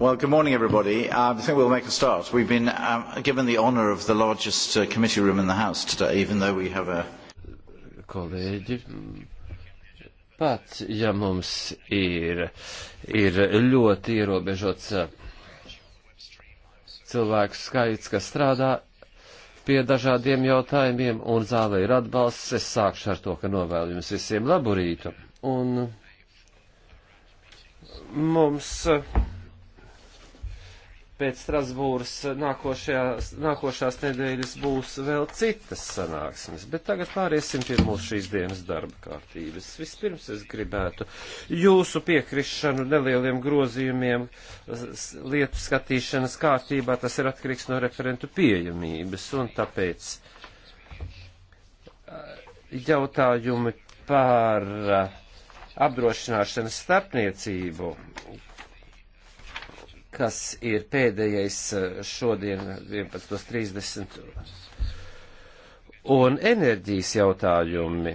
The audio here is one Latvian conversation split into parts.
Well, good morning, everybody. Uh, I think we'll make a start. We've been um, given the honour of the largest uh, committee room in the House today, even though we have a. Kolēģi, pat ja mums ir, ir ļoti ierobežots uh, cilvēku skaits, kas strādā pie dažādiem jautājumiem, un zāle ir atbalsts, es sākšu ar to, ka novēlu jums visiem labu rītu. Un mums. Uh, pēc Strasbūras nākošajās, nākošās nedēļas būs vēl citas sanāksmes, bet tagad pāriesim pie mūsu šīs dienas darba kārtības. Vispirms es gribētu jūsu piekrišanu nelieliem grozījumiem lietu skatīšanas kārtībā, tas ir atkarīgs no referentu pieejamības, un tāpēc jautājumi par apdrošināšanas starpniecību, kas ir pēdējais eh, šodien 11.30. Un enerģijas jautājumi,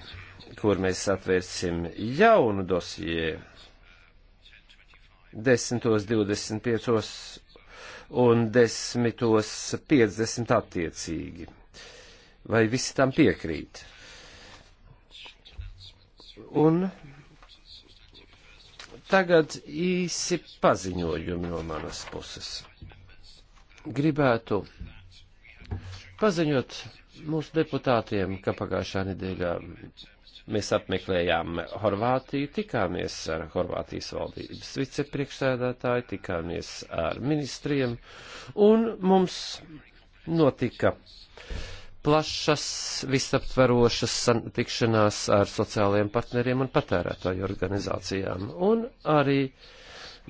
kur mēs atvērsim jaunu dosiju 10.25 un 10.50 attiecīgi. Vai visi tam piekrīt? Un Tagad īsi paziņojumi no manas puses. Gribētu paziņot mūsu deputātiem, ka pagājušā nedēļā mēs apmeklējām Horvātiju, tikāmies ar Horvātijas valdības vicepriekšsēdētāju, tikāmies ar ministriem, un mums notika plašas, visaptverošas tikšanās ar sociālajiem partneriem un patērētāju organizācijām. Un arī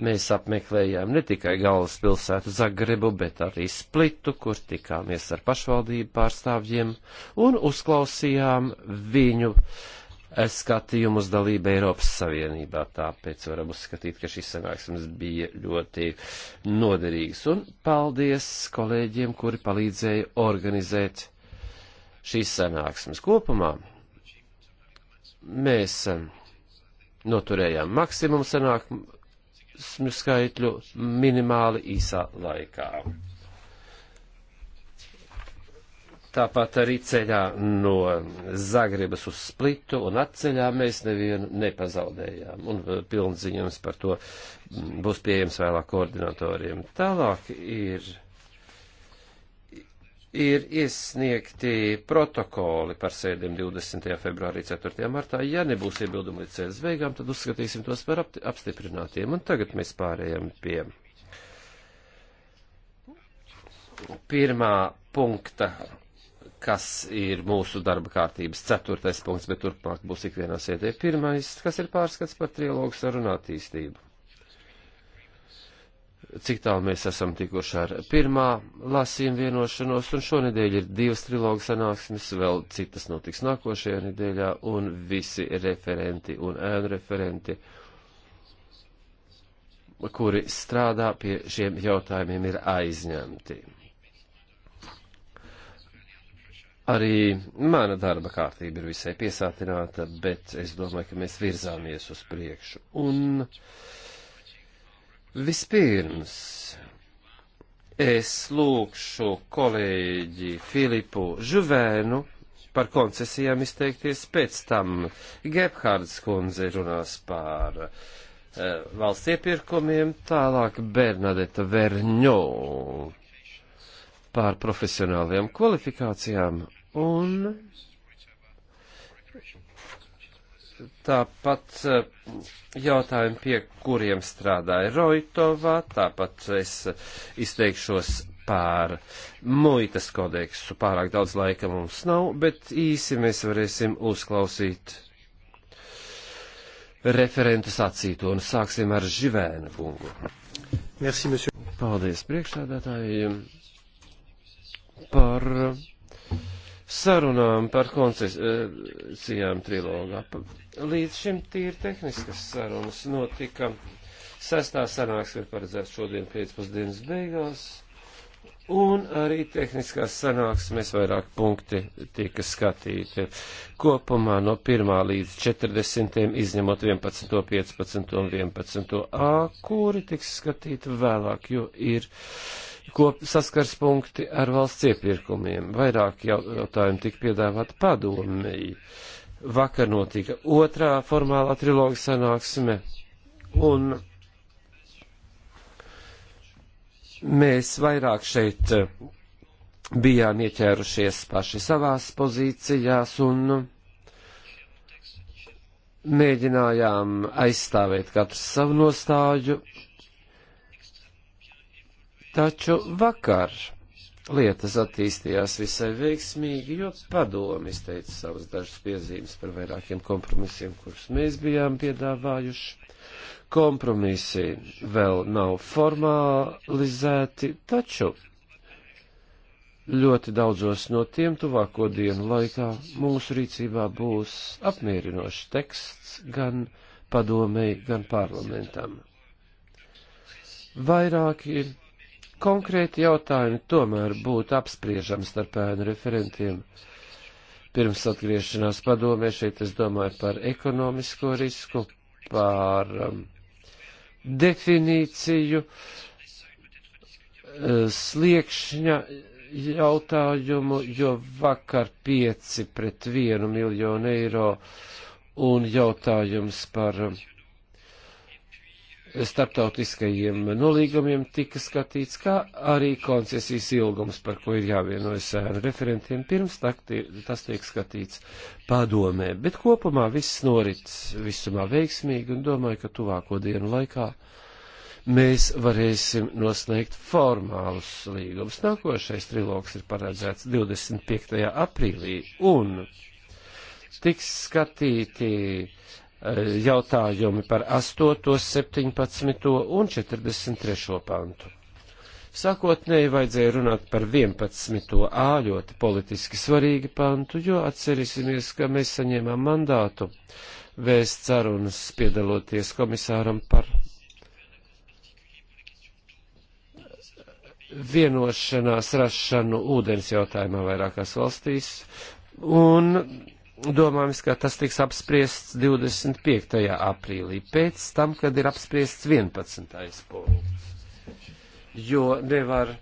mēs apmeklējām ne tikai galvaspilsētu Zagrebu, bet arī Splitu, kur tikāmies ar pašvaldību pārstāvjiem un uzklausījām viņu skatījumu uz dalību Eiropas Savienībā. Tāpēc varam uzskatīt, ka šis sanāksmes bija ļoti noderīgs. Un paldies kolēģiem, kuri palīdzēja organizēt šīs sanāksmes. Kopumā mēs eh, noturējām maksimumu sanāksmu skaitļu minimāli īsā laikā. Tāpat arī ceļā no Zagrebas uz Splitu un atceļā mēs nevienu nepazaudējām. Un eh, pilnziņums par to mm, būs pieejams vēlāk koordinatoriem. Tālāk ir ir iesniegti protokoli par sēdēm 20. februārī 4. martā. Ja nebūs iebildumi līdz sēdes beigām, tad uzskatīsim tos par apstiprinātiem. Un tagad mēs pārējām pie pirmā punkta, kas ir mūsu darba kārtības ceturtais punkts, bet turpmāk būs ikvienā sēdē pirmais, kas ir pārskats par trilogu sarunu attīstību cik tālu mēs esam tikuši ar pirmā lasījuma vienošanos, un šonedēļ ir divas trilogu sanāksmes, vēl citas notiks nākošajā nedēļā, un visi referenti un ēnu referenti kuri strādā pie šiem jautājumiem, ir aizņemti. Arī mana darba kārtība ir visai piesātināta, bet es domāju, ka mēs virzāmies uz priekšu. Un uh, Vispirms es lūkšu kolēģi Filipu Žuvēnu par koncesijām izteikties, pēc tam Gebhards kundze runās par uh, valsts iepirkumiem, tālāk Bernadeta Verņo par profesionālajām kvalifikācijām un tāpat eh, jautājumi, pie kuriem strādāja Roitovā, tāpat es izteikšos pār muitas kodeksu. Pārāk daudz laika mums nav, bet īsi mēs varēsim uzklausīt referentu sacīto un sāksim ar Živēna kungu. Merci, monsieur. Paldies priekšsādātājiem par sarunām par koncesijām trilogā. Līdz šim tīri tehniskas sarunas notika. Sestā sanāksme ir paredzēta šodien pēcpusdienas beigās. Un arī tehniskās sanāksmēs vairāk punkti tika skatīti. Kopumā no 1. līdz 40. izņemot 11, 15 un 11a, kuri tiks skatīti vēlāk, jo ir uh, kop saskars punkti ar valsts iepirkumiem. Vairāk jautājumu tika piedāvāt padomēji. Vakar notika otrā formālā triloga sanāksme, un mēs vairāk šeit eh, bijām ieķērušies paši savās pozīcijās un mēģinājām aizstāvēt katrs savu nostāju, Taču vakar lietas attīstījās visai veiksmīgi, jo padomi izteica savas dažas piezīmes par vairākiem kompromisiem, kurus mēs bijām piedāvājuši. Kompromisi vēl nav formalizēti, taču ļoti daudzos no tiem tuvāko dienu laikā mūsu rīcībā būs apmierinošs teksts gan padomēji, gan parlamentam. Vairāki konkrēti jautājumi tomēr būtu apspriežami starp ēnu referentiem. Pirms atgriešanās padomē šeit es domāju par ekonomisko risku, par um, definīciju, uh, sliekšņa jautājumu, jo vakar 5 pret 1 miljonu eiro un jautājums par uh, starptautiskajiem nolīgumiem tika skatīts, kā arī koncesijas ilgums, par ko ir jāvienojas ar referentiem pirms tas tiek skatīts padomē. Bet kopumā viss norits visumā veiksmīgi un domāju, ka tuvāko dienu laikā mēs varēsim noslēgt formālus līgumus. Nākošais trilogs ir paredzēts 25. aprīlī un tiks skatīti jautājumi par 8, 17 un 43 pantu. Sākotnēji vajadzēja runāt par 11. ā ļoti politiski svarīgi pantu, jo atcerīsimies, ka mēs saņēmām mandātu vēst sarunas piedaloties komisāram par vienošanās rašanu ūdens jautājumā vairākās valstīs, un domājams, ka tas tiks apspriests 25. aprīlī, pēc tam, kad ir apspriests 11. punkts, jo nevar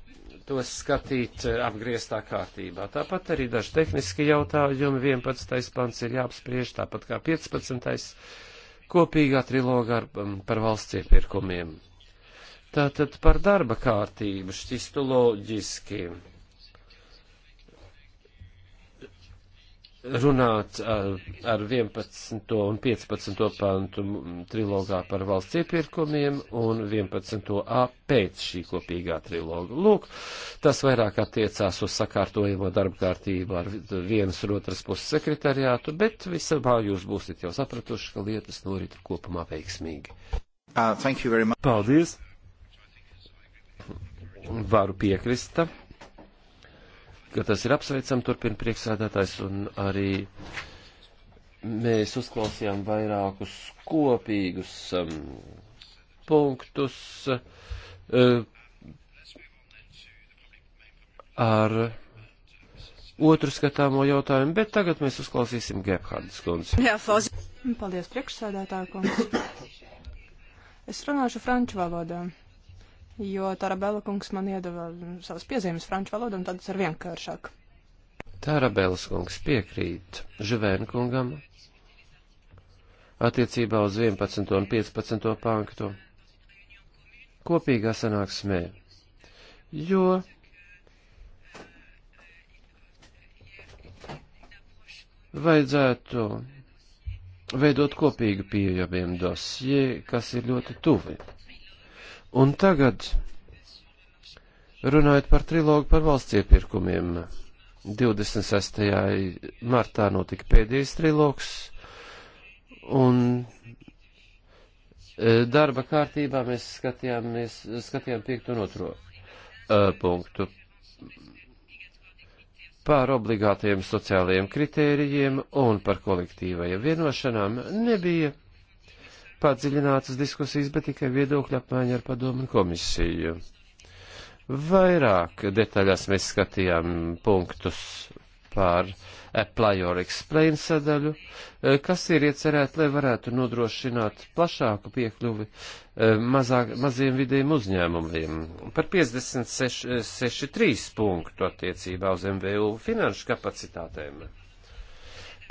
tos skatīt eh, apgrieztā kārtībā. Tāpat arī daži tehniski jautājumi, 11. pants ir jāapspriež, tāpat kā 15. kopīgā trilogā um, par valsts iepirkumiem. Tātad par darba kārtību šķistu loģiski runāt ar, ar 11. un 15. pantu trilogā par valsts iepirkumiem un 11. a pēc šī kopīgā triloga. Lūk, tas vairāk attiecās uz sakārtojamo darba kārtību ar vienas un otras puses sekretariātu, bet visamā jūs būsiet jau sapratuši, ka lietas norit kopumā veiksmīgi. Uh, Paldies! Varu piekrist tam ka tas ir apsveicam, turpina priekšsēdētājs, un arī mēs uzklausījām vairākus kopīgus um, punktus uh, ar otru skatāmo jautājumu, bet tagad mēs uzklausīsim Gebhardas kundzi. Jā, Fozi. Paldies, priekšsēdētāja kungs. Es runāšu franču valodā jo Tarabela kungs man iedeva savas piezīmes franču valodu, un tad tas ir vienkāršāk. Tārabēlas kungs piekrīt Žuvēna kungam attiecībā uz 11. un 15. panktu kopīgā sanāksmē, jo vajadzētu veidot kopīgu pieejamiem dosie, kas ir ļoti tuvi Un tagad, runājot par trilogu par valsts iepirkumiem, 26. martā notika pēdējais trilogs, un e, darba kārtībā mēs skatījāmies, skatījām piektu un otro uh, punktu par obligātajiem sociālajiem kritērijiem un par kolektīvajiem vienošanām nebija padziļinātas diskusijas, bet tikai viedokļa apmaiņa ar padomu komisiju. Vairāk detaļās mēs skatījām punktus par Player Explain sadaļu, eh, kas ir iecerēta, lai varētu nodrošināt plašāku piekļuvi eh, mazāk, maziem vidiem uzņēmumiem. Par 56.3 eh, punktu attiecībā uz MVU finanšu kapacitātēm.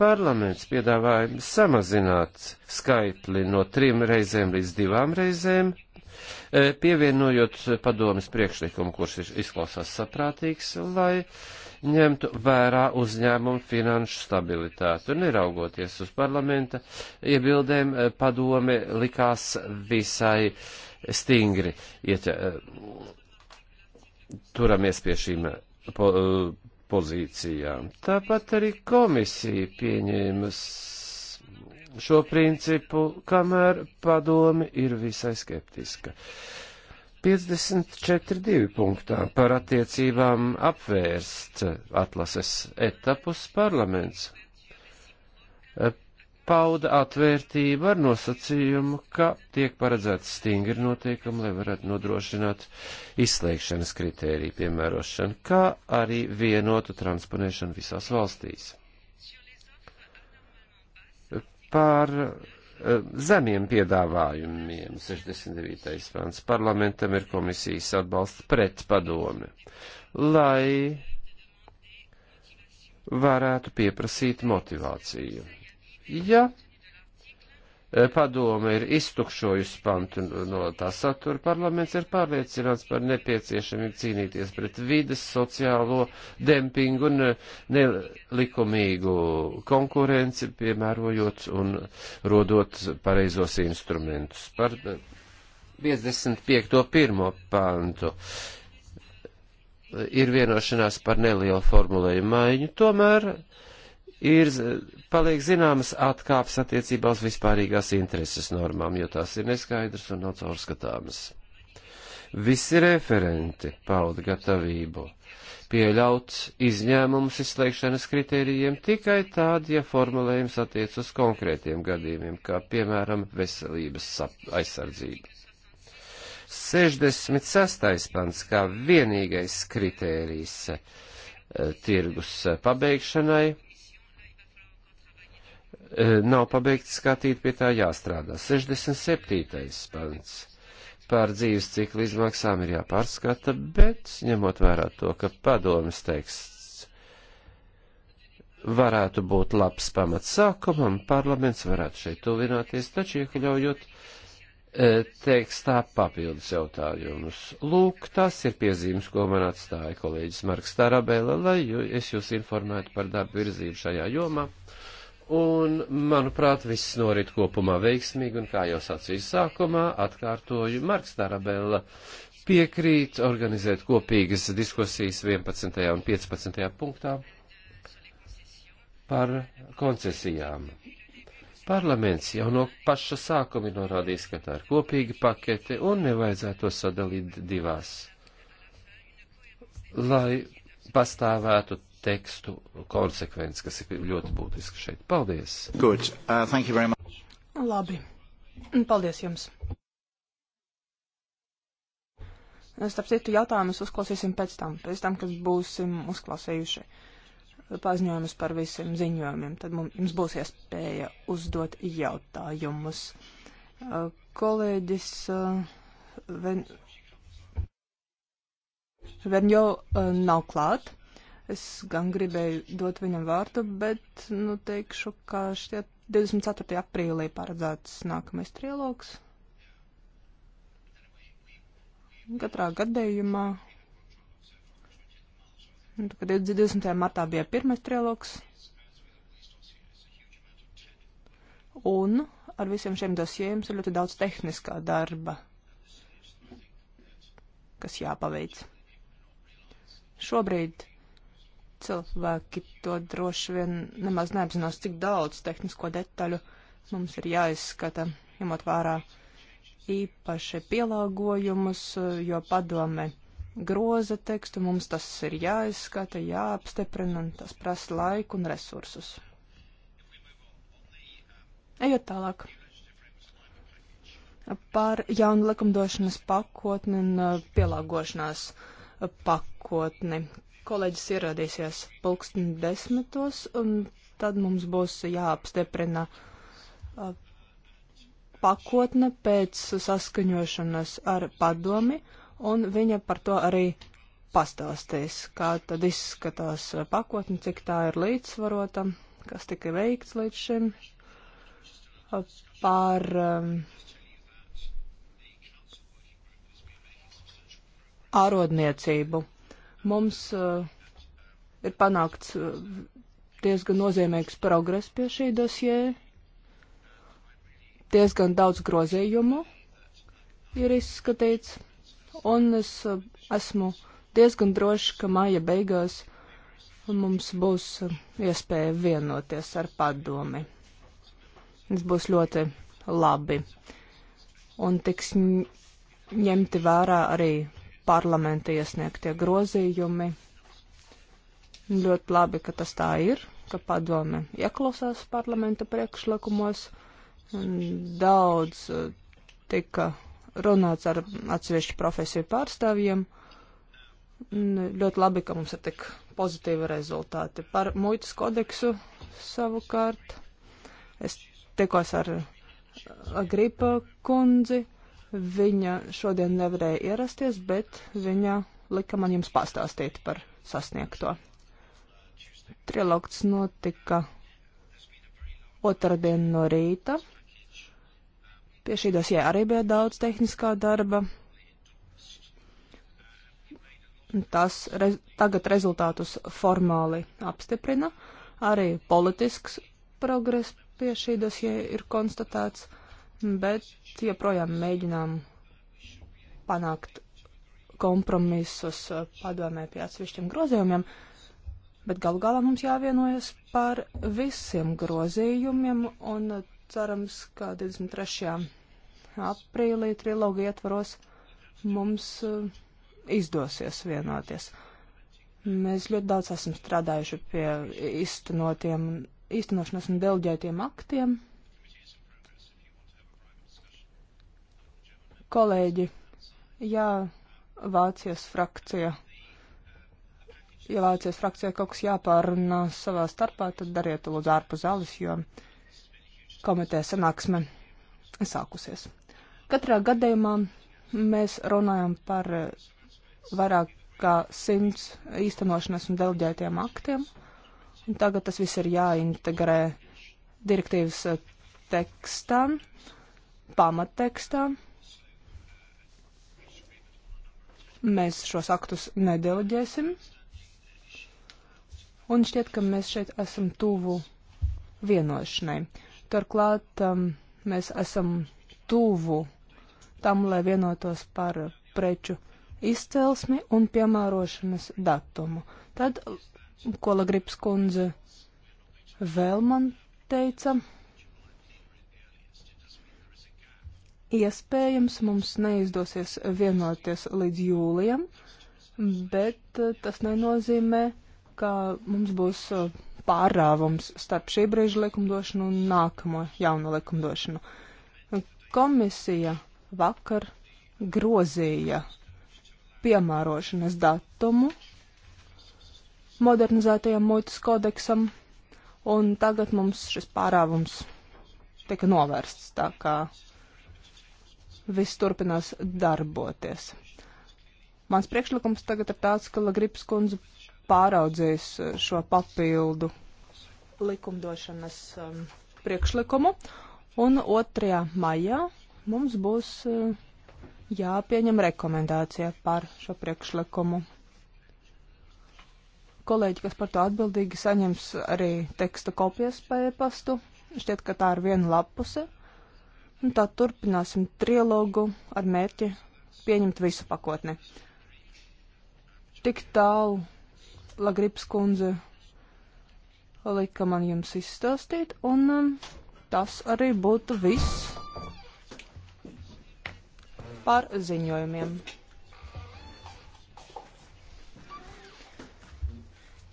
Parlaments piedāvāja samazināt skaitli no trim reizēm līdz divām reizēm, e, pievienojot padomis priekšlikumu, kurš izklausās saprātīgs, lai ņemtu vērā uzņēmumu finanšu stabilitāti. Un neraugoties uz parlamenta iebildēm, e, padome likās visai stingri. Iet, e, turamies pie šīm pozīcijām. Tāpat arī komisija pieņēma šo principu, kamēr padomi ir visai skeptiska. 54.2. punktā par attiecībām apvērst atlases etapus parlaments pauda atvērtību ar nosacījumu, ka tiek paredzēts stingri noteikumi, lai varētu nodrošināt izslēgšanas kritēriju piemērošanu, kā arī vienotu transponēšanu visās valstīs. Par eh, zemiem piedāvājumiem 69. pants parlamentam ir komisijas atbalsts pret padomi, lai varētu pieprasīt motivāciju Ja e, padome ir iztukšojusi pantu no tā satura, parlaments ir pārliecināts par nepieciešamību cīnīties pret vides, sociālo dempingu un e, nelikumīgu konkurenci, piemērojot un rodot pareizos instrumentus. Par 55.1. E, pantu ir vienošanās par nelielu formulēju maiņu, tomēr ir paliek zināmas atkāpes attiecībā uz vispārīgās intereses normām, jo tās ir neskaidras un nav caurskatāmas. Visi referenti pauda gatavību pieļaut izņēmumus izslēgšanas kritērijiem tikai tād, ja formulējums attiec uz konkrētiem gadījumiem, kā piemēram veselības aizsardzība. 66. pants kā vienīgais kritērijs eh, tirgus pabeigšanai E, nav pabeigts skatīt, pie tā jāstrādā. 67. pants par dzīves ciklu izmaksām ir jāpārskata, bet ņemot vērā to, ka padomas teksts varētu būt labs pamats sākumam, parlaments varētu šeit tuvināties, taču iekļaujot e, tekstā papildus jautājumus. Lūk, tas ir piezīmes, ko man atstāja kolēģis Marks Tarabēla, lai es jūs informētu par darbu virzību šajā jomā. Un, manuprāt, viss norit kopumā veiksmīgi, un kā jau sacīju sākumā, atkārtoju, Marks Tarabella piekrīt organizēt kopīgas diskusijas 11. un 15. punktā par koncesijām. Parlaments jau no paša sākuma ir norādījis, ka tā ir kopīga pakete un nevajadzētu to sadalīt divās, lai pastāvētu tekstu konsekvenci, kas ir ļoti būtiski šeit. Paldies! Good. Uh, thank you very much. Labi. Paldies jums! Starp citu jautājumus uzklausīsim pēc tam, pēc tam, kad būsim uzklausījuši paziņojumus par visiem ziņojumiem. Tad mums, jums būs iespēja uzdot jautājumus. Uh, kolēģis uh, Ven... Venjo uh, nav klāt. Es gan gribēju dot viņam vārdu, bet, nu, teikšu, ka šķiet 24. aprīlī paredzēts nākamais trilogs. Katrā gadījumā, nu, kad 20. martā bija pirmais trilogs, un ar visiem šiem dosiem ir ļoti daudz tehniskā darba, kas jāpaveic. Šobrīd cilvēki to droši vien nemaz neapzinās, cik daudz tehnisko detaļu mums ir jāizskata, ņemot vērā īpaši pielāgojumus, jo padome groza tekstu, mums tas ir jāizskata, jāapstiprina, un tas prasa laiku un resursus. Ejot tālāk. Par jaunu likumdošanas pakotni un uh, pielāgošanās pakotni, Kolēģis ieradīsies pulksten desmitos, un tad mums būs jāapstiprina uh, pakotne pēc saskaņošanas ar padomi, un viņa par to arī pastāstīs, kā tad izskatās pakotne, cik tā ir līdzsvarota, kas tika veikts līdz šim par um, ārodniecību mums uh, ir panākts uh, diezgan nozīmīgs progress pie šī dosie, diezgan daudz grozījumu ir izskatīts, un es uh, esmu diezgan droši, ka māja beigās mums būs iespēja vienoties ar padomi. Tas būs ļoti labi. Un tiks ņemti vērā arī parlamenta iesniegtie grozījumi. Ļoti labi, ka tas tā ir, ka padome ieklausās parlamenta priekšlikumos. Daudz eh, tika runāts ar atsevišķu profesiju pārstāvjiem. Ļoti labi, ka mums ir tik pozitīvi rezultāti. Par muitas kodeksu savukārt es tikos ar Gripa kundzi Viņa šodien nevarēja ierasties, bet viņa lika man jums pastāstīt par sasniegto. Trilogts notika otrdien no rīta. Pie šī dosjē arī bija daudz tehniskā darba. Tas rez tagad rezultātus formāli apstiprina. Arī politisks progress pie šī dosjē ir konstatēts bet joprojām mēģinām panākt kompromisus eh, padomē pie atsevišķiem grozījumiem, bet galu galā mums jāvienojas par visiem grozījumiem un eh, cerams, ka 23. aprīlī trilogu ietvaros mums eh, izdosies vienoties. Mēs ļoti daudz esam strādājuši pie īstenotiem, īstenošanas un delģētiem aktiem. Kolēģi, ja Vācijas frakcija, ja Vācijas frakcija kaut kas jāpārunā savā starpā, tad dariet to lūdzu ārpus zāles, jo komiteja sanāksme sākusies. Katrā gadījumā mēs runājam par vairāk kā simts īstenošanas un delģētiem aktiem. Un tagad tas viss ir jāintegrē direktīvas tekstā, pamattekstā, Mēs šos aktus nedeleģēsim. Un šķiet, ka mēs šeit esam tuvu vienošanai. Turklāt um, mēs esam tuvu tam, lai vienotos par preču izcelsmi un piemērošanas datumu. Tad, ko Lagrips kundze vēl man teica, Iespējams, mums neizdosies vienoties līdz jūlijam, bet eh, tas nenozīmē, ka mums būs eh, pārāvums starp šī brīža likumdošanu un nākamo jauno likumdošanu. Komisija vakar grozīja piemērošanas datumu modernizētajam muitas kodeksam, un tagad mums šis pārāvums tika novērsts. Tā kā uh, viss turpinās darboties. Mans priekšlikums tagad ir tāds, ka Lagrips kundze pāraudzīs eh, šo papildu likumdošanas um, priekšlikumu, un 2. maijā mums būs uh, jāpieņem rekomendācija par šo priekšlikumu. Kolēģi, kas par to atbildīgi, saņems arī teksta kopijas pēpastu. Šķiet, ka tā ir viena lapuse Un tā turpināsim trilogu ar mērķi pieņemt visu pakotni. Tik tālu Lagrips kundze lika man jums izstāstīt, un um, tas arī būtu viss par ziņojumiem.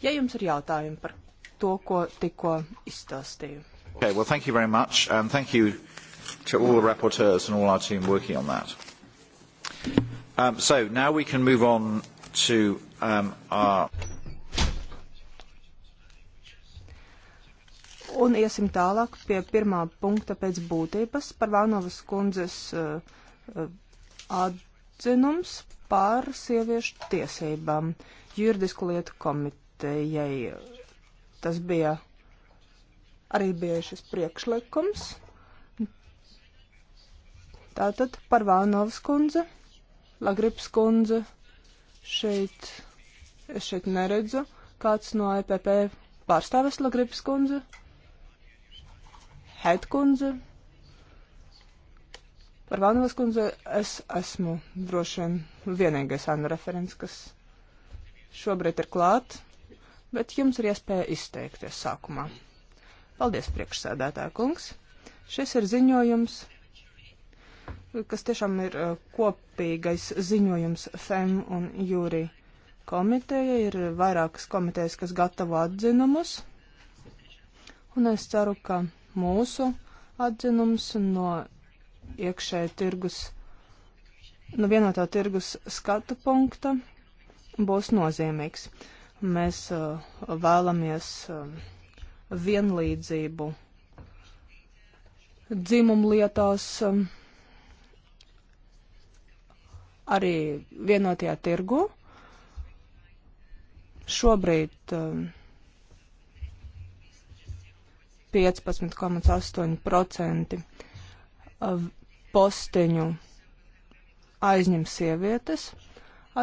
Ja jums ir jautājumi par to, ko tikko izstāstīju. Okay, well, thank you very much, and thank you to all the rapporteurs and all our team working on that. Um, so now we can move on to um, our. Un iesim tālāk pie pirmā punkta pēc būtības par Vānovas kundzes uh, uh atzinums par sieviešu tiesībām juridisku lietu komitejai. Tas bija arī bija šis priekšlikums. Tātad par Vānovas kundze, Lagrips kundze, šeit, es šeit neredzu, kāds no EPP pārstāves Lagrips kundze, Het kundze. Par Vānovas kundze es esmu droši vien vienīgais Anna referents, kas šobrīd ir klāt, bet jums ir iespēja izteikties sākumā. Paldies, priekšsēdētāja kungs. Šis ir ziņojums kas tiešām ir uh, kopīgais ziņojums FEM un Jūri komiteja. Ir vairākas komitejas, kas gatavo atzinumus. Un es ceru, ka mūsu atzinums no iekšēja tirgus, no vienotā tirgus skatu punkta būs nozīmīgs. Mēs uh, vēlamies uh, vienlīdzību dzimumlietās. Uh, um, arī vienotajā tirgu. Šobrīd um, 15,8% uh, posteņu aizņem sievietes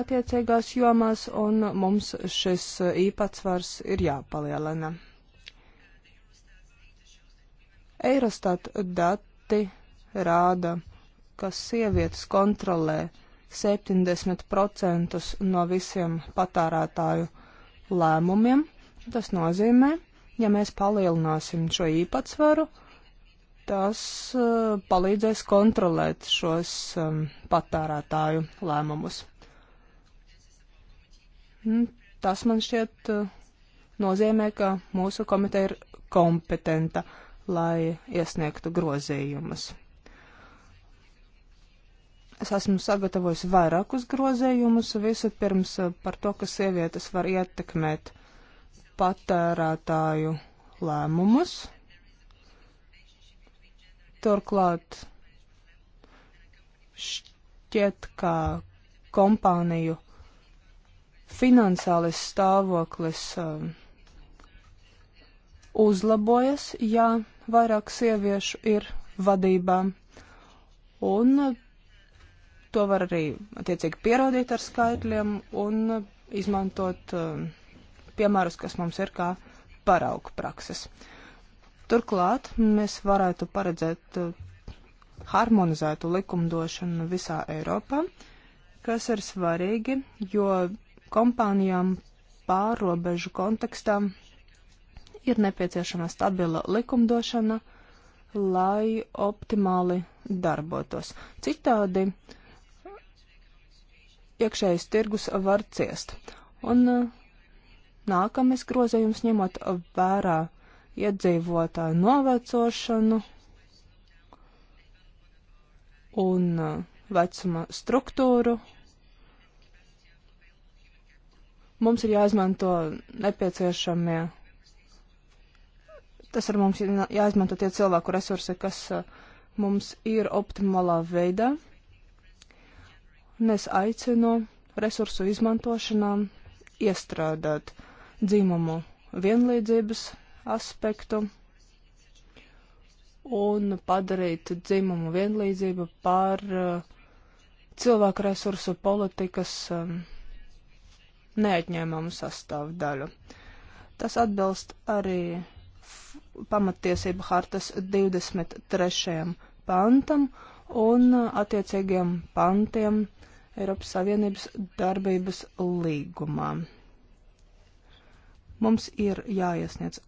attiecīgās jomās, un mums šis uh, īpatsvars ir jāpalielina. Eirostat dati rāda, ka sievietes kontrolē 70% no visiem patērētāju lēmumiem. Tas nozīmē, ja mēs palielināsim šo īpatsvaru, tas uh, palīdzēs kontrolēt šos um, patērētāju lēmumus. Tas man šķiet uh, nozīmē, ka mūsu komiteja ir kompetenta, lai iesniegtu grozījumus. Es esmu sagatavojis vairākus grozējumus, visu pirms eh, par to, ka sievietes var ietekmēt patērētāju lēmumus. Turklāt šķiet, ka kompāniju finansiālis stāvoklis um, uzlabojas, ja vairāk sieviešu ir vadībā. Un eh, To var arī attiecīgi pierādīt ar skaitļiem un izmantot um, piemērus, kas mums ir kā paraugu prakses. Turklāt mēs varētu paredzēt uh, harmonizētu likumdošanu visā Eiropā, kas ir svarīgi, jo kompānijām pārobežu kontekstā ir nepieciešama stabila likumdošana, lai optimāli darbotos. Citādi uh, iekšējais tirgus var ciest. Un uh, nākamais grozījums ņemot vērā iedzīvotāju novecošanu un uh, vecuma struktūru. Mums ir jāizmanto nepieciešamie, tas ir mums jāizmanto tie cilvēku resursi, kas uh, mums ir optimālā veidā un es aicinu resursu izmantošanā iestrādāt dzimumu vienlīdzības aspektu un padarīt dzimumu vienlīdzību par uh, cilvēku resursu politikas um, neatņēmumu sastāvdaļu. Tas atbilst arī pamatiesību hartas 23. pantam un uh, attiecīgiem pantiem Eiropas Savienības darbības līgumā. Mums ir jāiesniedz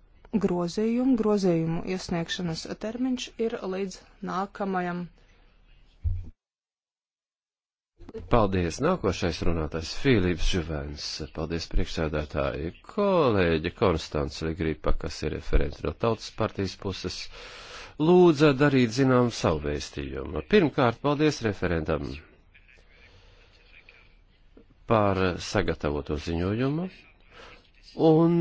grozījumu. Grozījumu iesniegšanas termiņš ir līdz nākamajam. Paldies! Nākošais runātājs Filips Žuvens. Paldies priekšsēdētāji kolēģi Konstants Ligripa, kas ir referents no Tautas partijas puses, lūdza darīt zinām savu vēstījumu. Pirmkārt, paldies referentam par sagatavoto ziņojumu un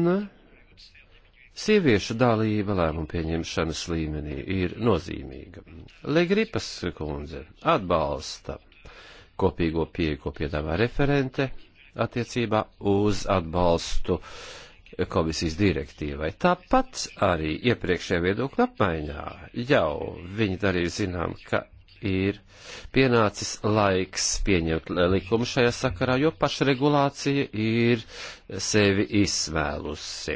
sieviešu dalība lēmumu pieņemšanas līmenī ir nozīmīga. Legripas kundze atbalsta kopīgo pieeju, ko piedāvā referente attiecībā uz atbalstu komisijas direktīvai. Tāpat arī iepriekšējā viedokļa apmaiņā jau viņi darīja zinām, ka ir pienācis laiks pieņemt likumu šajā sakarā, jo pašregulācija ir sevi izsvēlusi.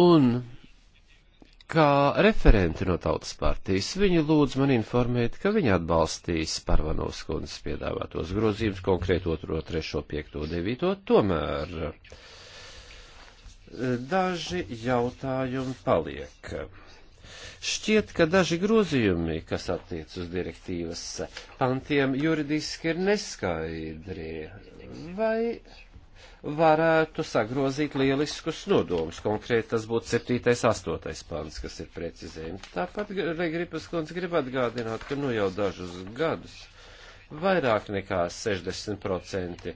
Un kā referenti no tautas partijas, viņi lūdz man informēt, ka viņi atbalstīs Parvanovs kundzes piedāvātos grozījumus konkrēt 2, 3, 5, 9, tomēr eh, daži jautājumi paliek Šķiet, ka daži grozījumi, kas attiec uz direktīvas pantiem, juridiski ir neskaidri. Vai varētu sagrozīt lieliskus nodomus. Konkrēti tas būtu 7. 8. pants, kas ir precizējumi. Tāpat Regripas kundze grib atgādināt, ka nu jau dažus gadus vairāk nekā 60%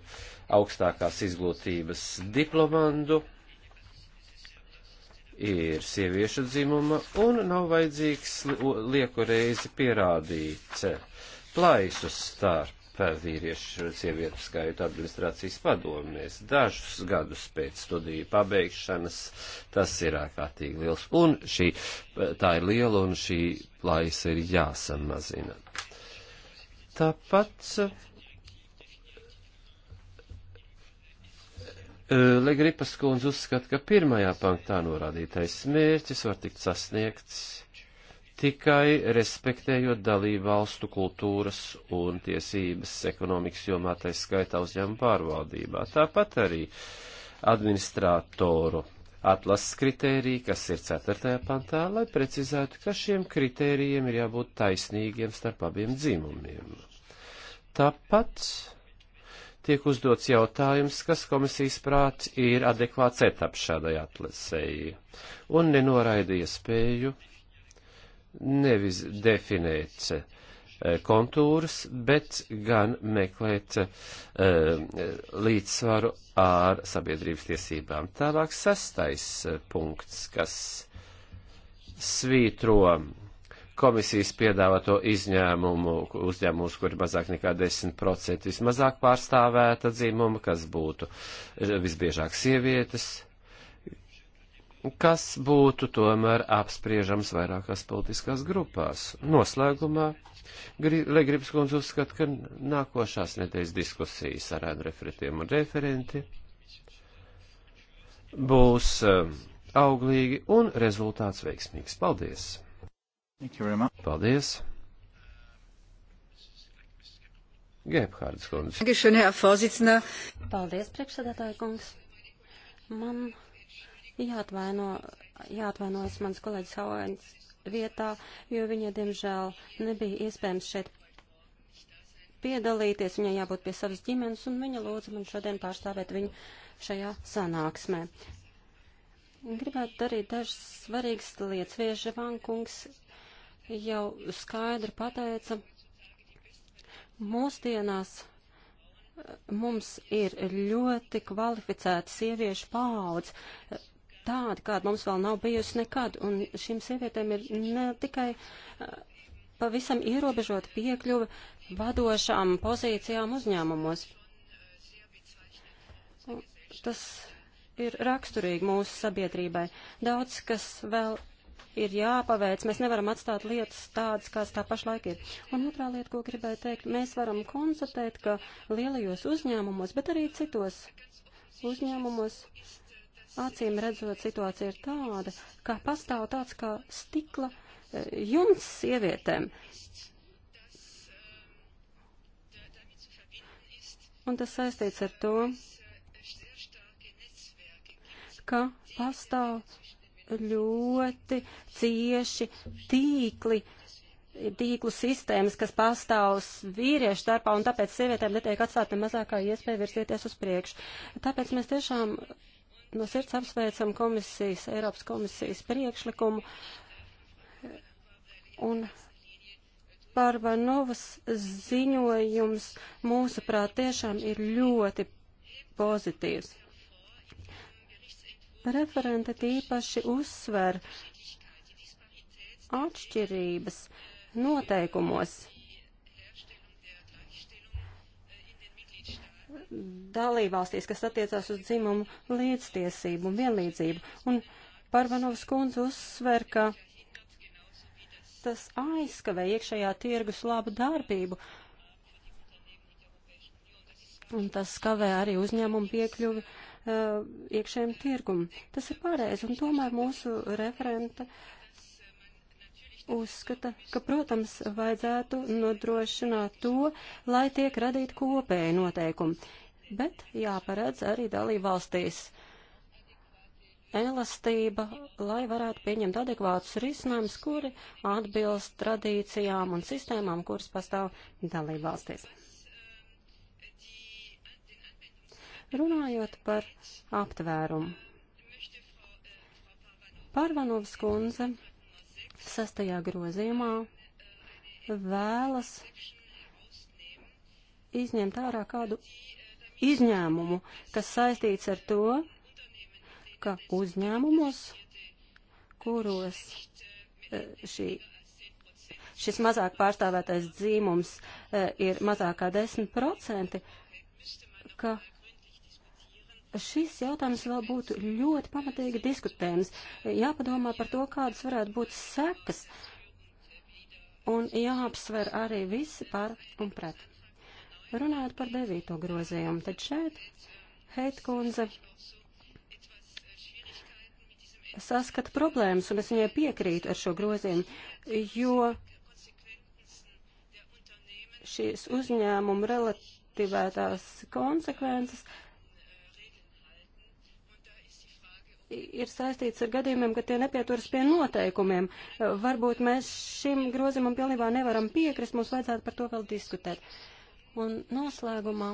augstākās izglītības diplomandu ir sieviešu dzimuma un nav vajadzīgs lieku reizi pierādīt plaisu starp vīriešu un sievietu skaitu administrācijas padomēs. Dažus gadus pēc studiju pabeigšanas tas ir ārkārtīgi liels, un šī, tā ir liela, un šī plaisa ir jāsamazina. Tāpat Eh, Legripas kundze uzskata, ka pirmajā panktā norādītais mērķis var tikt sasniegts tikai respektējot dalību valstu kultūras un tiesības ekonomikas jomā, tā skaitā uzņēmuma pārvaldībā. Tāpat arī administratoru atlases kritērija, kas ir 4. pantā, lai precizētu, ka šiem kritērijiem ir jābūt taisnīgiem starp abiem dzimumiem. Tāpat tiek uzdots jautājums, kas komisijas prāts ir adekvāts etaps šādai atlasēji, un nenoraida iespēju nevis definēt eh, kontūrus, bet gan meklēt uh, līdzsvaru ar sabiedrības tiesībām. Tālāk sastais eh, punkts, kas svītro komisijas piedāvāto izņēmumu uzņēmumus, kuri mazāk nekā 10% vismazāk pārstāvēta dzimuma, kas būtu eh, visbiežāk sievietes, kas būtu tomēr apspriežams vairākās politiskās grupās. Noslēgumā Legribs kundze uzskata, ka nākošās nedēļas diskusijas ar referentiem un referenti būs eh, auglīgi un rezultāts veiksmīgs. Paldies! Paldies! Gebhārds kundze. Paldies, priekšsēdētāja kungs. Man jāatvaino, jāatvainojas mans kolēģis Hauens vietā, jo viņa, diemžēl, nebija iespējams šeit piedalīties, viņai jābūt pie savas ģimenes, un viņa lūdza man šodien pārstāvēt viņu šajā sanāksmē. Gribētu darīt dažas svarīgas lietas. Vieža Vankungs jau skaidri pateica, mūsdienās eh, mums ir ļoti kvalificēta sieviešu paudze, eh, tāda, kāda mums vēl nav bijusi nekad, un šīm sievietēm ir ne tikai eh, pavisam ierobežot piekļuve vadošām pozīcijām uzņēmumos. Tas ir raksturīgi mūsu sabiedrībai. Daudz, kas vēl ir jāpaveic. Mēs nevaram atstāt lietas tādas, kādas tā pašlaik ir. Un otrā lieta, ko gribēju teikt, mēs varam konstatēt, ka lielajos uzņēmumos, bet arī citos uzņēmumos acīm redzot, situācija ir tāda, ka pastāv tāds kā stikla e, jumts sievietēm. Un tas saistīts ar to, ka pastāv ļoti cieši tīkli, tīklu sistēmas, kas pastāv vīriešu starpā, un tāpēc sievietēm netiek atstāta mazākā iespēja virzīties uz priekšu. Tāpēc mēs tiešām no sirds apsveicam komisijas, Eiropas komisijas priekšlikumu. Un Pārvanovas ziņojums, mūsuprāt, tiešām ir ļoti pozitīvs. Referente tīpaši uzsver atšķirības noteikumos dalībvalstīs, kas attiecās uz dzimumu līdztiesību un vienlīdzību. Un Parvanovs kundze uzsver, ka tas aizskavē iekšējā tirgus labu darbību, un tas skavē arī uzņēmumu piekļuvi uh, iekšējiem tirgum. Tas ir pareizi, un tomēr mūsu referenta uzskata, ka, protams, vajadzētu nodrošināt to, lai tiek radīti kopēji noteikumi, bet jāparedz arī dalību valstīs elastība, lai varētu pieņemt adekvātus risinājumus, kuri atbilst tradīcijām un sistēmām, kuras pastāv dalībvalstīs. Runājot par aptvērumu. Parvanovas kundze sastajā grozījumā vēlas izņemt ārā kādu izņēmumu, kas saistīts ar to, ka uzņēmumos, kuros e, šī šis mazāk pārstāvētais dzīmums e, ir mazākā 10%, ka šis jautājums vēl būtu ļoti pamatīgi diskutējams. Jāpadomā par to, kādas varētu būt sekas, un jāapsver arī visi par un pret. Runājot par devīto grozījumu, tad šeit Heitkundze saskata problēmas, un es viņai piekrītu ar šo grozījumu, jo šīs uzņēmumu relatīvētās konsekvences uh, ir saistīts ar gadījumiem, ka tie nepieturas pie noteikumiem. Varbūt mēs šim grozījumam pilnībā nevaram piekrist, mums vajadzētu par to vēl diskutēt. Un noslēgumā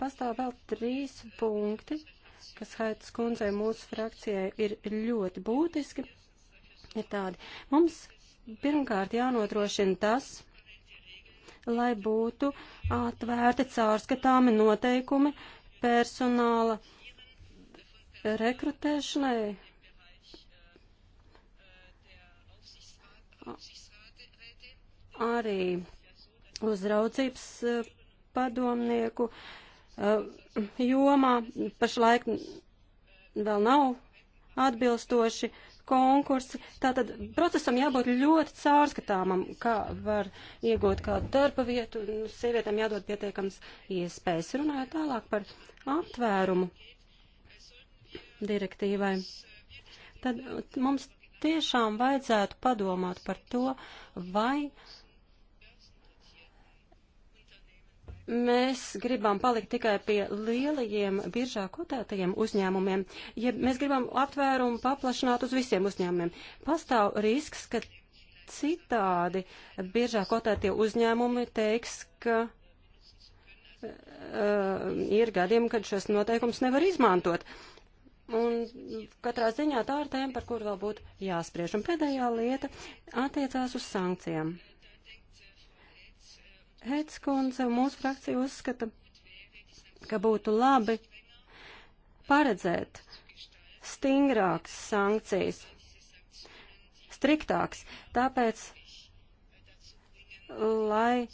pastāv vēl trīs punkti, kas Haitas kundzei mūsu frakcijai ir ļoti būtiski. Ir tādi. Mums pirmkārt jānodrošina tas, lai būtu atvērti caurskatāmi noteikumi personāla uh, rekrutēšanai. Arī uzraudzības eh, padomnieku eh, jomā pašlaik vēl nav atbilstoši konkursi. Tātad procesam jābūt ļoti caurskatāmam, kā var iegūt kādu darba vietu. Nu, sievietēm jādod pietiekams iespējas. Runāju tālāk par aptvērumu direktīvai, tad mums tiešām vajadzētu padomāt par to, vai mēs gribam palikt tikai pie lielajiem biržā kotētajiem uzņēmumiem, ja mēs gribam aptvērumu paplašināt uz visiem uzņēmumiem. Pastāv risks, ka citādi biržā kotētie uzņēmumi teiks, ka uh, ir gadiem, kad šos noteikums nevar izmantot. Uh, Un katrā ziņā tā ir tēma, par kuru vēl būtu jāspriež. Un pēdējā lieta attiecās uz sankcijām. Hetskundze mūsu frakcija uzskata, ka būtu labi paredzēt stingrākas sankcijas, striktāks, tāpēc, lai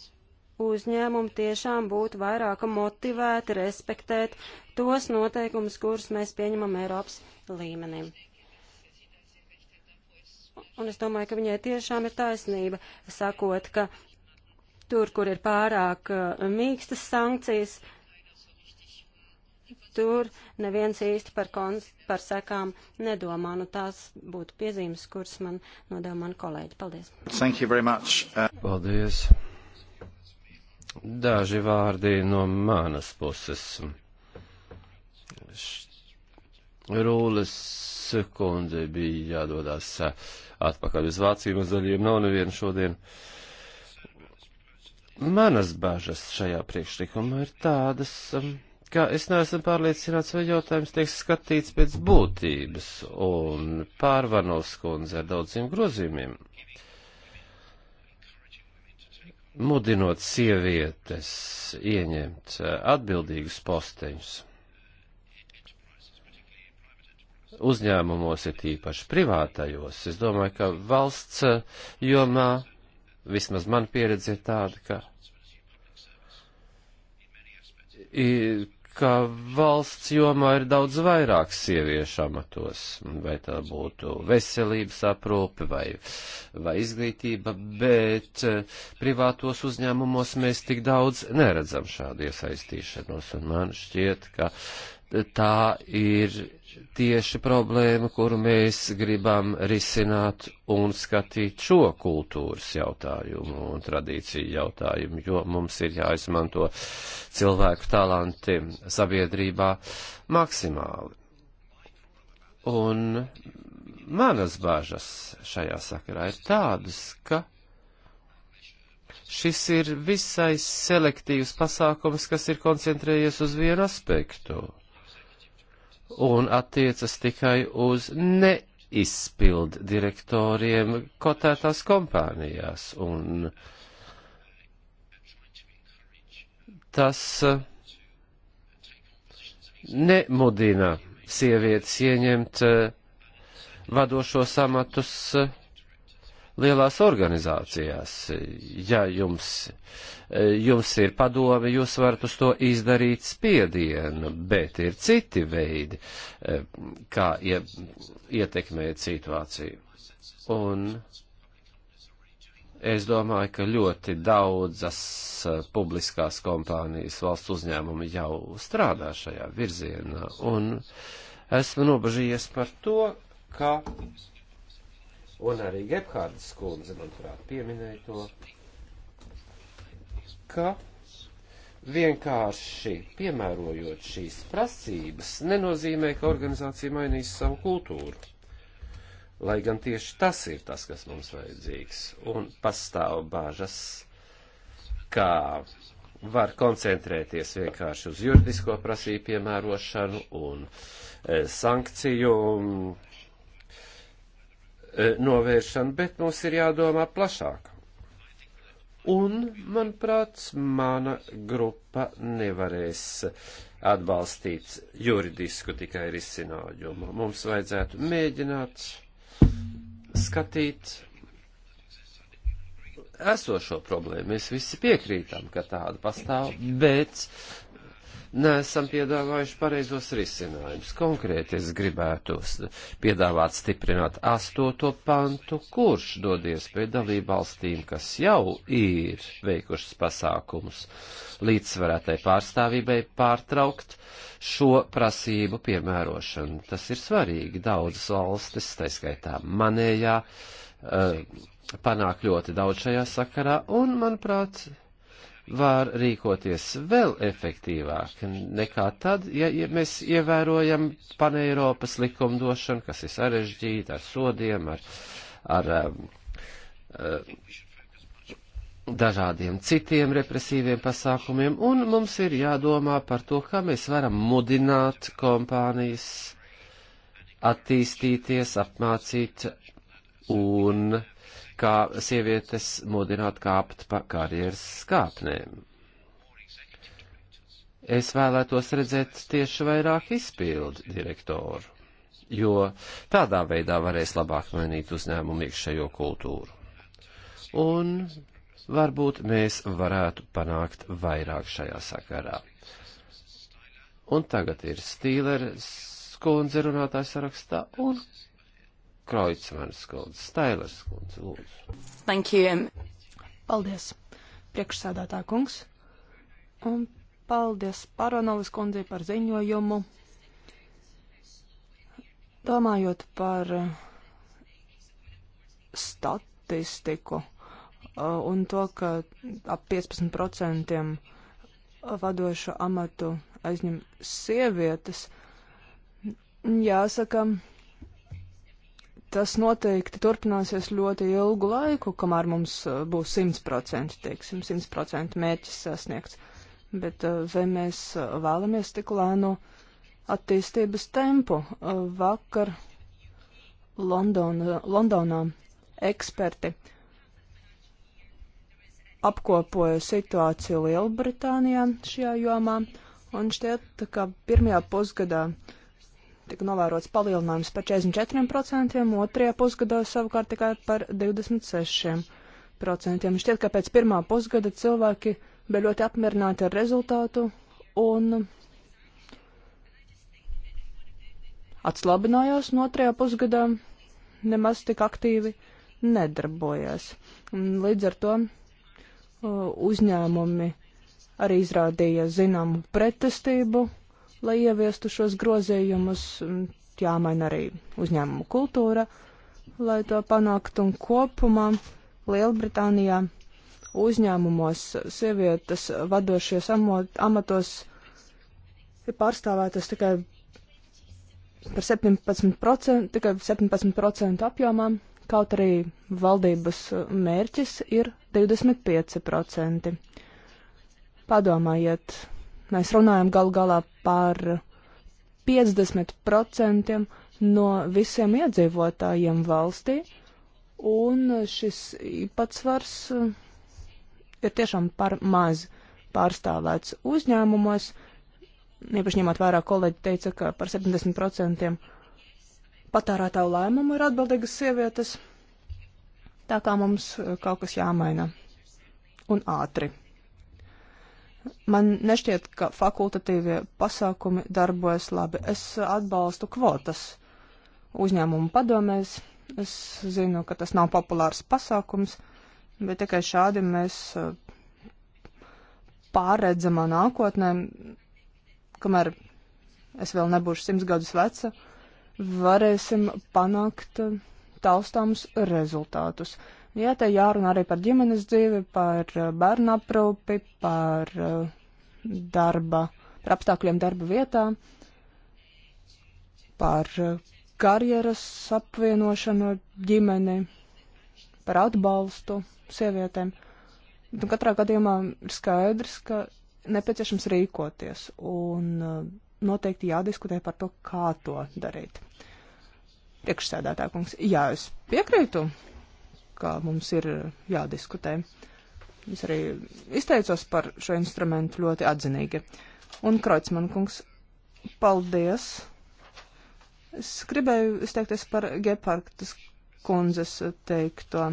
uzņēmumi tiešām būtu vairāk motivēti respektēt tos noteikumus, kurus mēs pieņemam Eiropas līmenim. Un es domāju, ka viņai tiešām ir taisnība sakot, ka tur, kur ir pārāk uh, mīkstas sankcijas, tur neviens īsti par, kons, par sekām nedomā. Nu, tās būtu piezīmes, kuras man nodeva mani kolēģi. Paldies. Thank you very much. Uh... Paldies. Daži vārdi no manas puses. Rūles sekundze bija jādodas atpakaļ uz Vāciju, uz zaļiem nav neviena šodien. Manas bažas šajā priekšlikumā ir tādas, um, ka es neesmu pārliecināts, vai jautājums tiek skatīts pēc būtības un pārvanos kundze ar daudziem grozījumiem mudinot sievietes ieņemt atbildīgus posteņus. uzņēmumos, ir tīpaši privātajos. Es domāju, ka valsts eh, jomā, vismaz man pieredze ir tāda, ka, ir, ka valsts jomā ir daudz vairāk sieviešu amatos, vai tā būtu veselības aprūpe vai, vai izglītība, bet eh, privātos uzņēmumos mēs tik daudz neredzam šādu iesaistīšanos, un man šķiet, ka eh, tā ir tieši problēma, kuru mēs gribam risināt un skatīt šo kultūras jautājumu un tradīciju jautājumu, jo mums ir jāizmanto cilvēku talanti sabiedrībā maksimāli. Un manas bažas šajā sakarā ir tādas, ka šis ir visai selektīvs pasākums, kas ir koncentrējies uz vienu aspektu un attiecas tikai uz neizpild direktoriem kotētās kompānijās. Un tas eh, nemudina sievietes ieņemt eh, vadošos amatus eh, lielās organizācijās. Ja jums, eh, jums ir padomi, jūs varat uz to izdarīt spiedienu, bet ir citi veidi, eh, kā ietekmēt situāciju. Un es domāju, ka ļoti daudzas eh, publiskās kompānijas valsts uzņēmumi jau strādā šajā virzienā, un esmu nobažījies par to, ka un arī Gebhārdas skundze, manuprāt, pieminēja to, ka vienkārši piemērojot šīs prasības, nenozīmē, ka organizācija mainīs savu kultūru. Lai gan tieši tas ir tas, kas mums vajadzīgs, un pastāv bāžas, kā var koncentrēties vienkārši uz juridisko prasību piemērošanu un eh, sankciju E, novēršanu, bet mums ir jādomā plašāk. Un, manuprāt, mana grupa nevarēs atbalstīt juridisku tikai risinājumu. Mums vajadzētu mēģināt skatīt esošo problēmu. Mēs visi piekrītam, ka tāda pastāv, bet neesam piedāvājuši pareizos risinājumus. Konkrēti es gribētu piedāvāt stiprināt astoto pantu, kurš dod iespēju dalību valstīm, kas jau ir veikušas pasākumus līdzsvarētai pārstāvībai, pārtraukt šo prasību piemērošanu. Tas ir svarīgi daudzas valstis, taiskaitā manējā, eh, panāk ļoti daudz šajā sakarā, un, manuprāt, var rīkoties vēl efektīvāk nekā tad, ja, ja mēs ievērojam paneiropas likumdošanu, kas ir sarežģīta ar sodiem, ar, ar um, uh, dažādiem citiem represīviem pasākumiem, un mums ir jādomā par to, kā mēs varam mudināt kompānijas attīstīties, apmācīt un kā sievietes mudināt kāpt pa karjeras skāpnēm. Es vēlētos redzēt tieši vairāk izpildu direktoru, jo tādā veidā varēs labāk mainīt uzņēmumu iekšējo kultūru. Un varbūt mēs varētu panākt vairāk šajā sakarā. Un tagad ir Stīleres kundze runātājs sarakstā, un Kreutzmanas kundze, Stailers kundze, lūdzu. Thank you. Um, paldies, priekšsēdētā kungs. Un paldies Paronovas kundzei par ziņojumu. Domājot par uh, statistiku uh, un to, ka ap 15% vadošo amatu aizņem sievietes, jāsaka, tas noteikti turpināsies ļoti ilgu laiku, kamēr mums uh, būs 100%, teiksim, 100% mērķis sasniegts. Bet uh, vai mēs uh, vēlamies tik lēnu attīstības tempu? Vakar Londona, Londonā eksperti apkopoja situāciju Lielbritānijā šajā jomā, un šķiet, ka pirmajā pusgadā uh, tika novērots palielinājums par 44%, otrajā pusgadā savukārt tikai par 26%. Šķiet, ka pēc pirmā pusgada cilvēki bija ļoti apmierināti ar rezultātu un atslabinājās no otrajā pusgadā, nemaz tik aktīvi nedarbojās. Līdz ar to uh, uzņēmumi arī izrādīja zināmu pretestību lai ieviestu šos grozījumus, jāmaina arī uzņēmumu kultūra, lai to panāktu un kopumā Lielbritānijā uzņēmumos sievietes vadošies amatos ir pārstāvētas tikai par 17%, tikai 17% apjomā, kaut arī valdības mērķis ir 25%. Padomājiet, Mēs runājam galu galā par 50% no visiem iedzīvotājiem valstī, un šis īpatsvars eh, ir tiešām par maz pārstāvēts uzņēmumos. Iepaši ņemot vērā kolēģi teica, ka par 70% patērētāju lēmumu ir atbildīgas sievietes. Tā kā mums eh, kaut kas jāmaina. Un ātri. Man nešķiet, ka fakultatīvie pasākumi darbojas labi. Es atbalstu kvotas uzņēmumu padomēs. Es zinu, ka tas nav populārs pasākums, bet tikai šādi mēs eh, pārredzamā nākotnē, kamēr es vēl nebūšu simts gadus veca, varēsim panākt eh, taustāmus rezultātus. Uh, Jā, te jārunā arī par ģimenes dzīvi, par eh, bērnu aprūpi, par eh, darba, par apstākļiem darba vietā, par eh, karjeras apvienošanu ģimeni, par atbalstu sievietēm. Nu, katrā gadījumā ir skaidrs, ka nepieciešams rīkoties un noteikti jādiskutē par to, kā to darīt. Priekšsēdētā kungs, jā, es piekrītu kā mums ir jādiskutē. Es arī izteicos par šo instrumentu ļoti atzinīgi. Un, Kreutzmann kungs, paldies! Es gribēju izteikties par Gepārktas kundzes teikto.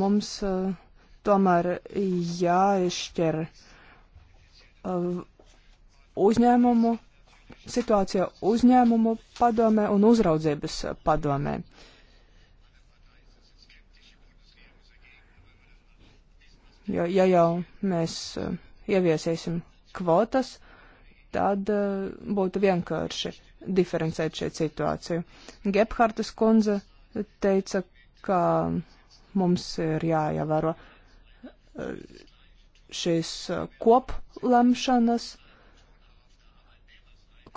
Mums uh, tomēr jāizšķir uh, uzņēmumu situācija uzņēmumu padomē un uzraudzības padomē. Uh, Jo, ja jau mēs eh, ieviesīsim kvotas, tad eh, būtu vienkārši diferencēt šeit situāciju. Gebhartas kundze teica, ka mums ir jāievēro eh, šīs koplemšanas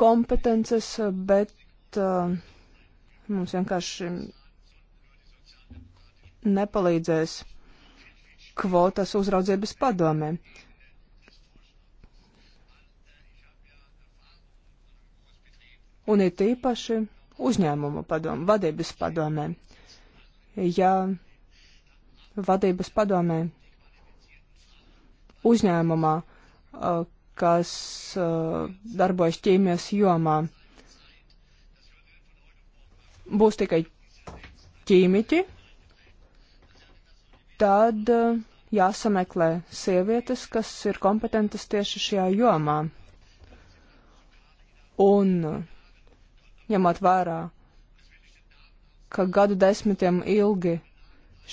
kompetences, bet mums vienkārši nepalīdzēs kvotas uzraudzības padomē. Un ir tīpaši uzņēmumu padomu, vadības padomē. Ja vadības padomē uzņēmumā, uh, kas uh, darbojas ķīmijas jomā, būs tikai ķīmiķi, tad eh, jāsameklē sievietes, kas ir kompetentas tieši šajā jomā. Un eh, ņemot vērā, ka gadu desmitiem ilgi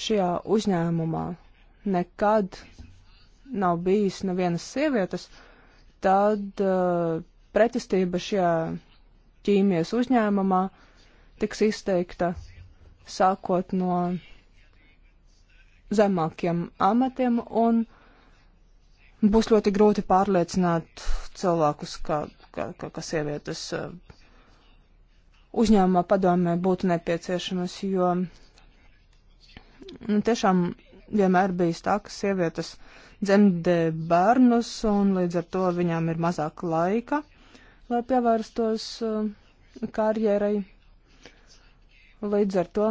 šajā uzņēmumā nekad nav bijis nevienas sievietes, tad uh, pretestība šajā ķīmijas uzņēmumā tiks izteikta sākot no zemākiem amatiem un būs ļoti grūti pārliecināt cilvēkus, ka, ka, ka, ka sievietes eh, uzņēmumā padomē būtu nepieciešamas, jo nu, tiešām vienmēr bijis tā, ka sievietes dzemdē bērnus un līdz ar to viņām ir mazāk laika, lai pievērstos eh, karjerai. Līdz ar to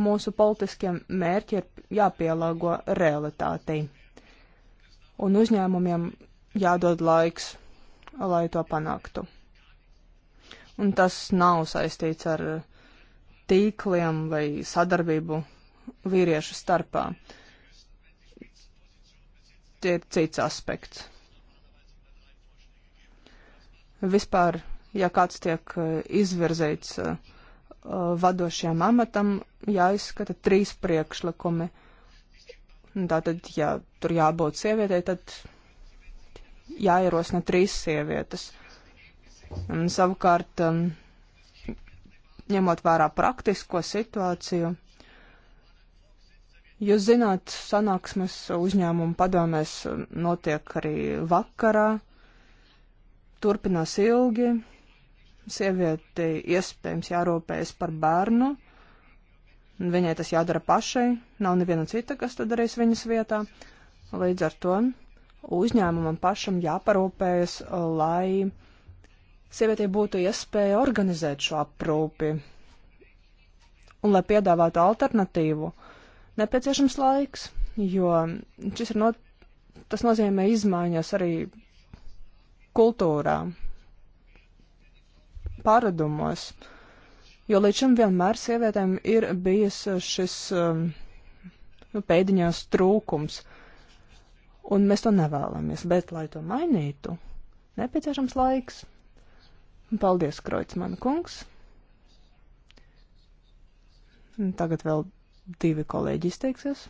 Mūsu politiskie mērķi ir jāpielāgo realitātei. Un uzņēmumiem jādod laiks, lai to panāktu. Un tas nav saistīts ar tīkliem vai sadarbību vīriešu starpā. Tie ir cits aspekts. Vispār, ja kāds tiek eh, izvirzīts uh, eh, Uh, vadošajam amatam jāizskata trīs priekšlikumi. Tātad, ja tur jābūt sievietei, tad jāierosina trīs sievietes. Un, savukārt, um, ņemot vērā praktisko situāciju, jūs zināt, sanāksmes uzņēmumu padomēs notiek arī vakarā, turpinās ilgi, Sievietei iespējams jārūpējas par bērnu, un viņai tas jādara pašai, nav neviena cita, kas to darīs viņas vietā. Līdz ar to uzņēmumam pašam jāparūpējas, lai sievietei būtu iespēja organizēt šo aprūpi. Un, lai piedāvātu alternatīvu, nepieciešams laiks, jo šis ir not, tas nozīmē izmaiņas arī kultūrā, pārdumos, jo līdz šim vienmēr sievietēm ir bijis šis um, nu, pēdiņās trūkums, un mēs to nevēlamies, bet, lai to mainītu, nepieciešams laiks. Paldies, Kreutzmann kungs! Tagad vēl divi kolēģi izteiksies.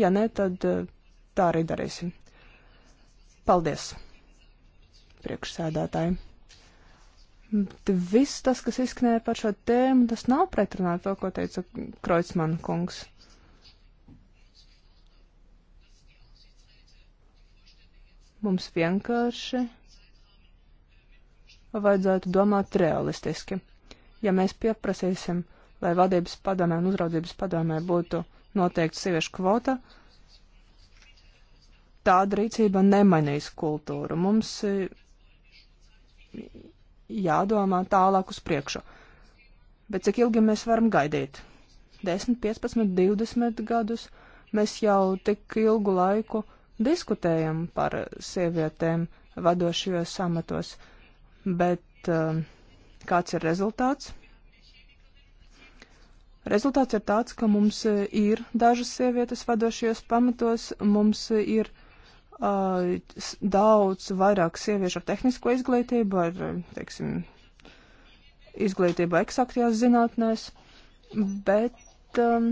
Ja nē, tad uh, tā arī darīsim. Paldies, priekšsēdētāji! Viss tas, kas izskanēja par šo tēmu, tas nav pretrunā to, ko teica Kreutzmann kungs. Mums vienkārši vajadzētu domāt realistiski. Ja mēs pieprasīsim, lai vadības padomē un uzraudzības padomē būtu noteikta sieviešu kvota, tāda rīcība nemainīs kultūru. Mums jādomā tālāk uz priekšu. Bet cik ilgi mēs varam gaidīt? 10, 15, 20 gadus mēs jau tik ilgu laiku diskutējam par sievietēm vadošajos amatos, bet uh, kāds ir rezultāts? Rezultāts ir tāds, ka mums ir dažas sievietes vadošajos pamatos, mums ir uh, Uh, daudz vairāk sieviešu ar tehnisko izglītību, ar, uh, teiksim, izglītību eksaktajās zinātnēs, bet um,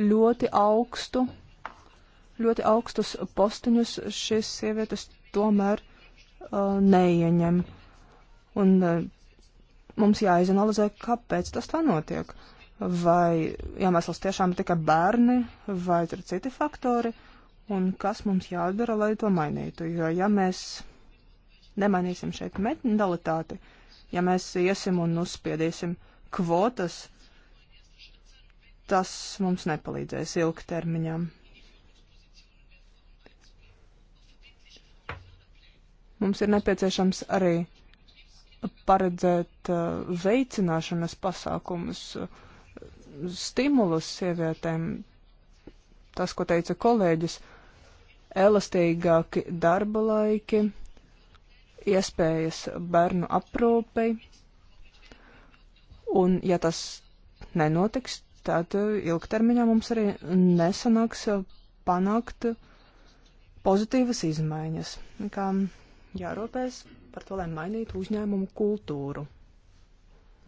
ļoti augstu, ļoti augstus postiņus šīs sievietes tomēr uh, neieņem. Un uh, mums jāizanalizē, kāpēc tas tā notiek. Vai iemesls tiešām tikai bērni, vai ir citi faktori. Uh, un kas mums jādara, lai to mainītu. Jo ja mēs nemainīsim šeit mentalitāti, ja mēs iesim un uzspiedīsim kvotas, tas mums nepalīdzēs ilgtermiņā. Mums ir nepieciešams arī paredzēt uh, veicināšanas pasākumus, uh, stimulus sievietēm. Tas, ko teica kolēģis, uh, elastīgāki darba laiki, iespējas bērnu aprūpei, un ja tas nenotiks, tad ilgtermiņā mums arī nesanāks panākt pozitīvas izmaiņas. Kā jārūpēs par to, lai mainītu uzņēmumu kultūru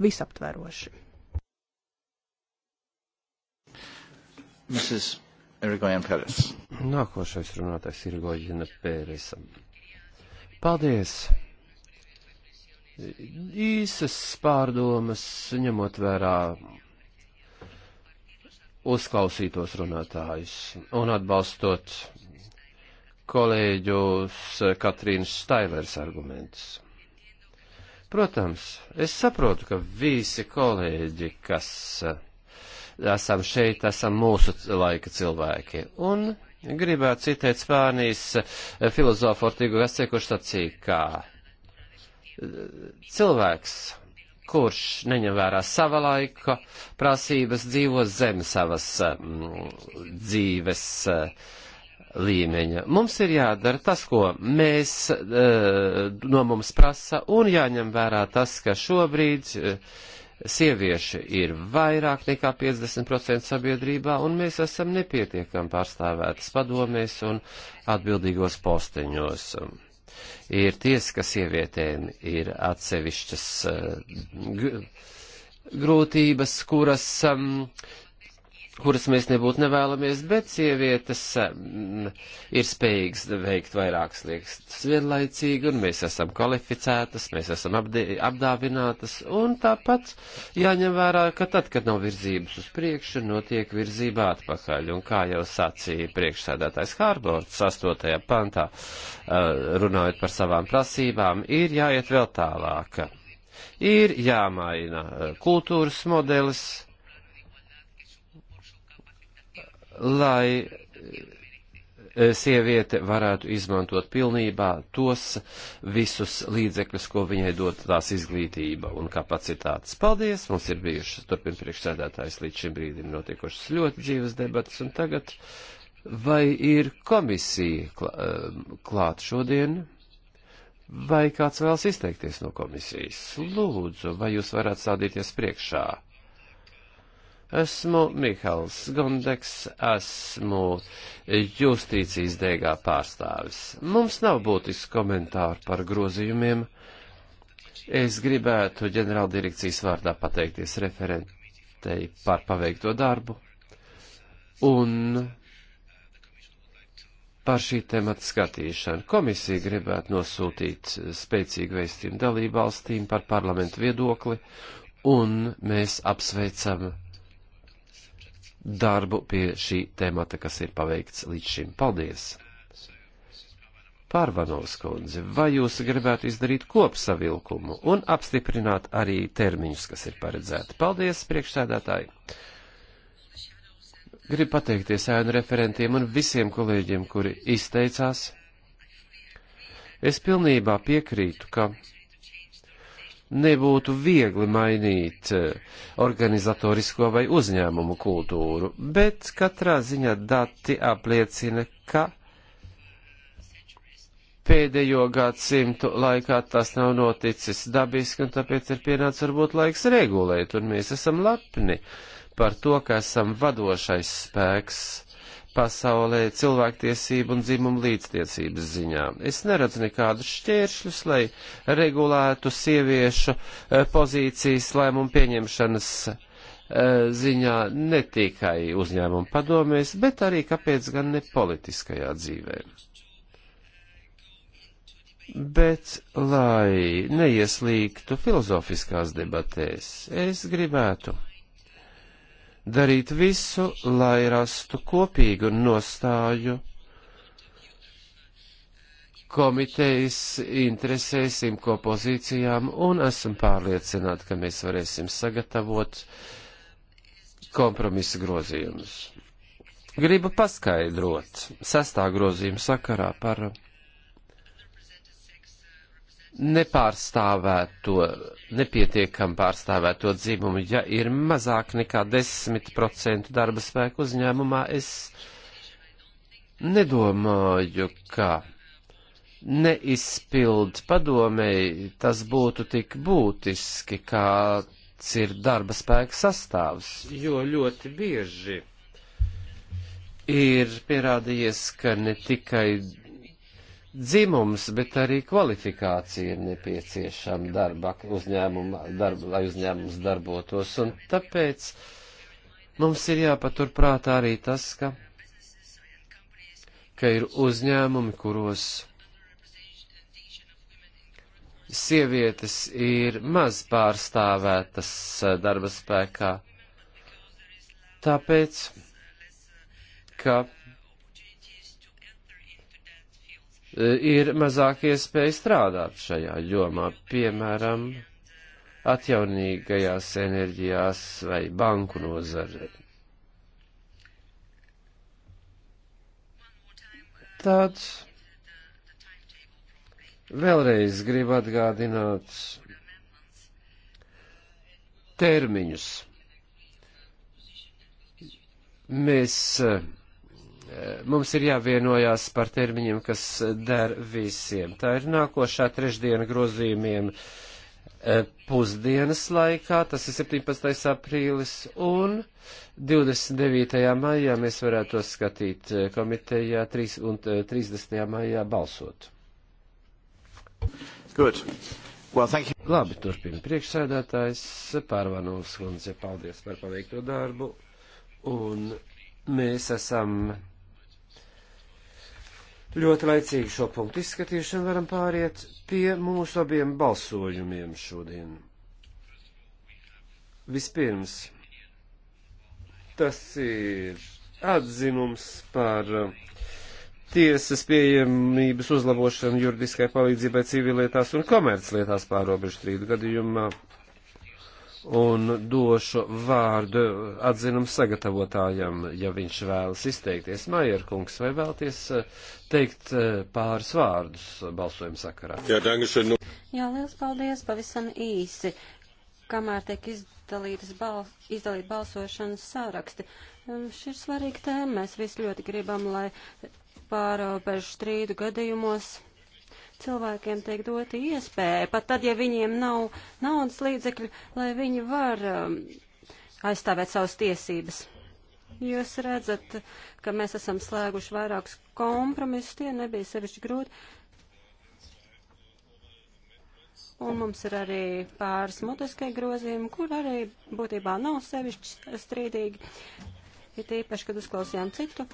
visaptveroši. Mrs. Irigoyen Pēres. Nākošais runātais ir Goģina Pēresa. Paldies! Īsas pārdomas, ņemot vērā uzklausītos runātājus un atbalstot kolēģus Katrīnas Stailers argumentus. Protams, es saprotu, ka visi kolēģi, kas esam šeit, esam mūsu laika cilvēki. Un gribētu citēt Spānijas eh, filozofu Ortigu Gasē, kurš sacīja, ka eh, cilvēks, kurš neņem vērā sava laika prasības, dzīvo zem savas m, mm, dzīves eh, līmeņa. Mums ir jādara tas, ko mēs e, no mums prasa, un jāņem vērā tas, ka šobrīd e, sievieši ir vairāk nekā 50% sabiedrībā, un mēs esam nepietiekami pārstāvētas padomēs un atbildīgos posteņos. Ir tiesa, ka sievietēm ir atsevišķas eh, grūtības, kuras um, kuras mēs nebūtu nevēlamies, bet sievietes m, ir spējīgas veikt vairākas lietas vienlaicīgi, un mēs esam kvalificētas, mēs esam apdē, apdāvinātas, un tāpat jāņem vērā, ka tad, kad nav virzības uz priekšu, notiek virzība atpakaļ, un kā jau sacīja priekšsēdētājs Hārbords 8. pantā, eh, runājot par savām prasībām, ir jāiet vēl tālāk. Ir jāmaina eh, kultūras modelis, lai eh, sieviete varētu izmantot pilnībā tos visus līdzekļus, ko viņai dod tās izglītība un kapacitātes. Paldies! Mums ir bijušas turpin priekšsēdētājs līdz šim brīdim notikušas ļoti dzīves debatas, un tagad vai ir komisija eh, klāt šodien? Vai kāds vēlas izteikties no komisijas? Lūdzu, vai jūs varat sādīties priekšā? Esmu Mihals Gondeks, esmu justīcijas dēgā pārstāvis. Mums nav būtisks komentāru par grozījumiem. Es gribētu ģenerāldirekcijas vārdā pateikties referentei par paveikto darbu un par šī temata skatīšanu. Komisija gribētu nosūtīt spēcīgu vēstījumu dalībvalstīm par parlamentu viedokli, un mēs apsveicam darbu pie šī temata, kas ir paveikts līdz šim. Paldies! Pārvanovs kundze, vai jūs gribētu izdarīt kopsavilkumu un apstiprināt arī termiņus, kas ir paredzēti? Paldies, priekšsēdētāji! Gribu pateikties ēnu referentiem un visiem kolēģiem, kuri izteicās. Es pilnībā piekrītu, ka nebūtu viegli mainīt eh, organizatorisko vai uzņēmumu kultūru, bet katrā ziņā dati apliecina, ka pēdējo gadsimtu laikā tas nav noticis dabiski, un tāpēc ir pienācis varbūt laiks regulēt, un mēs esam lepni par to, ka esam vadošais spēks pasaulē cilvēktiesību un dzimumu līdztiesības ziņā. Es neredzu nekādus šķēršļus, lai regulētu sieviešu eh, pozīcijas lēmumu pieņemšanas eh, ziņā ne tikai uzņēmumu padomēs, bet arī kāpēc gan ne politiskajā dzīvē. Bet, lai neieslīgtu filozofiskās debatēs, es gribētu darīt visu, lai rastu kopīgu nostāju komitejas interesēs, imko pozīcijām, un esam pārliecināti, ka mēs varēsim sagatavot kompromisa grozījumus. Gribu paskaidrot sastā grozījuma sakarā par nepārstāvēto, nepietiekam pārstāvēto dzimumu, ja ir mazāk nekā 10% darba spēku uzņēmumā, es nedomāju, ka neizpild padomēji tas būtu tik būtiski, kāds ir darba spēka sastāvs, jo ļoti bieži ir pierādījies, ka ne tikai dzimums, bet arī kvalifikācija ir nepieciešama darba uzņēmuma, darba, lai uzņēmums darbotos. Un tāpēc mums ir jāpaturprātā arī tas, ka, ka ir uzņēmumi, kuros sievietes ir maz pārstāvētas eh, darba spēkā. Tāpēc, ka Eh, ir mazāk iespēja strādāt šajā jomā, piemēram, atjaunīgajās enerģijās vai banku nozarē. Tad vēlreiz gribu atgādināt termiņus. Mēs uh, mums ir jāvienojās par termiņiem, kas der visiem. Tā ir nākošā trešdiena grozījumiem e, pusdienas laikā, tas ir 17. aprīlis, un 29. maijā mēs varētu to skatīt e, komitejā 3 un 30. E, maijā balsot. Good. Well, thank you. Labi, turpina priekšsēdētājs Pārvanovs, un paldies par paveikto darbu, un mēs esam ļoti laicīgi šo punktu izskatīšanu varam pāriet pie mūsu abiem balsojumiem šodien. Vispirms, tas ir atzinums par uh, tiesas pieejamības uzlabošanu juridiskai palīdzībai civilietās un komerclietās pārobežu strīdu gadījumā un došu vārdu atzinumu sagatavotājam, ja viņš vēlas izteikties. Maierkungs, vai vēlties eh, teikt eh, pāris vārdus balsojuma sakarā? Jā, dankušen. Nu- Jā, liels paldies, pavisam īsi. Kamēr tiek izdalītas bal izdalīt balsošanas sāraksti, um, šī ir svarīga tēma. Mēs visi ļoti gribam, lai pārobežu strīdu gadījumos cilvēkiem tiek dota iespēja, pat tad, ja viņiem nav naudas līdzekļu, lai viņi var um, aizstāvēt savas tiesības. Jūs redzat, ka mēs esam slēguši vairākus kompromisus, tie nebija sevišķi grūti. Un mums ir arī pāris mutiskie grozījumi, kur arī būtībā nav sevišķi strīdīgi. Ir ja tīpaši, kad uzklausījām citu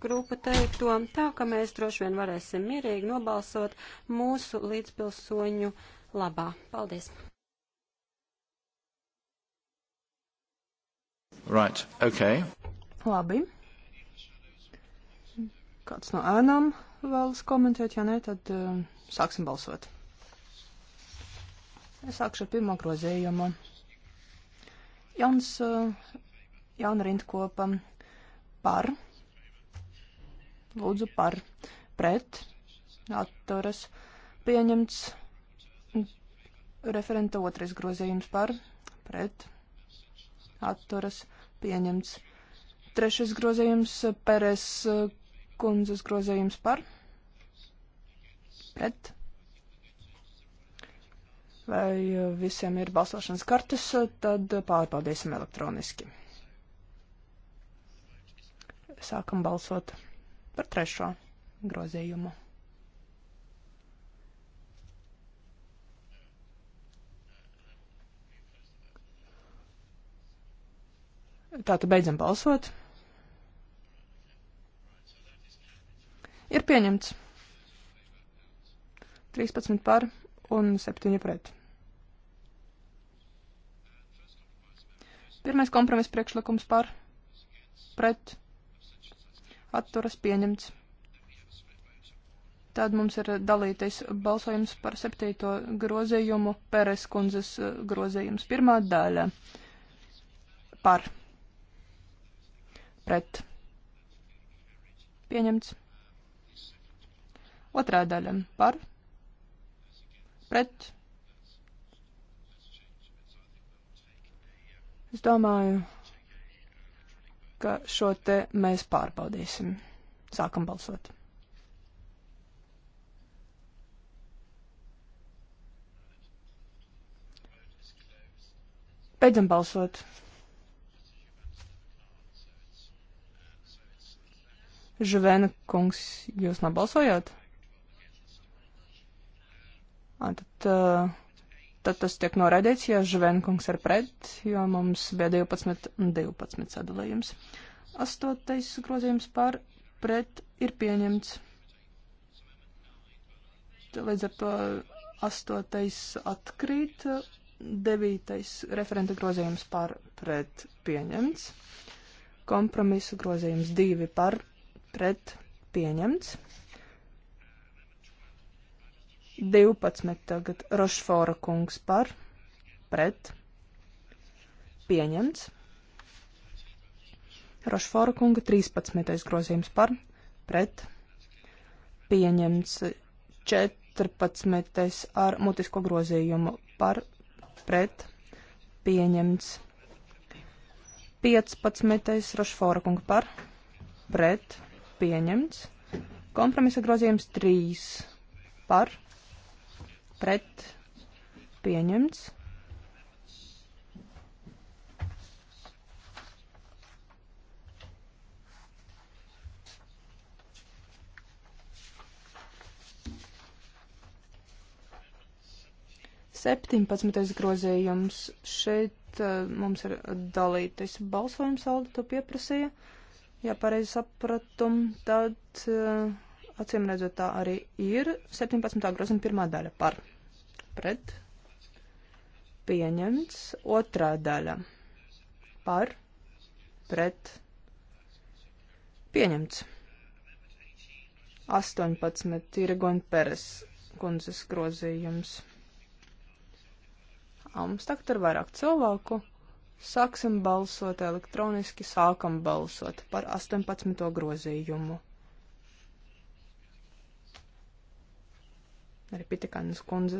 grupa teikto, tā ka mēs droši vien varēsim mierīgi nobalsot mūsu līdzpilsoņu labā. Paldies! Right, okay. Labi. Kāds no ēnām vēlas komentēt, ja nē, tad uh, sāksim balsot. Es sākšu ar pirmo grozījumu. Jauns, uh, jauna rindkopa par Lūdzu par pret atturas pieņemts. Referenta otrais grozījums par pret atturas pieņemts. Trešais grozījums Peres eh, kundzes grozījums par pret. Vai eh, visiem ir balsošanas kartes, eh, tad pārbaudīsim elektroniski. Sākam balsot par trešo grozījumu. Tātad beidzam balsot. Ir pieņemts 13 par un 7 pret. Pirmais kompromiss priekšlikums par pret atturas pieņemts. Tad mums ir dalītais balsojums par septīto grozījumu, Pēres kundzes eh, grozījums. Pirmā daļa par pret pieņemts. Otrā daļa par pret. Es domāju, ka šo te mēs pārbaudīsim. Sākam balsot. Beidzam balsot. Žvēna kungs, jūs nobalsojāt? Ā, tad uh, tad tas tiek noraidīts, ja Žvenkungs ir pret, jo mums bija 12 un 12 sadalījums. Astotais grozījums par pret ir pieņemts. Līdz ar to astotais atkrīt, devītais referenta grozījums par pret pieņemts, kompromisu grozījums divi par pret pieņemts. 12 tagad Rošfora kungs par, pret, pieņemts. Rošfora kunga 13. grozījums par, pret, pieņemts. 14. ar mutisko grozījumu par, pret, pieņemts. 15. Rošfora kunga par, pret, pieņemts. Kompromisa grozījums 3 par, pret pret pieņemts. Septiņpadsmitais grozījums. Šeit uh, mums ir dalītais balsojums, Alda to pieprasīja. Ja pareizi sapratum, tad. Uh, Acīm redzot, tā arī ir 17. grozījuma pirmā daļa par pret pieņemts, otrā daļa par pret pieņemts. 18 ir Gonperes kundzes grozījums. Mums tagad ir vairāk cilvēku. Sāksim balsot elektroniski, sākam balsot par 18. grozījumu. Arī Pitekānas kundze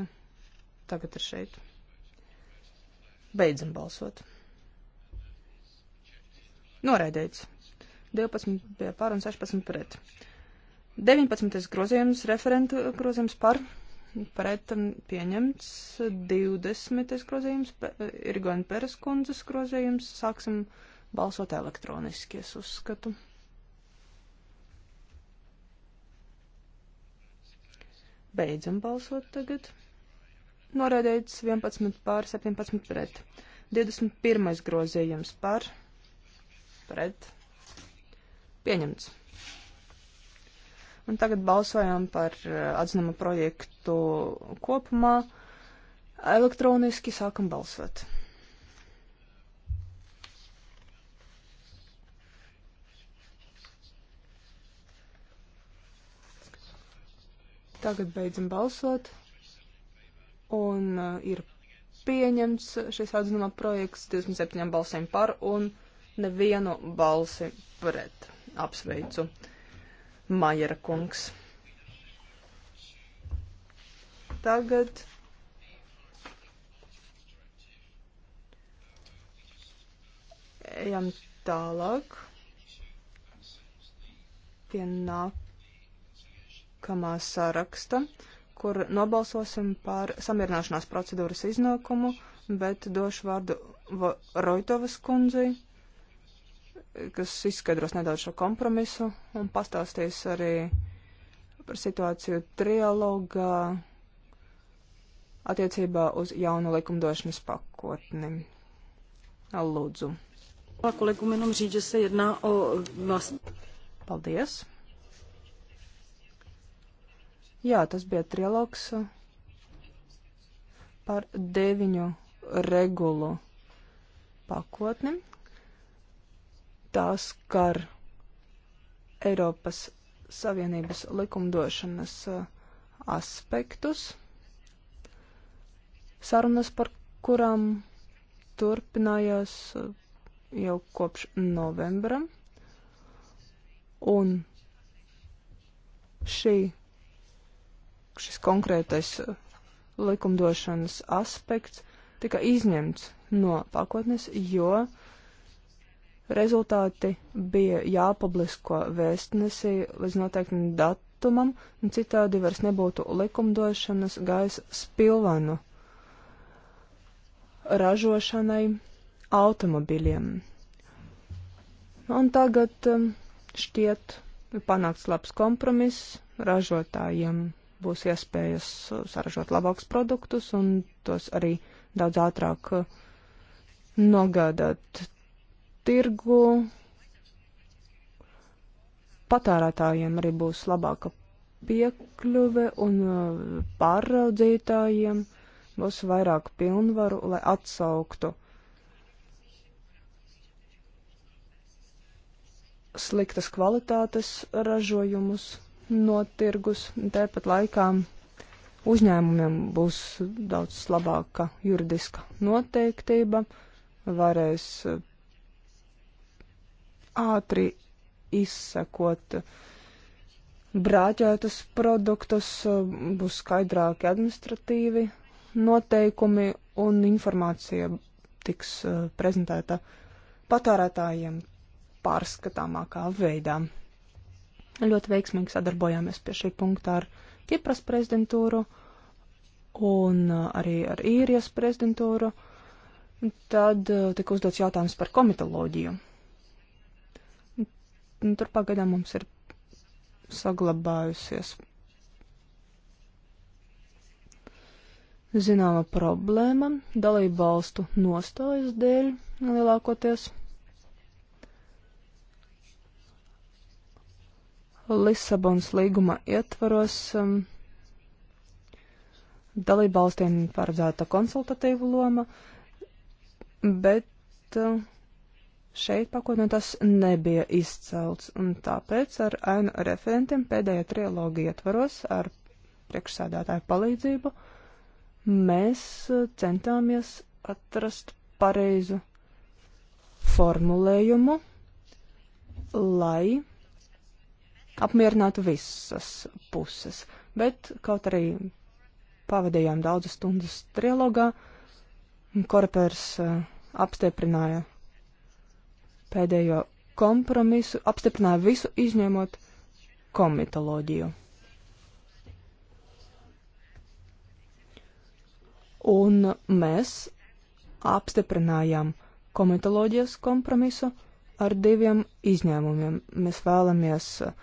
tagad ir šeit. Beidzam balsot. Noraidīts. 12 bija par un 16 pret. 19. grozījums, referenta grozījums par, pret pieņemts. 20. grozījums, ir gan peres kundzes grozījums. Sāksim balsot elektroniski, es uzskatu. Beidzam balsot tagad. Norādīts 11 pār 17 pret. 21. grozījums par pret. Pieņemts. Un tagad balsojam par eh, atzinumu projektu kopumā. Elektroniski sākam balsot. Tagad beidzam balsot. Un uh, ir pieņemts šis atzinuma projekts 27 balsīm par un nevienu balsi pret. Apsveicu. Majera kungs. Tagad. Ejam tālāk. Tie nāk kamā saraksta, kur nobalsosim par samierināšanās procedūras iznākumu, bet došu vārdu Roitovas kundzei, kas izskaidros nedaudz šo kompromisu un pastāstīs arī par situāciju trialogā attiecībā uz jaunu likumdošanas pakotni. Lūdzu. Kolēģi, minam rīt, ka se jedná o... Paldies. Jā, tas bija trilogs par deviņu regulu pakotni. Tās skar Eiropas Savienības likumdošanas e, aspektus, sarunas par kurām turpinājās e, jau kopš novembra, un šī šis konkrētais uh, likumdošanas aspekts tika izņemts no pakotnes, jo rezultāti bija jāpublisko vēstnesī līdz noteiktam datumam, un citādi vairs nebūtu likumdošanas gaisa spilvanu ražošanai automobiļiem. Un tagad um, šķiet panāks labs kompromiss ražotājiem būs iespējas saražot labākus produktus un tos arī daudz ātrāk uh, nogādāt tirgu. Patērētājiem arī būs labāka piekļuve un uh, pārraudzītājiem būs vairāk pilnvaru, lai atsauktu sliktas kvalitātes ražojumus no tirgus. Tāpat laikā uzņēmumiem būs daudz labāka juridiska noteiktība, varēs eh, ātri izsekot eh, brāķētus produktus, eh, būs skaidrāki administratīvi noteikumi un informācija tiks prezentēta patērētājiem pārskatāmākā veidā. Ļoti veiksmīgi sadarbojāmies pie šī punkta ar Kipras prezidentūru un uh, arī ar īrijas prezidentūru. Tad uh, tika uzdots jautājums par komitoloģiju. Tur pagaidām mums ir saglabājusies zināma problēma dalību valstu nostājas dēļ lielākoties. Lisabonas līguma ietvaros um, dalībvalstīm paredzēta konsultatīva loma, bet uh, šeit pakotnē tas nebija izcelts, un tāpēc ar ainu referentiem pēdējā trialoga ietvaros ar priekšsēdētāju palīdzību mēs uh, centāmies atrast pareizu formulējumu, lai apmierinātu visas puses. Bet kaut arī pavadījām daudzas stundas trilogā, Korepers uh, eh, apstiprināja pēdējo kompromisu, apstiprināja visu izņemot komitoloģiju. Un mēs apstiprinājām komitoloģijas kompromisu ar diviem izņēmumiem. Mēs vēlamies uh,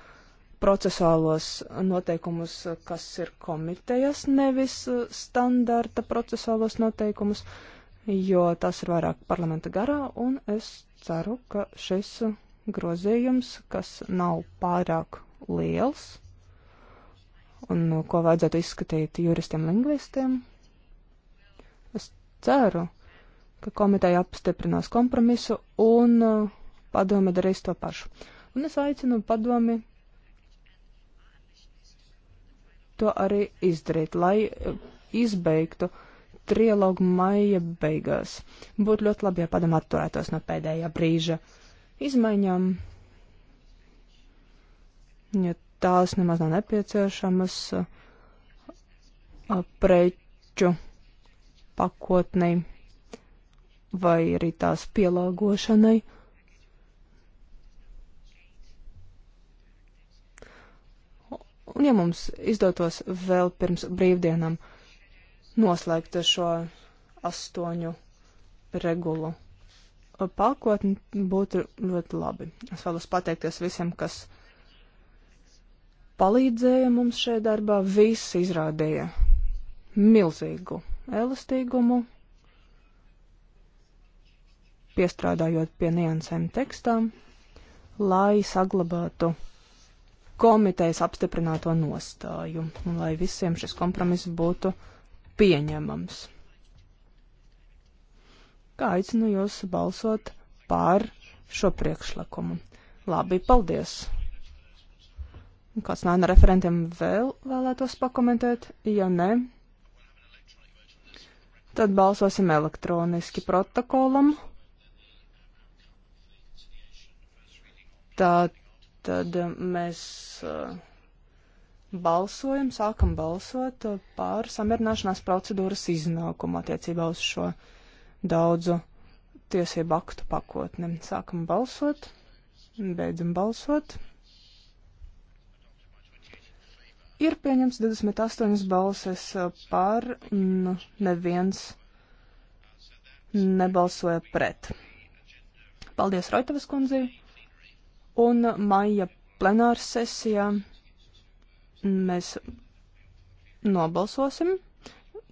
procesuālos noteikumus, kas ir komitejas, nevis standarta procesuālos noteikumus, jo tas ir vairāk parlamenta garā, un es ceru, ka šis grozījums, kas nav pārāk liels, un ko vajadzētu izskatīt juristiem lingvistiem, es ceru, ka komiteja apstiprinās kompromisu un uh, padome darīs to pašu. Un es aicinu padomi to arī izdarīt, lai eh, izbeigtu trilogu maija beigās. Būtu ļoti labi, ja padam atturētos no pēdējā brīža izmaiņām. Ja tās nemaz nav nepieciešamas eh, preču pakotnei vai arī tās pielāgošanai. Un ja mums izdotos vēl pirms brīvdienām noslēgt šo astoņu regulu pakotni, būtu ļoti labi. Es vēlos pateikties visiem, kas palīdzēja mums šajā darbā. Visi izrādīja milzīgu elastīgumu, piestrādājot pie niansēm tekstām, lai saglabātu komitejas apstiprināto nostāju, un lai visiem šis kompromiss būtu pieņemams. Kā aicinu jūs balsot pār šo priekšlikumu. Labi, paldies! Kāds no referentiem vēl vēlētos pakomentēt? Ja nē, tad balsosim elektroniski protokolam. Tad tad eh, mēs eh, balsojam, sākam balsot eh, par samierināšanās procedūras iznākumu attiecībā uz šo daudzu tiesību aktu pakotni. Sākam balsot, beidzam balsot. Ir pieņems 28 balses par, un nu, neviens nebalsoja pret. Paldies Roitavas kundzei! un maija plenāra sesijā mēs nobalsosim.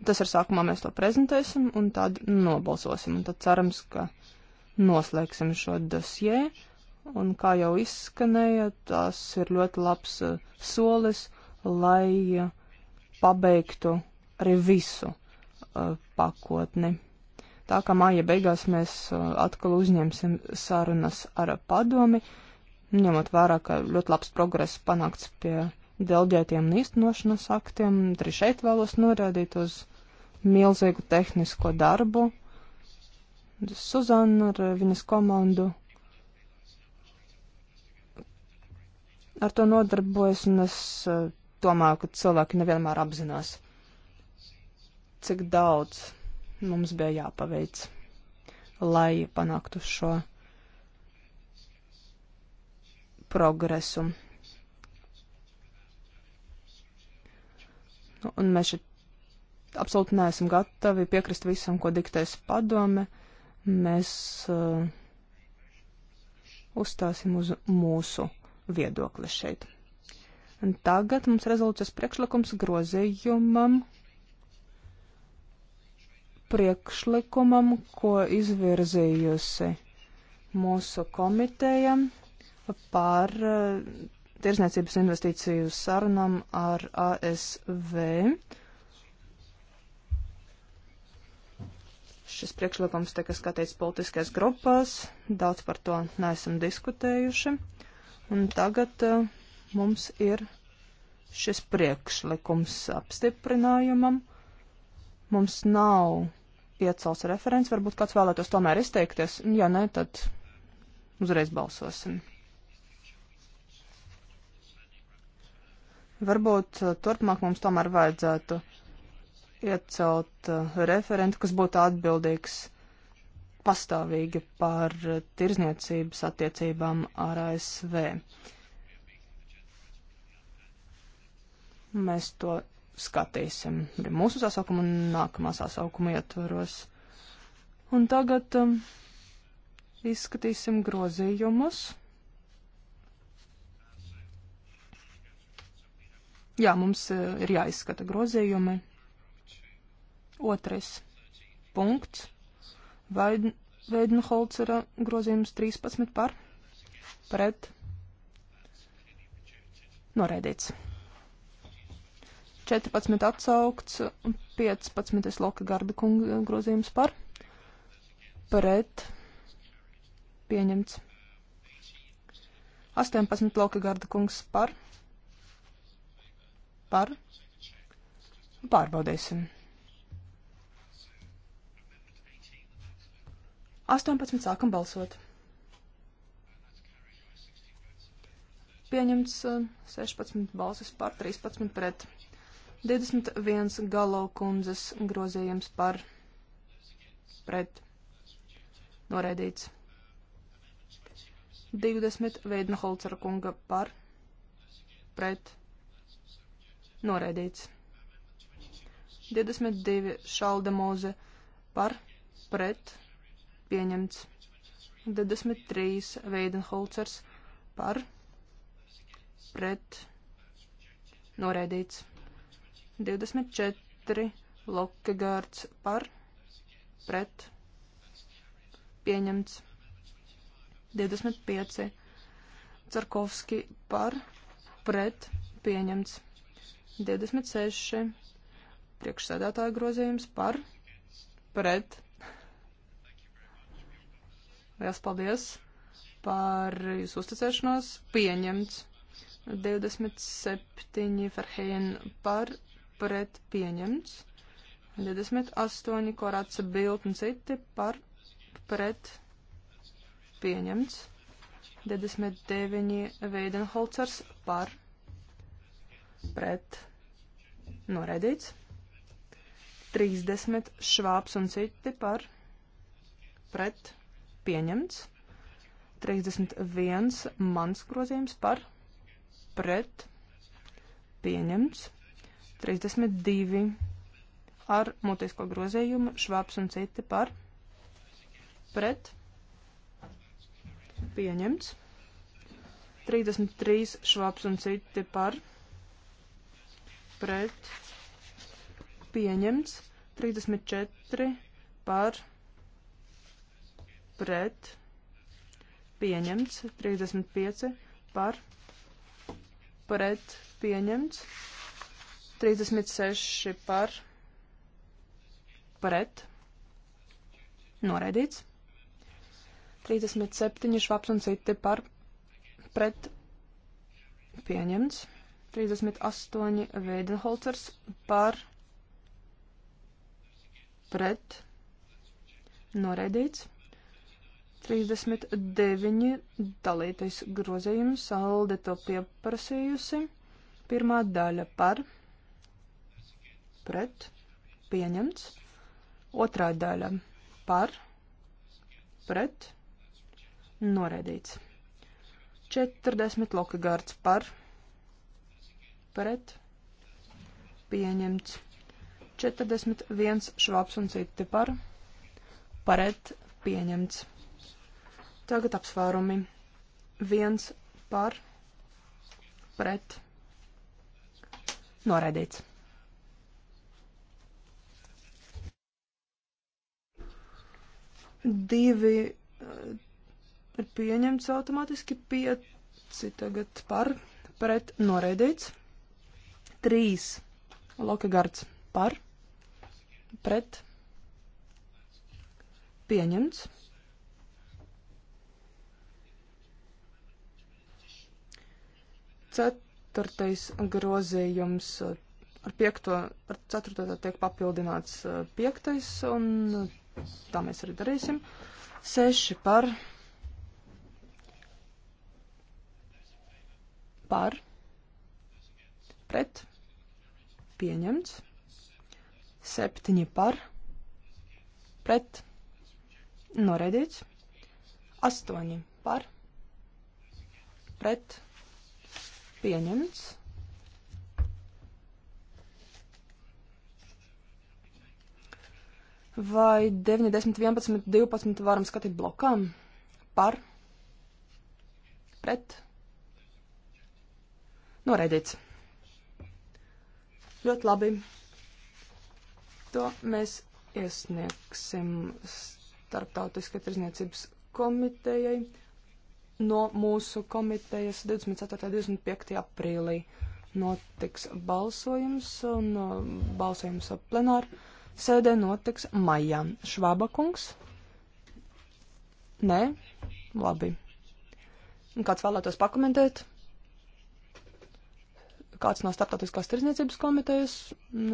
Tas ir sākumā mēs to prezentēsim un tad nobalsosim. Un tad cerams, ka noslēgsim šo dosie. Un kā jau izskanēja, tas ir ļoti labs uh, solis, lai pabeigtu arī visu uh, pakotni. Tā kā māja beigās mēs uh, atkal uzņemsim sarunas ar padomi. Uh, ņemot vērā, ka ļoti labs progress panākts pie delģētiem un īstenošanas aktiem, arī šeit vēlos norādīt uz milzīgu tehnisko darbu. Suzana ar viņas komandu ar to nodarbojas, un es eh, domāju, ka cilvēki nevienmēr apzinās, cik daudz mums bija jāpaveic, lai panāktu šo progresu. Nu, un mēs šeit absolūti neesam gatavi piekrist visam, ko diktēs padome. Mēs uh, uzstāsim uz mūsu viedokli šeit. Un tagad mums rezolūcijas priekšlikums grozījumam, priekšlikumam, ko izvirzījusi mūsu komitejam par eh, tirsniecības investīciju sarunam ar ASV. Šis priekšlikums tika skatīts politiskais grupās, daudz par to neesam diskutējuši. Un tagad uh, mums ir šis priekšlikums apstiprinājumam. Mums nav piecels referents, varbūt kāds vēlētos tomēr izteikties. Ja nē, tad uzreiz balsosim. Varbūt eh, turpmāk mums tomēr vajadzētu iecelt eh, referentu, kas būtu atbildīgs pastāvīgi par eh, tirzniecības attiecībām ar ASV. Mēs to skatīsim arī mūsu sasaukuma un nākamā sasaukuma ietvaros. Un tagad um, izskatīsim grozījumus. Jā, mums eh, ir jāizskata grozījumi. Otrais punkts. Veidenholcera grozījums 13 par pret noraidīts. 14 atsaukts, 15 Loka Garda kunga grozījums par pret pieņemts. 18 Loka Garda kungs par pret Par? Pārbaudīsim. 18. sākam balsot. Pieņemts 16 uh, balsis par 13 pret. 21 galo kundzes grozījums par pret. Noraidīts. 20 Veidna Holcera kunga par pret Noraidīts. 22 šalda mūze par, pret, pieņemts. 23 Veidenholcers par, pret, noraidīts. 24 Lokegārds par, pret, pieņemts. 25 Carkovski par, pret, pieņemts. 26 priekšsēdētāja grozījums par pret. Lielas paldies par jūsu uzticēšanos. Pieņemts. 27 Ferhejen par pret pieņemts. 28 Korāca Bilt un citi par pret pieņemts. 29 Veidenholcers par pret pret noraidīts. 30 švāps un citi par pret pieņemts. 31 mans grozījums par pret pieņemts. 32 ar mutisko grozījumu švāps un citi par pret pieņemts. 33 švāps un citi par pret pret pieņemts, 34 par pret pieņemts, 35 par pret pieņemts, 36 par pret noraidīts, 37 švaps un citi par pret pieņemts. 38 Veidenholcers par pret noraidīts. 39 dalītais grozījums, Alde to pieprasījusi. Pirmā daļa par, pret, pieņemts. Otrā daļa par, pret, noraidīts. 40 lokagārds par, pret pret pieņemts. 41 švāps un citi par pret pieņemts. Tagad apsvērumi. 1 par pret noraidīts. Divi ir eh, pieņemts automātiski, pieci tagad par pret noraidīts. 3. Lokagards par, pret, pieņemts. Ceturtais grozījums ar piekto, ar ceturto tiek papildināts eh, piektais, un tā mēs arī darīsim. Seši par, par, pret, Pieņemts. Septiņi par. Pret. Noraidīts. Astoņi par. Pret. Pieņemts. Vai 9, 10, 11, 12 varam skatīt blokām? Par? Pret? Noraidīts. Ļoti labi. To mēs iesniegsim starptautiskai tirzniecības komitejai no mūsu komitejas 24. un 25. aprīlī notiks balsojums un um, balsojums plenāru sēdē notiks maijā. Švaba kungs? Nē? Labi. Kāds vēlētos pakomentēt? kāds no starptautiskās tirzniecības komitejas.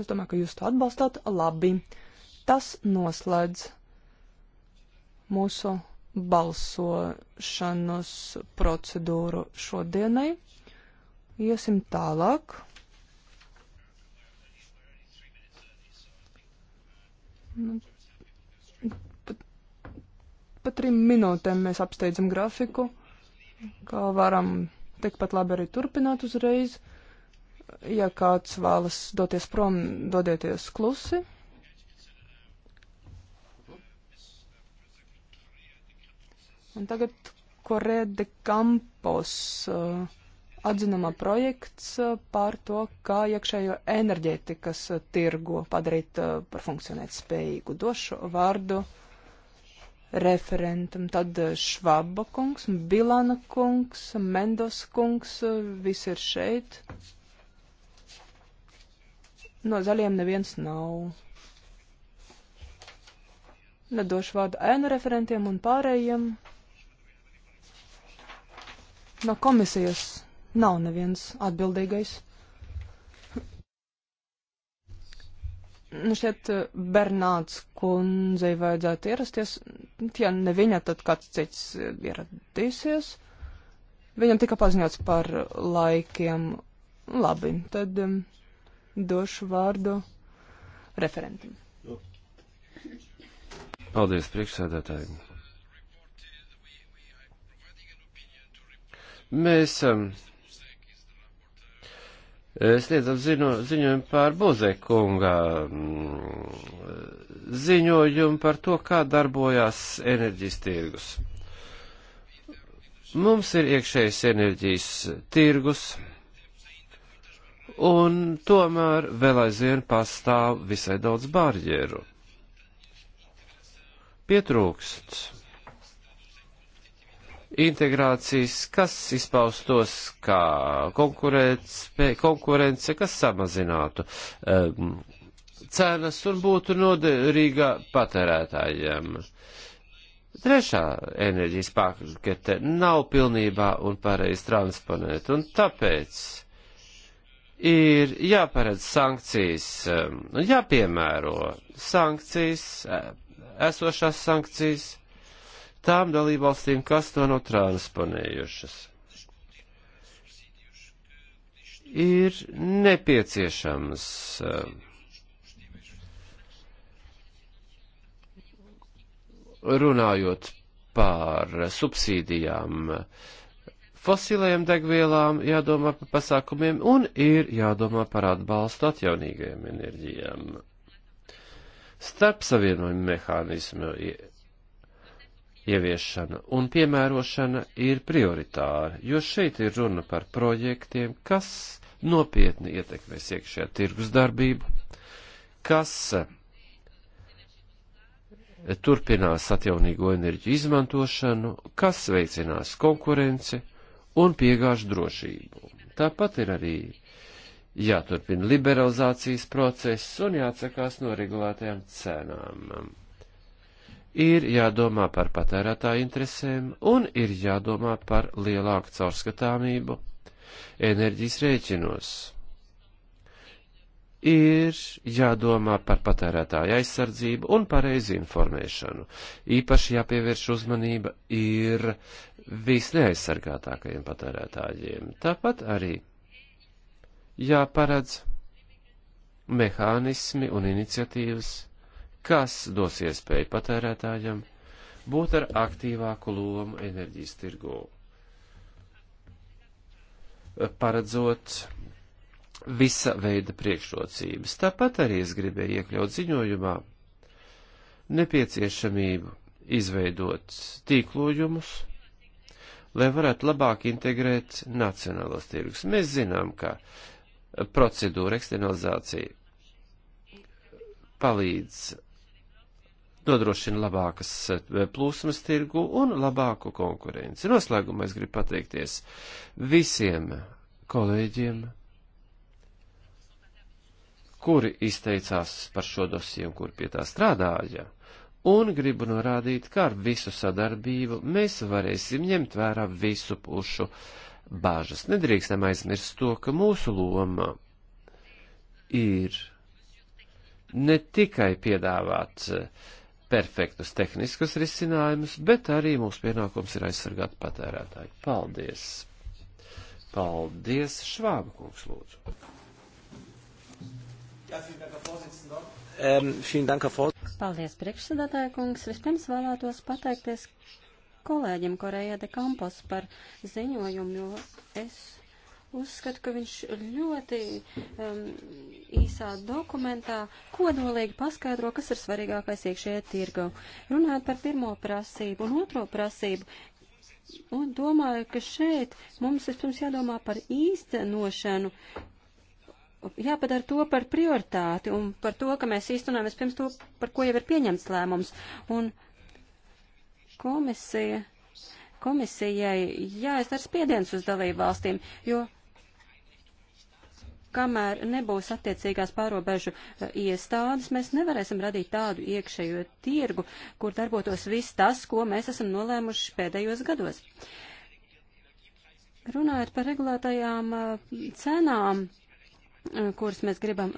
Es domāju, ka jūs to atbalstāt. Labi. Tas noslēdz mūsu balsošanas procedūru šodienai. Iesim tālāk. Nu, pat, pat trim minūtēm mēs apsteidzam grafiku, kā varam tikpat labi arī turpināt uzreiz ja kāds vēlas doties prom, dodieties klusi. Un tagad Korede Kampos uh, atzinumā projekts uh, par to, kā iekšējo enerģētikas uh, tirgu padarīt par funkcionēt spējīgu. Došu vārdu referentam, tad Švaba kungs, Bilana kungs, Mendos kungs, visi ir šeit. No zaļiem neviens nav. Nedošu vārdu ēnu referentiem un pārējiem. No komisijas nav neviens atbildīgais. Nu, šeit Bernāts kundzei vajadzētu ierasties. Ja ne viņa, tad kāds cits ieradīsies. Viņam tika paziņots par laikiem. Labi, tad. Um, došu vārdu referentam. Paldies, priekšsēdētāji. Mēs um, sniedzam zino, ziņojumu par Buzekunga um, ziņojumu par to, kā darbojās enerģijas tirgus. Mums ir iekšējs enerģijas tirgus un tomēr vēl aizvien pastāv visai daudz barjeru. Pietrūkst integrācijas, kas izpaustos kā konkurence, kas samazinātu um, cenas un būtu noderīga patērētājiem. Trešā enerģijas pakete nav pilnībā un pareizi transponēta, un tāpēc ir jāparedz sankcijas, um, jāpiemēro sankcijas, e, esošās sankcijas tām dalībvalstīm, kas to nav transponējušas. Ir nepieciešams um, runājot par subsīdijām uh, fosilējām degvielām, jādomā par pasākumiem un ir jādomā par atbalstu atjaunīgajām enerģijām. Starp savienojumu mehānismu ieviešana un piemērošana ir prioritāra, jo šeit ir runa par projektiem, kas nopietni ietekmēs iekšējā tirgus darbību, kas turpinās atjaunīgo enerģiju izmantošanu, kas veicinās konkurenci un piegāžu drošību. Tāpat ir arī jāturpina liberalizācijas process un jāatsakās no regulētajām cenām. Ir jādomā par patērētāju interesēm un ir jādomā par lielāku caurskatāmību enerģijas rēķinos ir jādomā par patērētāju aizsardzību un pareizi informēšanu. Īpaši jāpievērš uzmanība ir visneaizsargātākajiem patērētājiem. Tāpat arī jāparedz mehānismi un iniciatīvas, kas dos iespēju patērētājam būt ar aktīvāku lomu enerģijas tirgū. Paredzot visa veida priekšrocības. Tāpat arī es gribēju iekļaut ziņojumā nepieciešamību izveidot tīklojumus, lai varētu labāk integrēt nacionālos tirgus. Mēs zinām, ka procedūra eksternalizācija palīdz nodrošina labākas eh, plūsmas tirgu un labāku konkurenci. Noslēgumā es gribu pateikties visiem kolēģiem, kuri izteicās par šo dosiju, kur pie tā strādāja. Un gribu norādīt, kā ar visu sadarbību mēs varēsim ņemt vērā visu pušu bāžas. Nedrīkstam aizmirst to, ka mūsu loma ir ne tikai piedāvāt eh, perfektus tehniskus risinājumus, bet arī mūsu pienākums ir aizsargāt patērētāju. Paldies! Paldies, Švāba kungs, lūdzu! Ähm, Paldies, priekšsēdētāja kungs. Vispirms vēlētos pateikties kolēģim Koreja de Campos par ziņojumu, jo es uzskatu, ka viņš ļoti um, īsā dokumentā kodolīgi paskaidro, kas ir svarīgākais iekšējā tirgu. Runājot par pirmo prasību un otro prasību, un domāju, ka šeit mums vispirms jādomā par īstenošanu, jāpadara to par prioritāti un par to, ka mēs īstenojamies pirms to, par ko jau ir pieņemts lēmums. Un komisija, komisijai jāizdara spiediens uz dalību valstīm, jo kamēr nebūs attiecīgās pārobežu e, iestādes, mēs nevarēsim radīt tādu iekšējo tirgu, kur darbotos viss tas, ko mēs esam nolēmuši pēdējos gados. Runājot par regulētajām e, cenām, Eh, kuras mēs gribam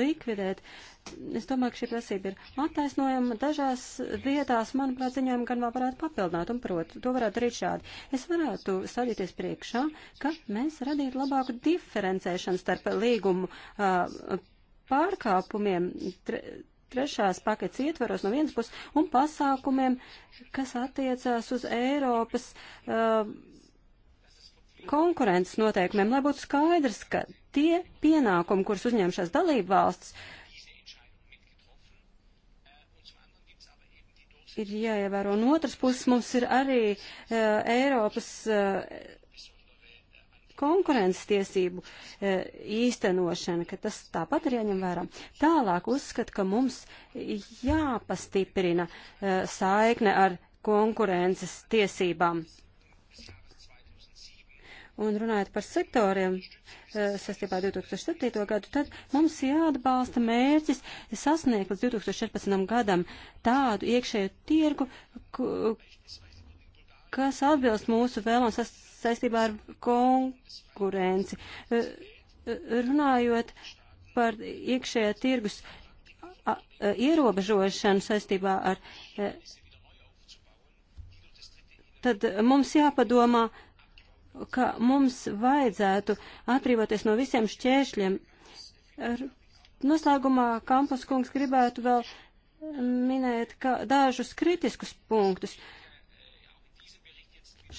likvidēt. Es domāju, ka šī prasība ir attaisnojama. Dažās vietās, manuprāt, ziņām gan vēl varētu papildināt, un protu, to varētu darīt šādi. Es varētu stādīties priekšā, ka mēs radītu labāku diferencēšanu starp līgumu uh, pārkāpumiem. Tre, trešās paketes ietvaros no vienas puses un pasākumiem, kas attiecās uz Eiropas uh, konkurences noteikumiem, lai būtu skaidrs, ka tie pienākumi, kurus uzņemšās dalību valsts, ir jāievēro. Un otrs puses mums ir arī uh, Eiropas uh, konkurences tiesību uh, īstenošana, ka tas tāpat ir jāņem vērā. Tālāk uzskat, ka mums jāpastiprina uh, saikne ar konkurences tiesībām. Uh, Un runājot par sektoriem eh, sastībā 2007. gadu, tad mums jāatbalsta mērķis sasniegt līdz 2014. gadam tādu iekšēju tirgu, kas atbilst mūsu vēlam saistībā ar konkurenci. Eh, eh, runājot par iekšējā tirgus ierobežošanu saistībā ar. Tad mums jāpadomā, uh, ka mums vajadzētu atbrīvoties no visiem šķēršļiem. Ar noslēgumā Kampus kungs gribētu vēl minēt dažus kritiskus punktus.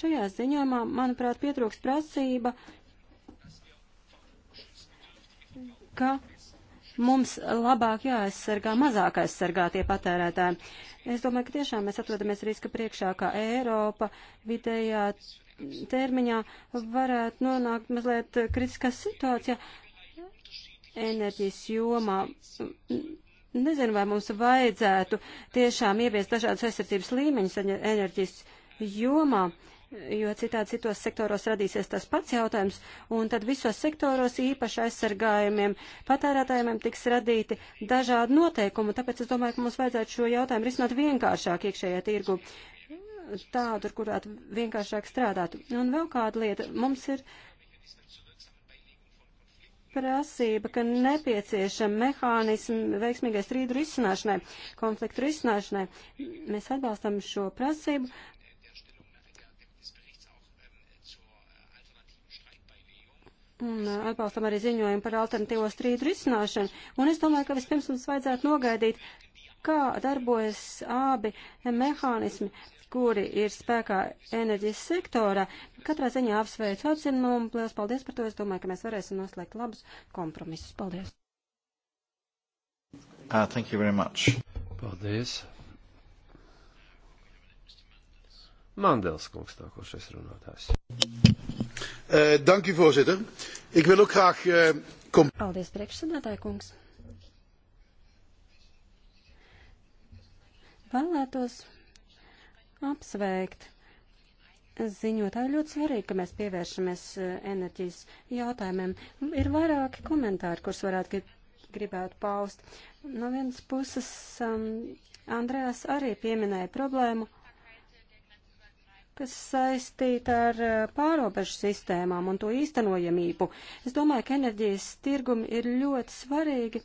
Šajā ziņojumā, manuprāt, pietrūks prasība, ka mums labāk jāaizsargā mazāk aizsargātie patērētāji. Es domāju, ka tiešām mēs atrodamies riska priekšā, kā Eiropa vidējā termiņā varētu nonākt mazliet kritiskā situācijā enerģijas jomā. Nezinu, vai mums vajadzētu tiešām ieviest dažādas aizsardzības līmeņus enerģijas jomā, jo citādi citos sektoros radīsies tas pats jautājums, un tad visos sektoros īpaši aizsargājumiem patērētājiem tiks radīti dažādi noteikumi, tāpēc es domāju, ka mums vajadzētu šo jautājumu risināt vienkāršāk iekšējā tirgu tādu, ar kurātu vienkāršāk strādāt. Un vēl kāda lieta. Mums ir prasība, ka nepieciešama mehānismi veiksmīgai strīdu risināšanai, konfliktu risināšanai. Mēs atbalstam šo prasību. Un atbalstam arī ziņojumu par alternatīvo strīdu risināšanu. Un es domāju, ka vispirms mums vajadzētu nogaidīt, kā darbojas abi mehānismi, kuri ir spēkā enerģijas sektorā. Katrā ziņā apsveicu atzinumu. Lielas paldies par to. Es domāju, ka mēs varēsim noslēgt labus kompromisus. Paldies. Uh, thank you very much. Paldies. Mandels kungs, nākošais runātājs. Uh, dank u, voorzitter. Ik wil ook graag... Uh, kom... Paldies, priekšsēdētāji kungs. Vēlētos apsveikt. Ziņotāji ļoti svarīgi, ka mēs pievēršamies eh, enerģijas jautājumiem. Ir vairāki komentāri, kurus varētu gribētu paust. No vienas puses, um, Andrēs arī pieminēja problēmu, kas saistīta ar eh, pārobežu sistēmām un to īstenojamību. Es domāju, ka enerģijas tirgumi ir ļoti svarīgi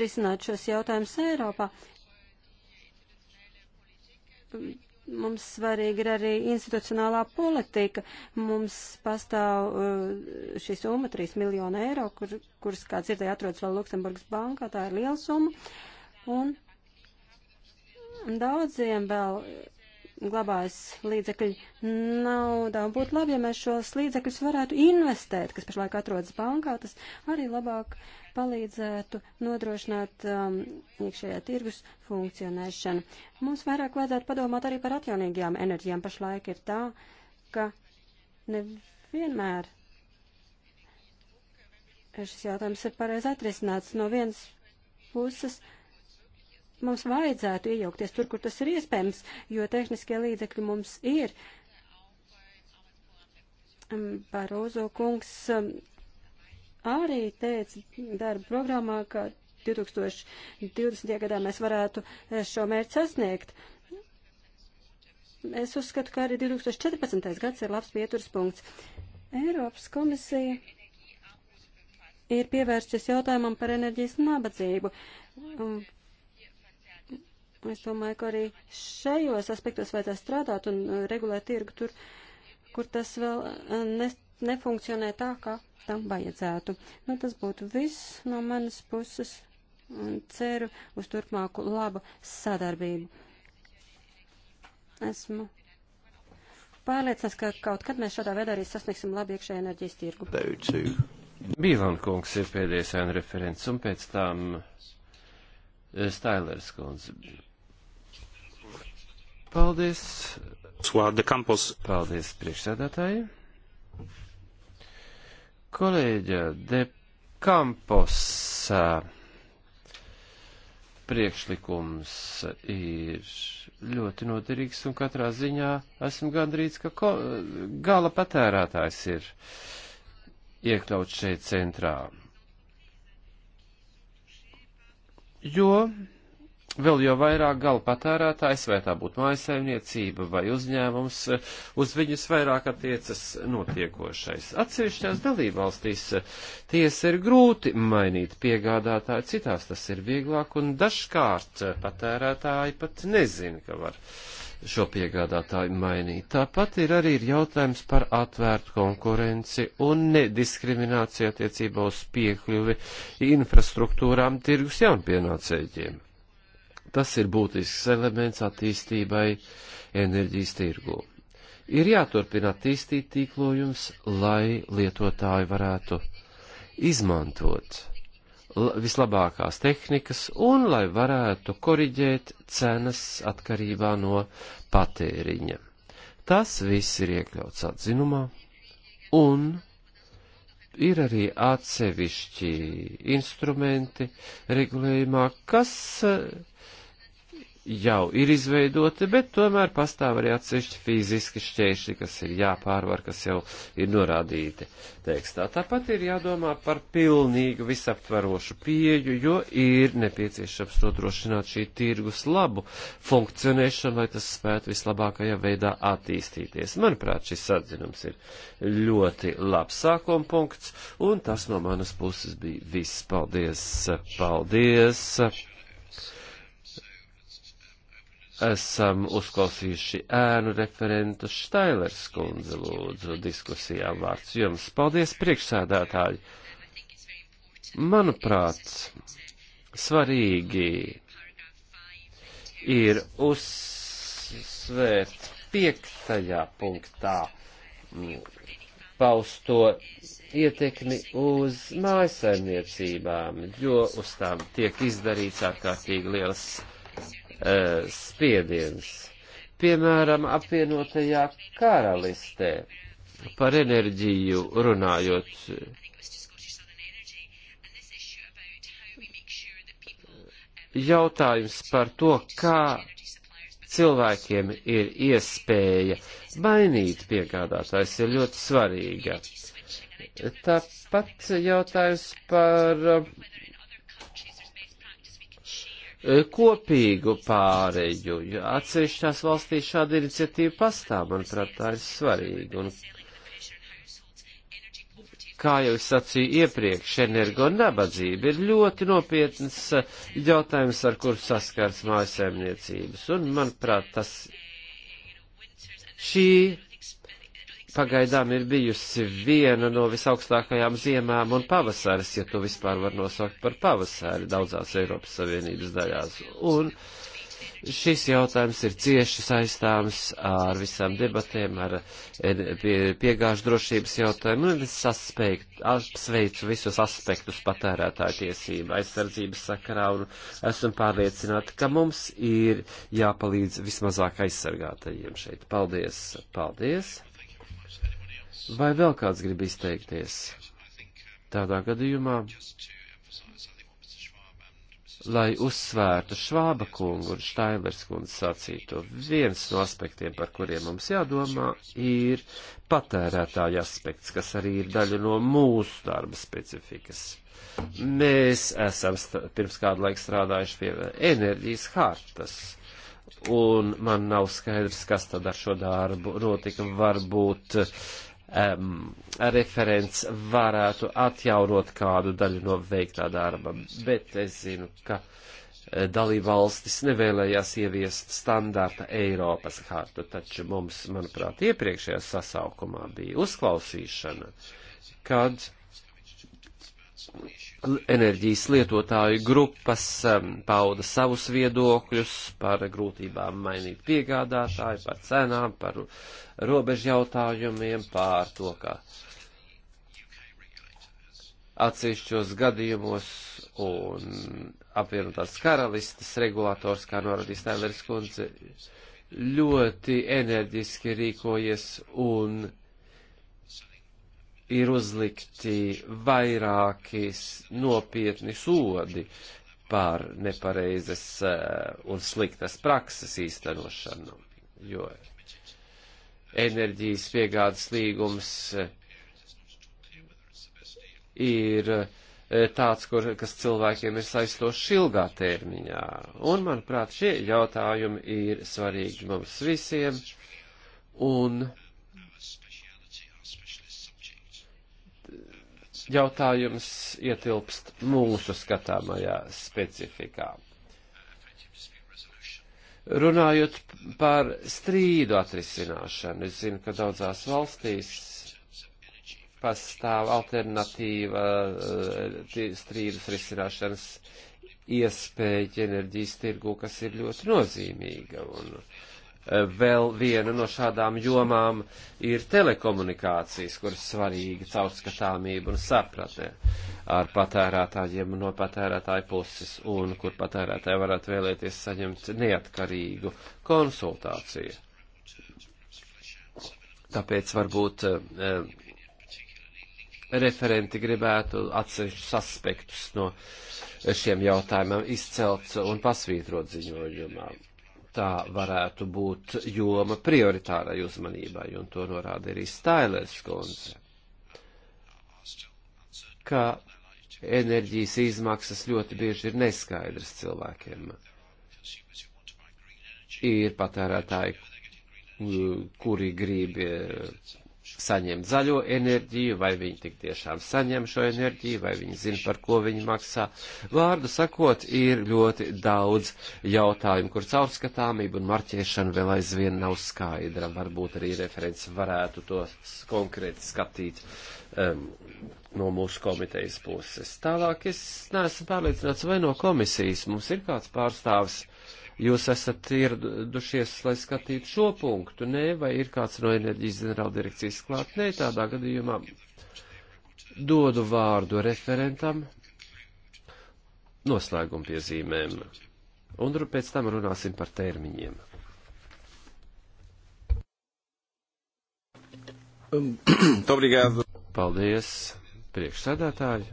risināt šos jautājumus Eiropā. Mums svarīga ir arī institucionālā politika. Mums pastāv uh, šī summa 3 miljonu eiro, kur, kuras, kā dzirdēju, atrodas vēl Luksemburgas bankā. Tā ir liela summa. Un daudziem vēl glabājas līdzekļi naudā. Būtu labi, ja mēs šos līdzekļus varētu investēt, kas pašlaik atrodas bankā, tas arī labāk palīdzētu nodrošināt um, iekšējā tirgus funkcionēšanu. Mums vairāk vajadzētu padomāt arī par atjaunīgajām enerģijām. Pašlaik ir tā, ka nevienmēr šis jautājums ir pareizi atrisināts no vienas puses. Uh, mums vajadzētu iejaukties tur, kur tas ir iespējams, jo tehniskie līdzekļi mums ir. Um, Barozo kungs um, arī teica darba programmā, ka 2020. gadā mēs varētu eh, šo mērķu sasniegt. Es uzskatu, ka arī 2014. gads ir labs pieturas punkts. Eiropas komisija ir pievērsties jautājumam par enerģijas nabadzību. Um, Es domāju, ka arī šajos aspektos vajadzētu strādāt un uh, regulēt tirgu tur, kur tas vēl uh, ne, nefunkcionē tā, kā tam vajadzētu. Nu, tas būtu viss no manas puses un ceru uz turpmāku labu sadarbību. Esmu pārliecināts, ka kaut kad mēs šādā veidā arī sasniegsim labu iekšējā enerģijas tirgu. Bīlan kungs ir pēdējais referents un pēc tam Stailers kundze. Paldies. Paldies priekšsēdētāji. Kolēģa De Campos eh, priekšlikums ir ļoti noderīgs un katrā ziņā esmu gandrīz, ka ko, gala patērētājs ir iekļauts šeit centrā. Jo vēl jau vairāk gala patērētājs, vai tā būtu mājasaimniecība vai uzņēmums, uz viņus vairāk attiecas notiekošais. Atsevišķās dalībvalstīs eh, tiesa ir grūti mainīt piegādātāju, citās tas ir vieglāk, un dažkārt eh, patērētāji pat nezina, ka var šo piegādātāju mainīt. Tāpat ir arī ir jautājums par atvērtu konkurenci un nediskrimināciju attiecībā uz piekļuvi infrastruktūrām tirgus jaunpienācēģiem. Tas ir būtisks elements attīstībai enerģijas tirgū. Ir jāturpina attīstīt tīklojums, lai lietotāji varētu izmantot vislabākās tehnikas un lai varētu koriģēt cenas atkarībā no patēriņa. Tas viss ir iekļauts atzinumā un ir arī atsevišķi instrumenti regulējumā, kas uh, jau ir izveidoti, bet tomēr pastāv arī atsevišķi fiziski šķēršļi, kas ir jāpārvar, kas jau ir norādīti tekstā. Tāpat ir jādomā par pilnīgu visaptverošu pieju, jo ir nepieciešams nodrošināt šī tirgus labu funkcionēšanu, lai tas spētu vislabākajā veidā attīstīties. Manuprāt, šis atzinums ir ļoti labs sākuma punkts, un tas no manas puses bija viss. Paldies! Paldies! esam uzklausījuši ēnu referentu Štailers kundze lūdzu diskusijām vārds jums. Paldies priekšsēdētāji. Manuprāt, svarīgi ir uzsvērt piektajā punktā pausto ietekmi uz mājasaimniecībām, jo uz tām tiek izdarīts ārkārtīgi liels Eh, spiediens. Piemēram, apvienotajā karalistē par enerģiju runājot. Jautājums par to, kā cilvēkiem ir iespēja mainīt piegādātājs, ir ļoti svarīga. Tāpat jautājums par E, kopīgu pāreju. Atsevišķās valstīs šāda iniciatīva pastāv, manuprāt, tā ir svarīga. Un, kā jau es sacīju iepriekš, energo nabadzība ir ļoti nopietnas e, jautājums, ar kur saskars mājasēmniecības. Un, manuprāt, tas šī pagaidām ir bijusi viena no visaugstākajām ziemām un pavasaris, ja to vispār var nosaukt par pavasari daudzās Eiropas Savienības daļās. Un šis jautājums ir cieši saistāms ar visām debatēm, ar pie, piegāžu drošības jautājumu, un es aspektu, apsveicu visus aspektus patērētāju tiesību aizsardzības sakarā, un esmu pārliecināta, ka mums ir jāpalīdz vismazāk aizsargātajiem šeit. Paldies! Paldies! Vai vēl kāds grib izteikties? Tādā gadījumā, lai uzsvērtu Švāba kungu un Štainvers kungu sacīto, viens no aspektiem, par kuriem mums jādomā, ir patērētāja aspekts, kas arī ir daļa no mūsu darba specifikas. Mēs esam pirms kādu laiku strādājuši pie enerģijas hartas un man nav skaidrs, kas tad ar šo darbu notika. Varbūt um, referents varētu atjaunot kādu daļu no veiktā darba, bet es zinu, ka eh, dalībvalstis nevēlējās ieviest standarta Eiropas hartu, taču mums, manuprāt, iepriekšējā sasaukumā bija uzklausīšana, kad enerģijas lietotāju grupas pauda savus viedokļus par grūtībām mainīt piegādātāju, par cenām, par robežu jautājumiem, pār to, ka atsevišķos gadījumos un apvienotās karalistas regulators, kā norādīs Tēlers kundze, ļoti enerģiski rīkojies un ir uzlikti vairāki nopietni sodi par nepareizes eh, un sliktas prakses īstenošanu, jo enerģijas piegādes līgums eh, ir eh, tāds, kur, kas cilvēkiem ir saistošs ilgā termiņā. Un, manuprāt, šie jautājumi ir svarīgi mums visiem. Un jautājums ietilpst mūsu skatāmajā specifikā. Runājot par strīdu atrisināšanu, es zinu, ka daudzās valstīs pastāv alternatīva eh, strīdus risināšanas iespēja enerģijas tirgu, kas ir ļoti nozīmīga. Un Vēl viena no šādām jomām ir telekomunikācijas, kuras svarīga caurskatāmība un sapratne ar patērētājiem no patērētāju puses un kur patērētāji varētu vēlēties saņemt neatkarīgu konsultāciju. Tāpēc varbūt eh, referenti gribētu atsevišķus aspektus no šiem jautājumiem izcelt un pasvītrot ziņojumā tā varētu būt joma prioritārai uzmanībai, un to norāda arī Stailers kundze, ka enerģijas izmaksas ļoti bieži ir neskaidras cilvēkiem. Ir patērētāji, kuri grib saņem zaļo enerģiju, vai viņi tik tiešām saņem šo enerģiju, vai viņi zina, par ko viņi maksā. Vārdu sakot, ir ļoti daudz jautājumu, kur caurskatāmība un marķēšana vēl aizvien nav skaidra. Varbūt arī referents varētu tos konkrēti skatīt um, no mūsu komitejas puses. Tālāk es neesmu pārliecināts, vai no komisijas mums ir kāds pārstāvis jūs esat ieradušies, lai skatītu šo punktu? Nē, vai ir kāds no enerģijas ģenerāla direkcijas klāt? Nē, tādā gadījumā dodu vārdu referentam noslēguma piezīmēm. Un pēc tam runāsim par termiņiem. Um, obrigado. Paldies, priekšsēdētāji.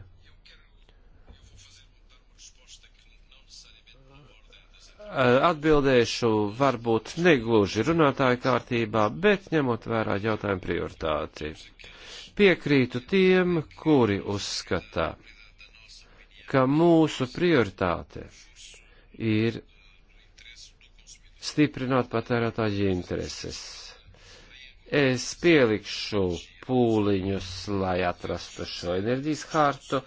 Eh, atbildēšu varbūt negluži runātāju kārtībā, bet ņemot vērā jautājumu prioritāti. Piekrītu tiem, kuri uzskata, ka mūsu prioritāte ir stiprināt patērētāju intereses. Es pielikšu pūliņus, lai atrastu šo enerģijas hārtu.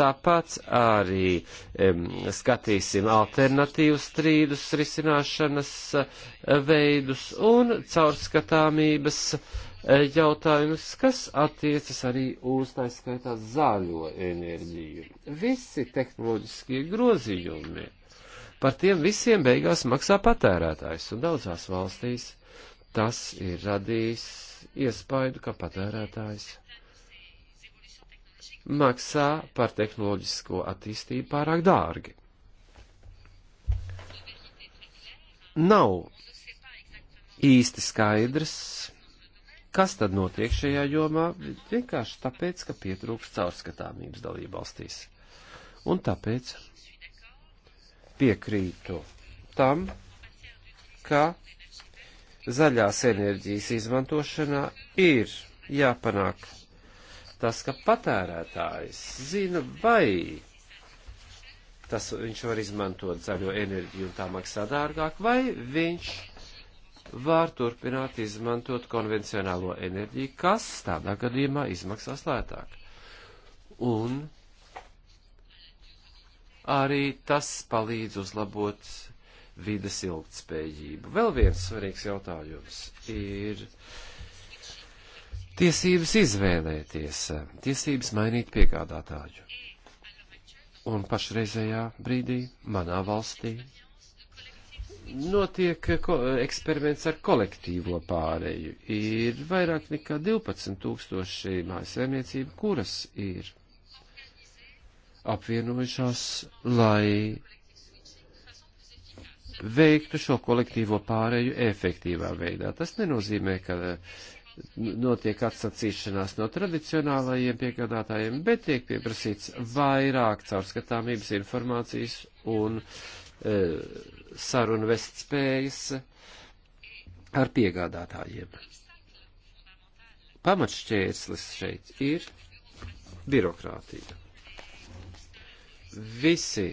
Tāpat arī um, skatīsim alternatīvu strīdus risināšanas eh, veidus un caurskatāmības eh, jautājumus, kas attiecas arī uz tā skaitā zaļo enerģiju. Visi tehnoloģiskie grozījumi. Par tiem visiem beigās maksā patērētājs un daudzās valstīs tas ir radījis iespaidu, ka patērētājs maksā par tehnoloģisko attīstību pārāk dārgi. Nav īsti skaidrs, kas tad notiek šajā jomā, vienkārši tāpēc, ka pietrūkst caurskatāmības dalībvalstīs. Un tāpēc piekrītu tam, ka zaļās enerģijas izmantošanā ir jāpanāk tas, ka patērētājs zina, vai tas viņš var izmantot zaļo enerģiju un tā maksā dārgāk, vai viņš var turpināt izmantot konvencionālo enerģiju, kas tādā gadījumā izmaksās lētāk. Un arī tas palīdz uzlabot vides ilgtspējību. Vēl viens svarīgs jautājums ir tiesības izvēlēties, tiesības mainīt piegādātāju. Un pašreizējā brīdī manā valstī notiek ko, eksperiments ar kolektīvo pārēju. Ir vairāk nekā 12 tūkstoši mājasēmniecību, kuras ir apvienojušās, lai veiktu šo kolektīvo pāreju efektīvā veidā. Tas nenozīmē, ka nu, notiek atsacīšanās no tradicionālajiem piegādātājiem, bet tiek pieprasīts vairāk caurskatāmības informācijas un e, sarunu vest spējas ar piegādātājiem. Pamatšķērslis šeit ir birokrātija. Visi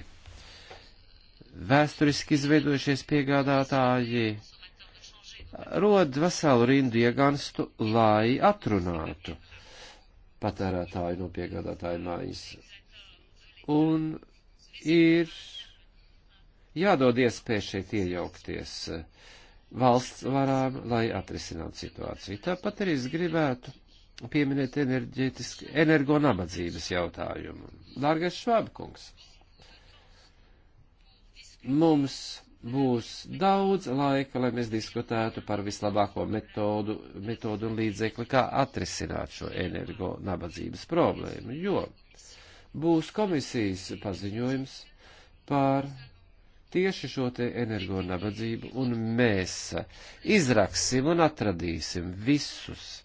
vēsturiski izveidojušies piegādātāji rod veselu rindu iegānstu, lai atrunātu patērētāju no piegādātāju mājas. Un ir jādod iespēja šeit iejaukties valsts varām, lai atrisinātu situāciju. Tāpat arī es gribētu pieminēt energo nabadzības jautājumu. Dārgais Švābkungs! mums būs daudz laika, lai mēs diskutētu par vislabāko metodu, metodu un līdzekli, kā atrisināt šo energo nabadzības problēmu, jo būs komisijas paziņojums par tieši šo te energo nabadzību, un mēs izraksim un atradīsim visus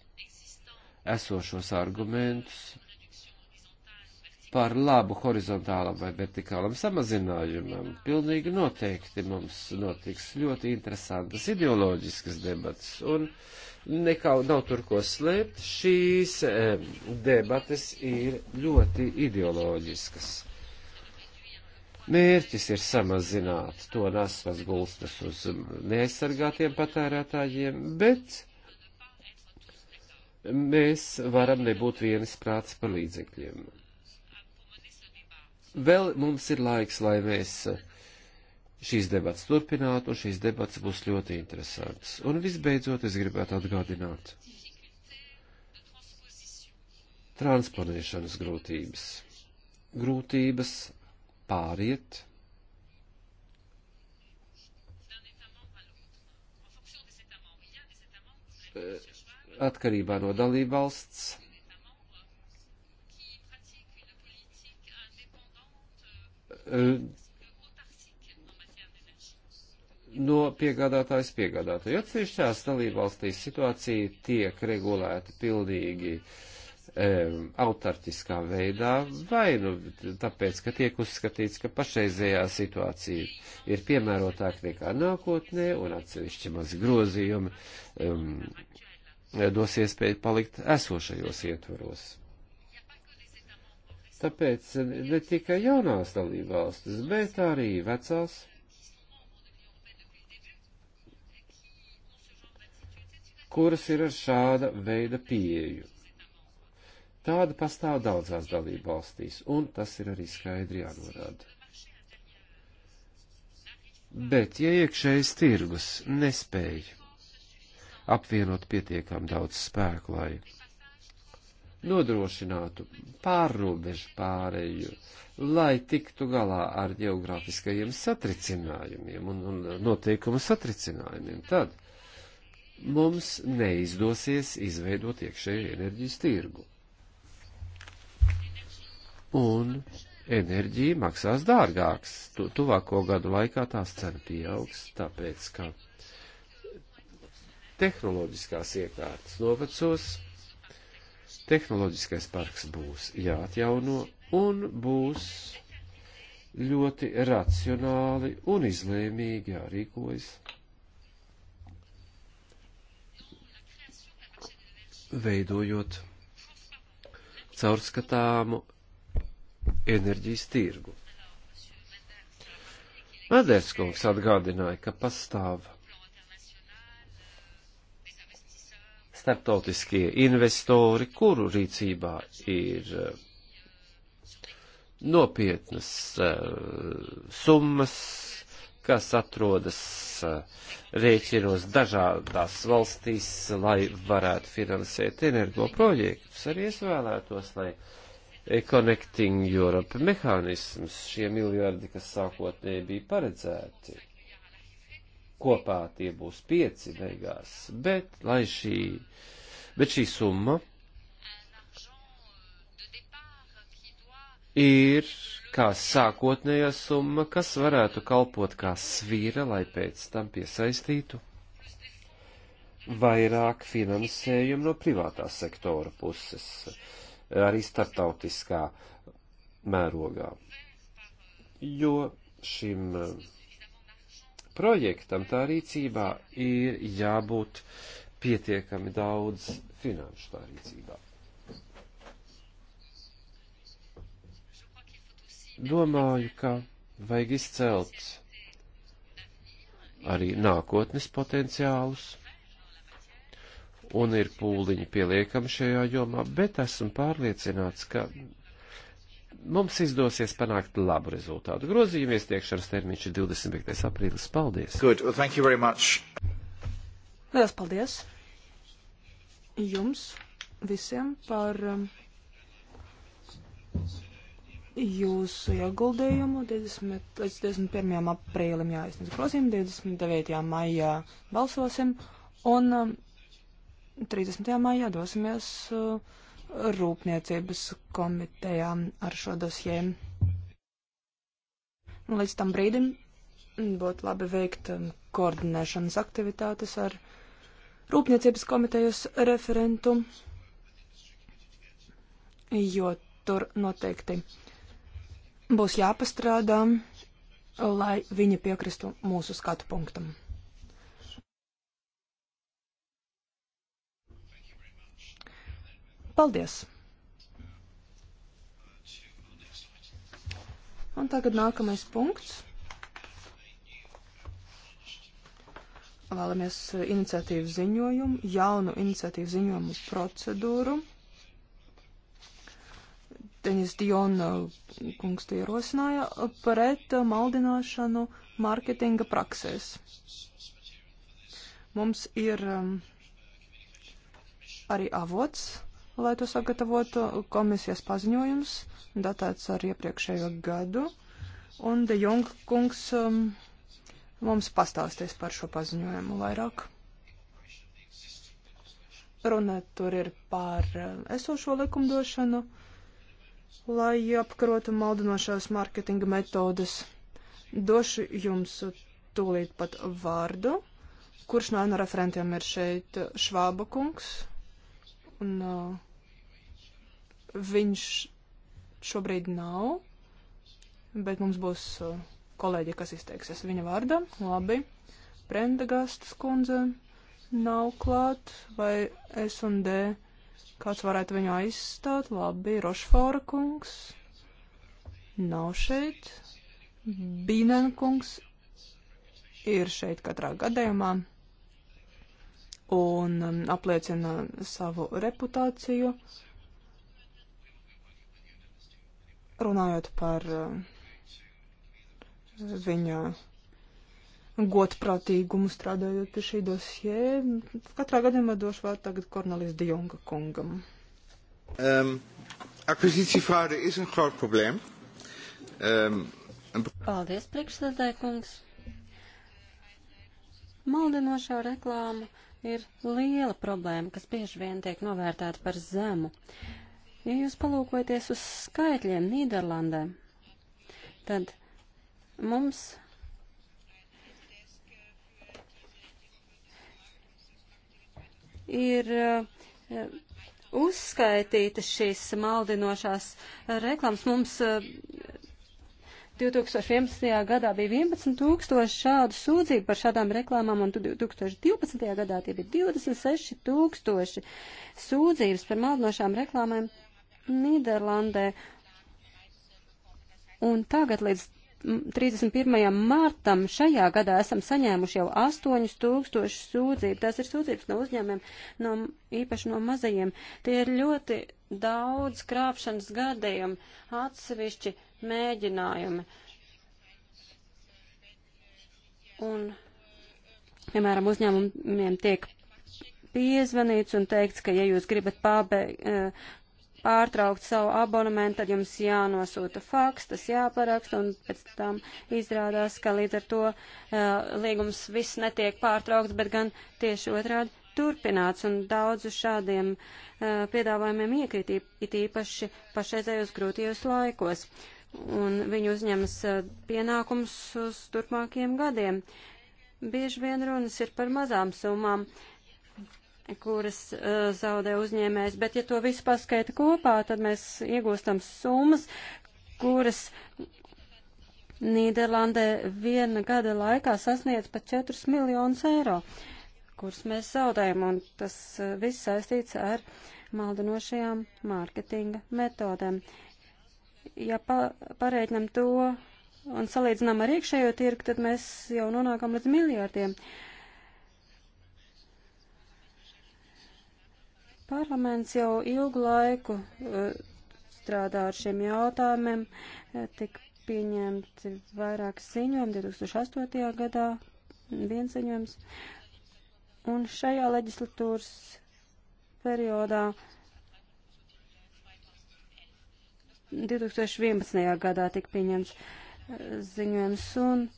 esošos argumentus, par labu horizontālam vai vertikālam samazinājumam. Pilnīgi noteikti mums notiks ļoti interesantas ideoloģiskas debatas, un nekau nav tur ko slēpt, šīs e, debatas ir ļoti ideoloģiskas. Mērķis ir samazināt to nesvas gulstas uz neaizsargātiem patērētājiem, bet mēs varam nebūt vienas prāts par līdzekļiem. Vēl mums ir laiks, lai mēs eh, šīs debats turpinātu, un šīs debats būs ļoti interesants. Un visbeidzot, es gribētu atgādināt transponēšanas grūtības. Grūtības pāriet eh, atkarībā no dalībvalsts no piegādātājas piegādātāja. Atsevišķās dalībvalstīs situācija tiek regulēta pildīgi um, autartiskā veidā, vai nu tāpēc, ka tiek uzskatīts, ka pašreizējā situācija ir piemērotāk nekā nākotnē, un atsevišķi mazi grozījumi um, dos iespēju palikt esošajos ietvaros. Tāpēc ne tikai jaunās dalībvalstis, bet arī vecās. kuras ir ar šāda veida pieeju. Tāda pastāv daudzās dalību valstīs, un tas ir arī skaidri jānorāda. Bet, ja iekšējais tirgus nespēja apvienot pietiekam daudz spēku, lai nodrošinātu pārrobežu pāreju, lai tiktu galā ar geogrāfiskajiem satricinājumiem un, un noteikumu satricinājumiem, tad mums neizdosies izveidot iekšēju enerģijas tirgu. Un enerģija maksās dārgāks. Tu, tuvāko gadu laikā tās cena pieaugs, tāpēc, ka tehnoloģiskās iekārtas novecos, Tehnoloģiskais parks būs jāatjauno un būs ļoti racionāli un izlēmīgi jārīkojas. Veidojot caurskatāmu enerģijas tirgu. Madērskungs atgādināja, ka pastāv starptautiskie investori, kuru rīcībā ir eh, nopietnas eh, summas, kas atrodas eh, rēķinos dažādās valstīs, lai varētu finansēt energo projektus. Arī es vēlētos, lai Connecting Europe mehānisms, šie miljardi, kas sākotnēji bija paredzēti, kopā tie būs pieci beigās, bet lai šī, bet šī summa ir kā sākotnējā summa, kas varētu kalpot kā svīra, lai pēc tam piesaistītu vairāk finansējumu no privātā sektora puses, arī starptautiskā mērogā. Jo šim uh, projektam, tā rīcībā ir jābūt pietiekami daudz finanšu tā rīcībā. Domāju, ka vajag izcelt arī nākotnes potenciālus, un ir pūliņi pieliekami šajā jomā, bet esmu pārliecināts, ka mums izdosies panākt labu rezultātu. Grozījuma iestiekšanas termiņš ir 25. aprīlis. Paldies! Good. Well, thank you very much. Lielas paldies jums visiem par um, jūsu ieguldījumu 20, līdz 21. aprīlim jāizsniedz grozījumi, 29. maijā balsosim un 30. Um, maijā dosimies uh, Rūpniecības komitejām ar šo dosjēm. Līdz tam brīdim būtu labi veikt um, koordinēšanas aktivitātes ar Rūpniecības komitejas referentu, jo tur noteikti būs jāpastrādā, lai viņi piekristu mūsu skatu punktam. Paldies! Un tagad nākamais punkts. Vēlamies iniciatīvu ziņojumu, jaunu iniciatīvu ziņojumu procedūru. Denis Diona uh, kungs tie rosināja pret maldināšanu mārketinga praksēs. Mums ir um, arī avots lai to sagatavotu. Komisijas paziņojums datēts ar iepriekšējo gadu, un De Jong kungs um, mums pastāstīs par šo paziņojumu vairāk. Runa tur ir par uh, esošo likumdošanu, lai apkarotu maldinošās mārketinga metodas. Došu jums tūlīt pat vārdu. Kurš no referentiem ir šeit? Švāba kungs un uh, Viņš šobrīd nav, bet mums būs uh, kolēģi, kas izteiksies viņa vārdā. Labi. Prendegastas kundze nav klāt, vai S un D kāds varētu viņu aizstāt. Labi. Rošfora kungs nav šeit. Bīnen kungs ir šeit katrā gadījumā un um, apliecina savu reputāciju. Uh, runājot par eh, viņa godprātīgumu strādājot pie šī dosie. Katrā gadījumā došu vārdu tagad Kornelis Dionga kungam. Um, ehm, Akvizīcijfraude ir un groot problēma. Um, un... Ehm, Paldies, priekšsēdētāj kungs. Maldinošā reklāma ir liela problēma, kas bieži vien tiek novērtēta par zemu. Uh, Ja jūs palūkojaties uz skaitļiem Nīderlandē, tad mums ir eh, uzskaitītas šīs maldinošās reklāmas. Mums 2011. Eh, gadā bija 11 tūkstoši šādu sūdzību par šādām reklāmām, un 2012. gadā tie bija 26 tūkstoši sūdzības par maldinošām reklāmām Nīderlandē. Un tagad līdz 31. martam šajā gadā esam saņēmuši jau 8000 sūdzību. Tās ir sūdzības no uzņēmiem, no, īpaši no mazajiem. Tie ir ļoti daudz krāpšanas gadījumi, atsevišķi mēģinājumi. Un, piemēram, uzņēmumiem tiek piezvanīts un teikts, ka ja jūs gribat pabeigt eh, pārtraukt savu abonementu, tad jums jānosūta faks, tas jāparaksta, un pēc tam izrādās, ka līdz ar to uh, līgums viss netiek pārtraukts, bet gan tieši otrādi turpināts, un daudzu šādiem uh, piedāvājumiem iekrīt, it īpaši pašreizējos grūtījos laikos, un viņi uzņemas uh, pienākums uz turpmākiem gadiem. Bieži vien runas ir par mazām summām. Uh, kuras uh, zaudē uzņēmējs, bet ja to visu paskaita kopā, tad mēs iegūstam summas, kuras Nīderlandē viena gada laikā sasniedz pat 4 miljonus eiro, kuras mēs zaudējam, un tas uh, viss saistīts ar maldinošajām mārketinga metodēm. Ja pa, pareiķinam to un salīdzinām ar iekšējo tirgu, tad mēs jau nonākam līdz miljārdiem. Uh, Parlaments jau ilgu laiku e, strādā ar šiem jautājumiem, e, tik pieņemti vairāk ziņojumi 2008. gadā, viens ziņojums, un šajā leģislatūras periodā 2011. gadā tika pieņemts e, ziņojums, un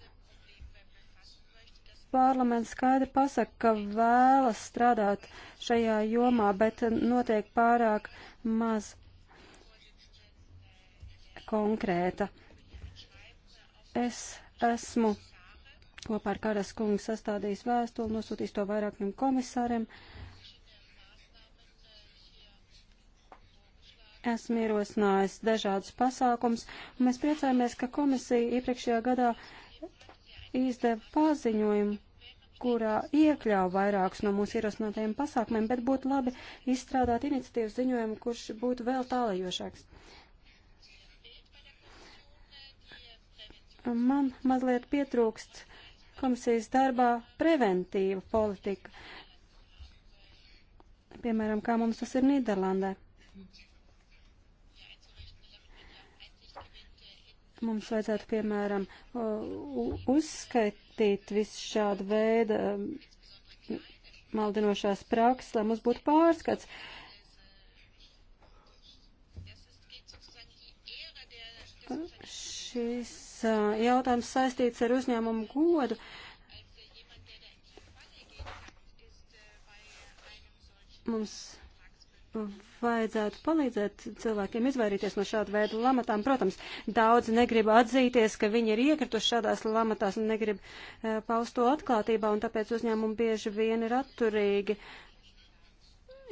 parlaments skaidri pasaka, ka vēlas strādāt šajā jomā, bet notiek pārāk maz konkrēta. Es esmu kopā ar Karas kungu sastādījis vēstuli, nosūtījis to vairākiem komisāriem. Esmu ierosinājis dažādus pasākums, un mēs priecājamies, ka komisija iepriekšējā gadā uh, izdeva paziņojumu, kurā iekļāva vairākus no mūsu ierosinātajiem pasākumiem, bet būtu labi izstrādāt iniciatīvas ziņojumu, kurš būtu vēl tālajošāks. Man mazliet pietrūkst komisijas darbā preventīva politika. Piemēram, kā mums tas ir Nīderlandē. Mums vajadzētu, piemēram, uzskaitīt visu šādu veidu maldinošās prakses, lai mums būtu pārskats. Šis jautājums saistīts ar uzņēmumu godu. Mums vajadzētu palīdzēt cilvēkiem izvairīties no šāda veida lamatām. Protams, daudz negrib atzīties, ka viņi ir iekrituši šādās lamatās un negrib uh, paust to atklātībā, un tāpēc uzņēmumi bieži vien ir atturīgi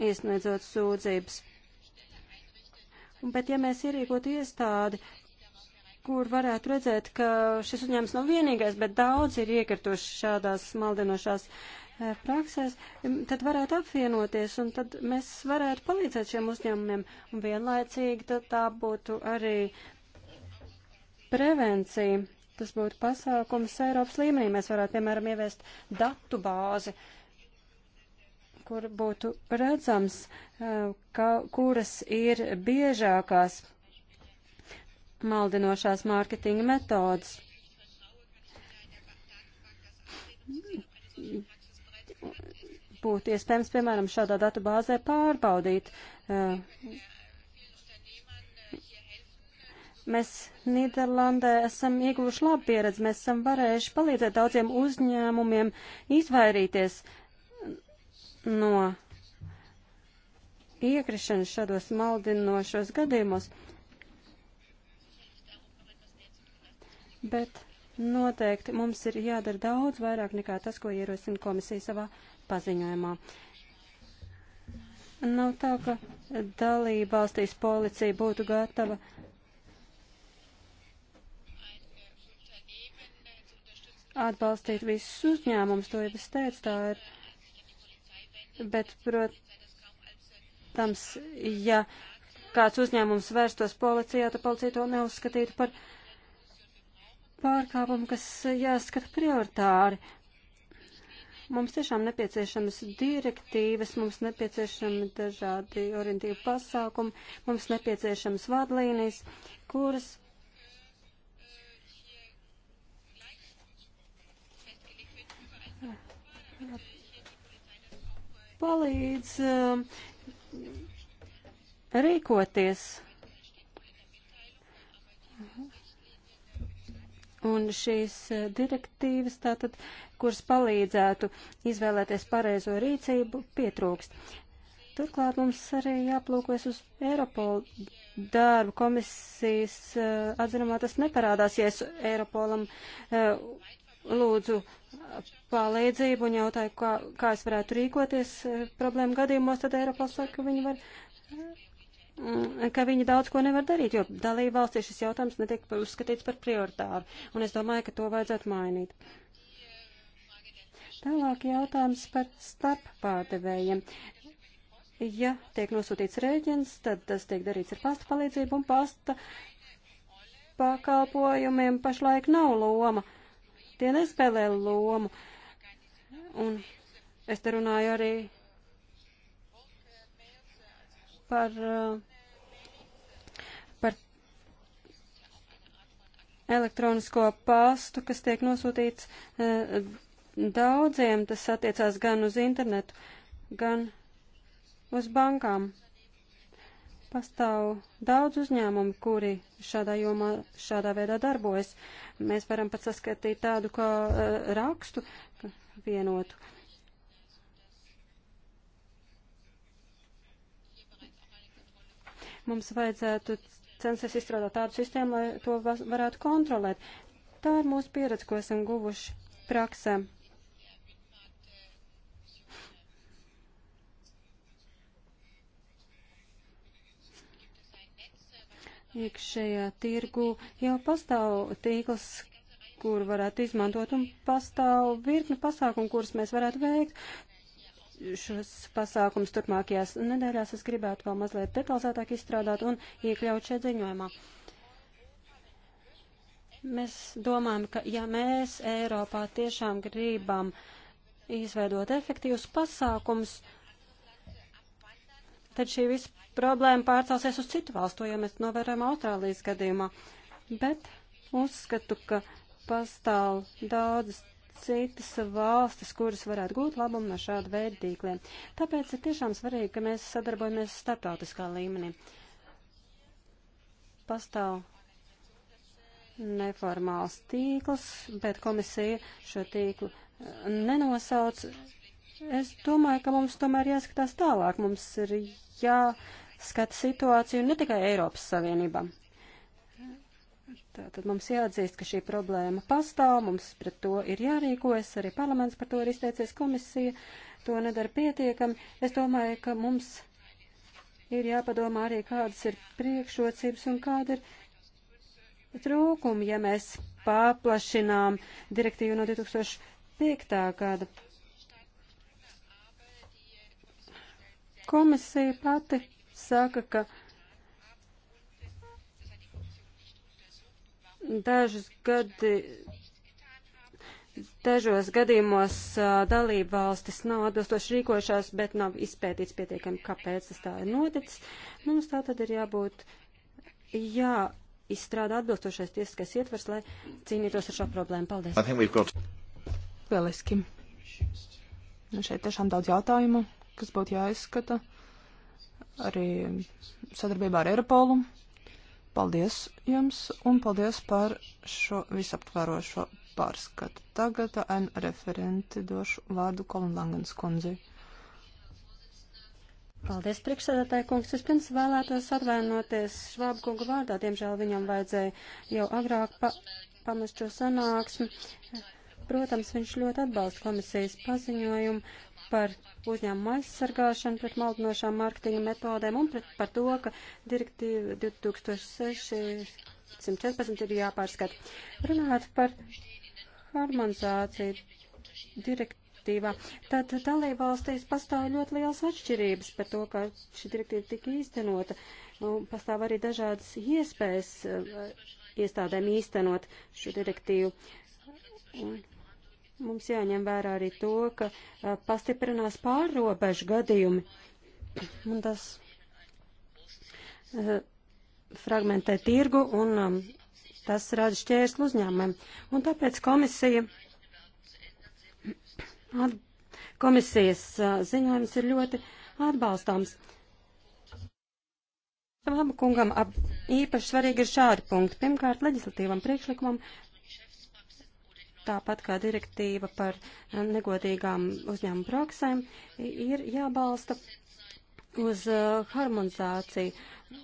iesniedzot sūdzības. Bet ja mēs ierīkotu iestādi, kur varētu redzēt, ka šis uzņēmums nav vienīgais, bet daudz ir iekrituši šādās maldinošās uh, Eh, praksēs, tad varētu apvienoties un tad mēs varētu palīdzēt šiem uzņēmumiem. Un vienlaicīgi tad tā būtu arī prevencija. Tas būtu pasākums Eiropas līmenī. Mēs varētu, piemēram, ieviest datu bāzi, kur būtu redzams, eh, ka, kuras ir biežākās maldinošās mārketinga metodas būtu iespējams, piemēram, šādā datu bāzē pārbaudīt. Eh, mēs Nīderlandē esam ieguvuši labu pieredzi, mēs esam varējuši palīdzēt daudziem uzņēmumiem izvairīties no iekrišanas šādos maldinošos gadījumos. Bet Noteikti mums ir jādara daudz vairāk nekā tas, ko ierosina komisija savā paziņojumā. Nav tā, ka dalība valstīs policija būtu gatava atbalstīt visus uzņēmumus, to jau es teicu, tā ir. Bet, protams, ja kāds uzņēmums vērstos policijā, tad policija to neuzskatītu par pārkāpumi, kas jāskata prioritāri. Mums tiešām nepieciešamas direktīvas, mums nepieciešami dažādi orientīvi pasākumi, mums nepieciešamas vadlīnijas, kuras palīdz um, rīkoties un šīs eh, direktīvas, tātad, kuras palīdzētu izvēlēties pareizo rīcību, pietrūkst. Turklāt mums arī jāplūkojas uz Eiropolu darbu komisijas eh, atzinumā. Tas neparādās, ja es Eiropolam eh, lūdzu palīdzību un jautāju, kā, kā es varētu rīkoties problēmu gadījumos, tad Eiropols saka, ka viņi var Mm, ka viņi daudz ko nevar darīt, jo dalība valstī šis jautājums netiek uzskatīts par prioritāru, un es domāju, ka to vajadzētu mainīt. Tālāk jautājums par starp pārdevējiem. Ja tiek nosūtīts rēķins, tad tas tiek darīts ar pasta palīdzību, un pasta pakalpojumiem pašlaik nav loma. Tie nespēlē lomu. Un es te runāju arī par, eh, par elektronisko pastu, kas tiek nosūtīts eh, daudziem. Tas attiecās gan uz internetu, gan uz bankām. Pastāv daudz uzņēmumu, kuri šādā jomā, šādā veidā darbojas. Mēs varam pat saskatīt tādu kā eh, rakstu vienotu. Mums vajadzētu censties izstrādāt tādu sistēmu, lai to varētu kontrolēt. Tā ir mūsu pieredze, ko esam guvuši praksē. iekšējā tirgu jau pastāv tīkls, kur varētu izmantot, un pastāv virkni pasākumu, kurus mēs varētu veikt šos pasākums turpmākajās nedēļās es gribētu vēl mazliet detalizētāk izstrādāt un iekļaut šeit ziņojumā. Mēs domājam, ka ja mēs Eiropā tiešām gribam izveidot efektīvus pasākums, tad šī visa problēma pārcelsies uz citu valstu, jo mēs novērojam Austrālijas gadījumā. Bet uzskatu, ka pastāv daudzas citas valstis, kuras varētu gūt labumu no šāda veida tīkliem. Tāpēc ir tiešām svarīgi, ka mēs sadarbojamies starptautiskā līmenī. Pastāv neformāls tīkls, bet komisija šo tīklu uh, nenosauc. Es domāju, ka mums tomēr jāskatās tālāk. Mums ir jāskata situāciju ne tikai Eiropas Savienībā. Tātad mums jāatzīst, ka šī problēma pastāv, mums pret to ir jārīkojas, arī parlaments par to ir izteicies komisija, to nedara pietiekami. Es domāju, ka mums ir jāpadomā arī, kādas ir priekšrocības un kāda ir trūkumi, ja mēs paplašinām direktīvu no 2005. gada. Komisija pati saka, ka Dažus gadi, dažos gadījumos dalība valstis nav atbilstoši rīkojušās, bet nav izpētīts pietiekami, kāpēc tas tā ir noticis. Mums tā tad ir jābūt, jā, izstrādā atbilstošais tiesiskais ietvers, lai cīnītos ar šo problēmu. Paldies! Got... Lieliski! Nu, šeit tiešām daudz jautājumu, kas būtu jāizskata arī sadarbībā ar Eiropolu. Paldies jums un paldies par šo visaptvarošo pārskatu. Tagad N referenti došu vārdu Kolunlangens kundzei. Paldies, priekšsēdētāji kungs. Es pirms vēlētos atvainoties Švābu kungu vārdā. Diemžēl viņam vajadzēja jau agrāk pa pamest šo sanāksmi. Protams, viņš ļoti atbalsta komisijas paziņojumu par uzņēmumu aizsargāšanu pret maldinošām mārketinga metodēm un pret, par to, ka direktīva 2006-114 ir jāpārskata. Runājot par harmonizāciju direktīvā, tad dalībvalstīs pastāv ļoti liels atšķirības par to, kā šī direktīva tika īstenota. Un pastāv arī dažādas iespējas uh, iestādēm īstenot šo direktīvu. Un Mums jāņem vērā arī to, ka uh, pastiprinās pārrobežu gadījumi. Un tas uh, fragmentē tirgu un um, tas rada šķērslu uzņēmumiem. Un tāpēc komisija, at, komisijas uh, ziņojums ir ļoti atbalstāms. Vāba kungam ap, īpaši svarīgi ir šādi punkti. Pirmkārt, leģislatīvam priekšlikumam tāpat kā direktīva par negodīgām uzņēmuma praksēm, ir jābalsta uz uh, harmonizāciju.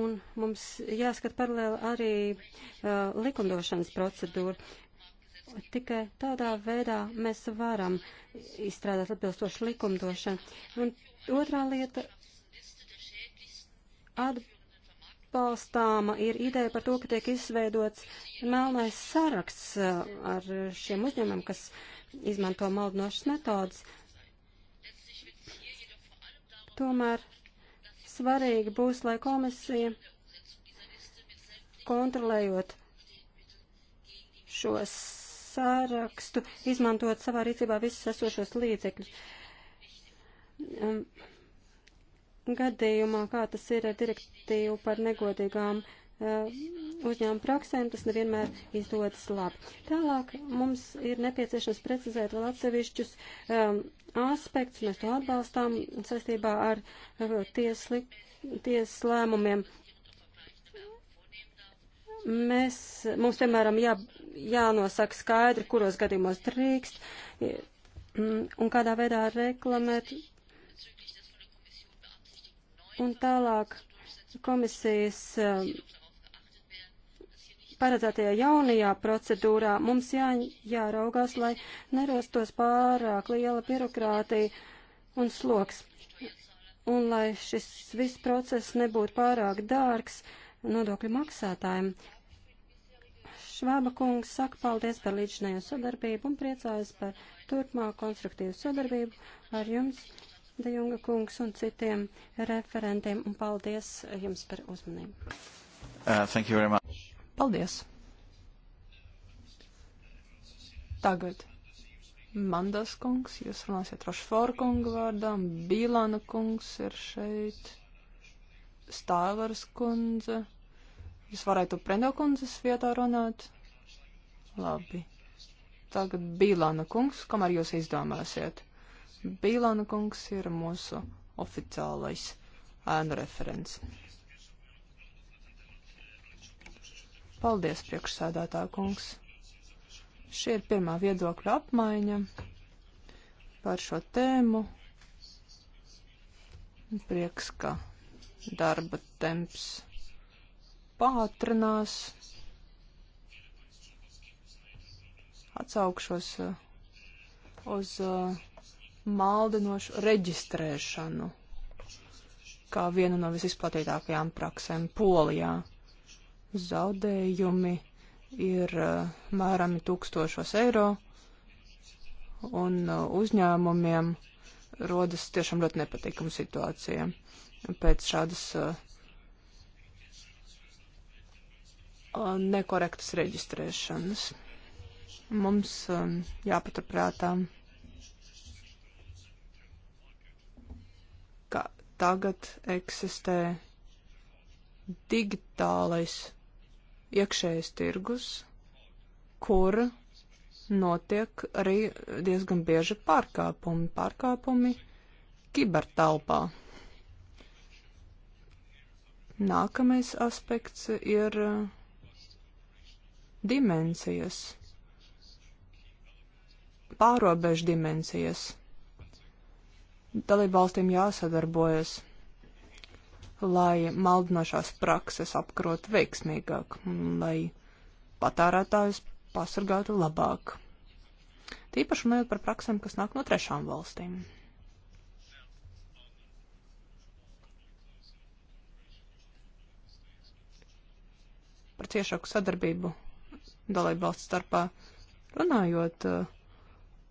Un mums jāskat paralēli arī uh, likumdošanas procedūra. Tikai tādā veidā mēs varam izstrādāt atbilstošu likumdošanu. Un otrā lieta - atbalstāma ir ideja par to, ka tiek izveidots melnais saraksts uh, ar šiem uzņēmumiem, kas izmanto maldinošas metodas. Tomēr svarīgi būs, lai komisija kontrolējot šo sārakstu, izmantot savā rīcībā visus esošos līdzekļus. Um, gadījumā, kā tas ir ar direktīvu par negodīgām uh, eh, uzņēmuma praksēm, tas nevienmēr izdodas labi. Tālāk mums ir nepieciešams precizēt vēl atsevišķus um, aspektus, mēs to atbalstām saistībā ar uh, tiesli, tiesas lēmumiem. Mēs, mums, piemēram, jā, jānosaka skaidri, kuros gadījumos drīkst un kādā veidā reklamēt Un tālāk komisijas um, paredzētajā jaunajā procedūrā mums jā, jāraugās, lai nerastos pārāk liela birokrātija un sloks. Un lai šis viss process nebūtu pārāk dārgs nodokļu maksātājiem. Švāba kungs saka paldies par līdzinējo sadarbību un priecājas par turpmāku konstruktīvu sadarbību ar jums De Junga kungs un citiem referentiem, un paldies jums par uzmanību. Uh, paldies! Tagad Mandas kungs, jūs runāsiet Rošfor kungu vārdām, Bīlāna kungs ir šeit, Stāvars kundze. Jūs varētu Prendo kundzes vietā runāt? Labi. Tagad Bīlāna kungs, kamēr jūs izdomāsiet. Bīlāna kungs ir mūsu oficiālais ēnu referents. Paldies, priekšsēdētā kungs. Šī ir pirmā viedokļa apmaiņa par šo tēmu. Prieks, ka darba temps pātrinās. Atsaukšos uh, uz uh, maldinošu reģistrēšanu kā vienu no visizplatītākajām praksēm Polijā. Zaudējumi ir eh, mērami tūkstošos eiro, un eh, uzņēmumiem rodas tiešām ļoti nepatīkama situācija pēc šādas eh, nekorektas reģistrēšanas. Mums jāpaturprātām tagad eksistē digitālais iekšējais tirgus, kur notiek arī diezgan bieži pārkāpumi, pārkāpumi kibertelpā. Nākamais aspekts ir dimensijas, pārobežu dimensijas dalībvalstīm jāsadarbojas, lai maldinošās prakses apkarot veiksmīgāk, lai patērētājus pasargātu labāk. Tīpaši runājot par praksēm, kas nāk no trešām valstīm. Par ciešāku sadarbību dalībvalstu starpā runājot uh,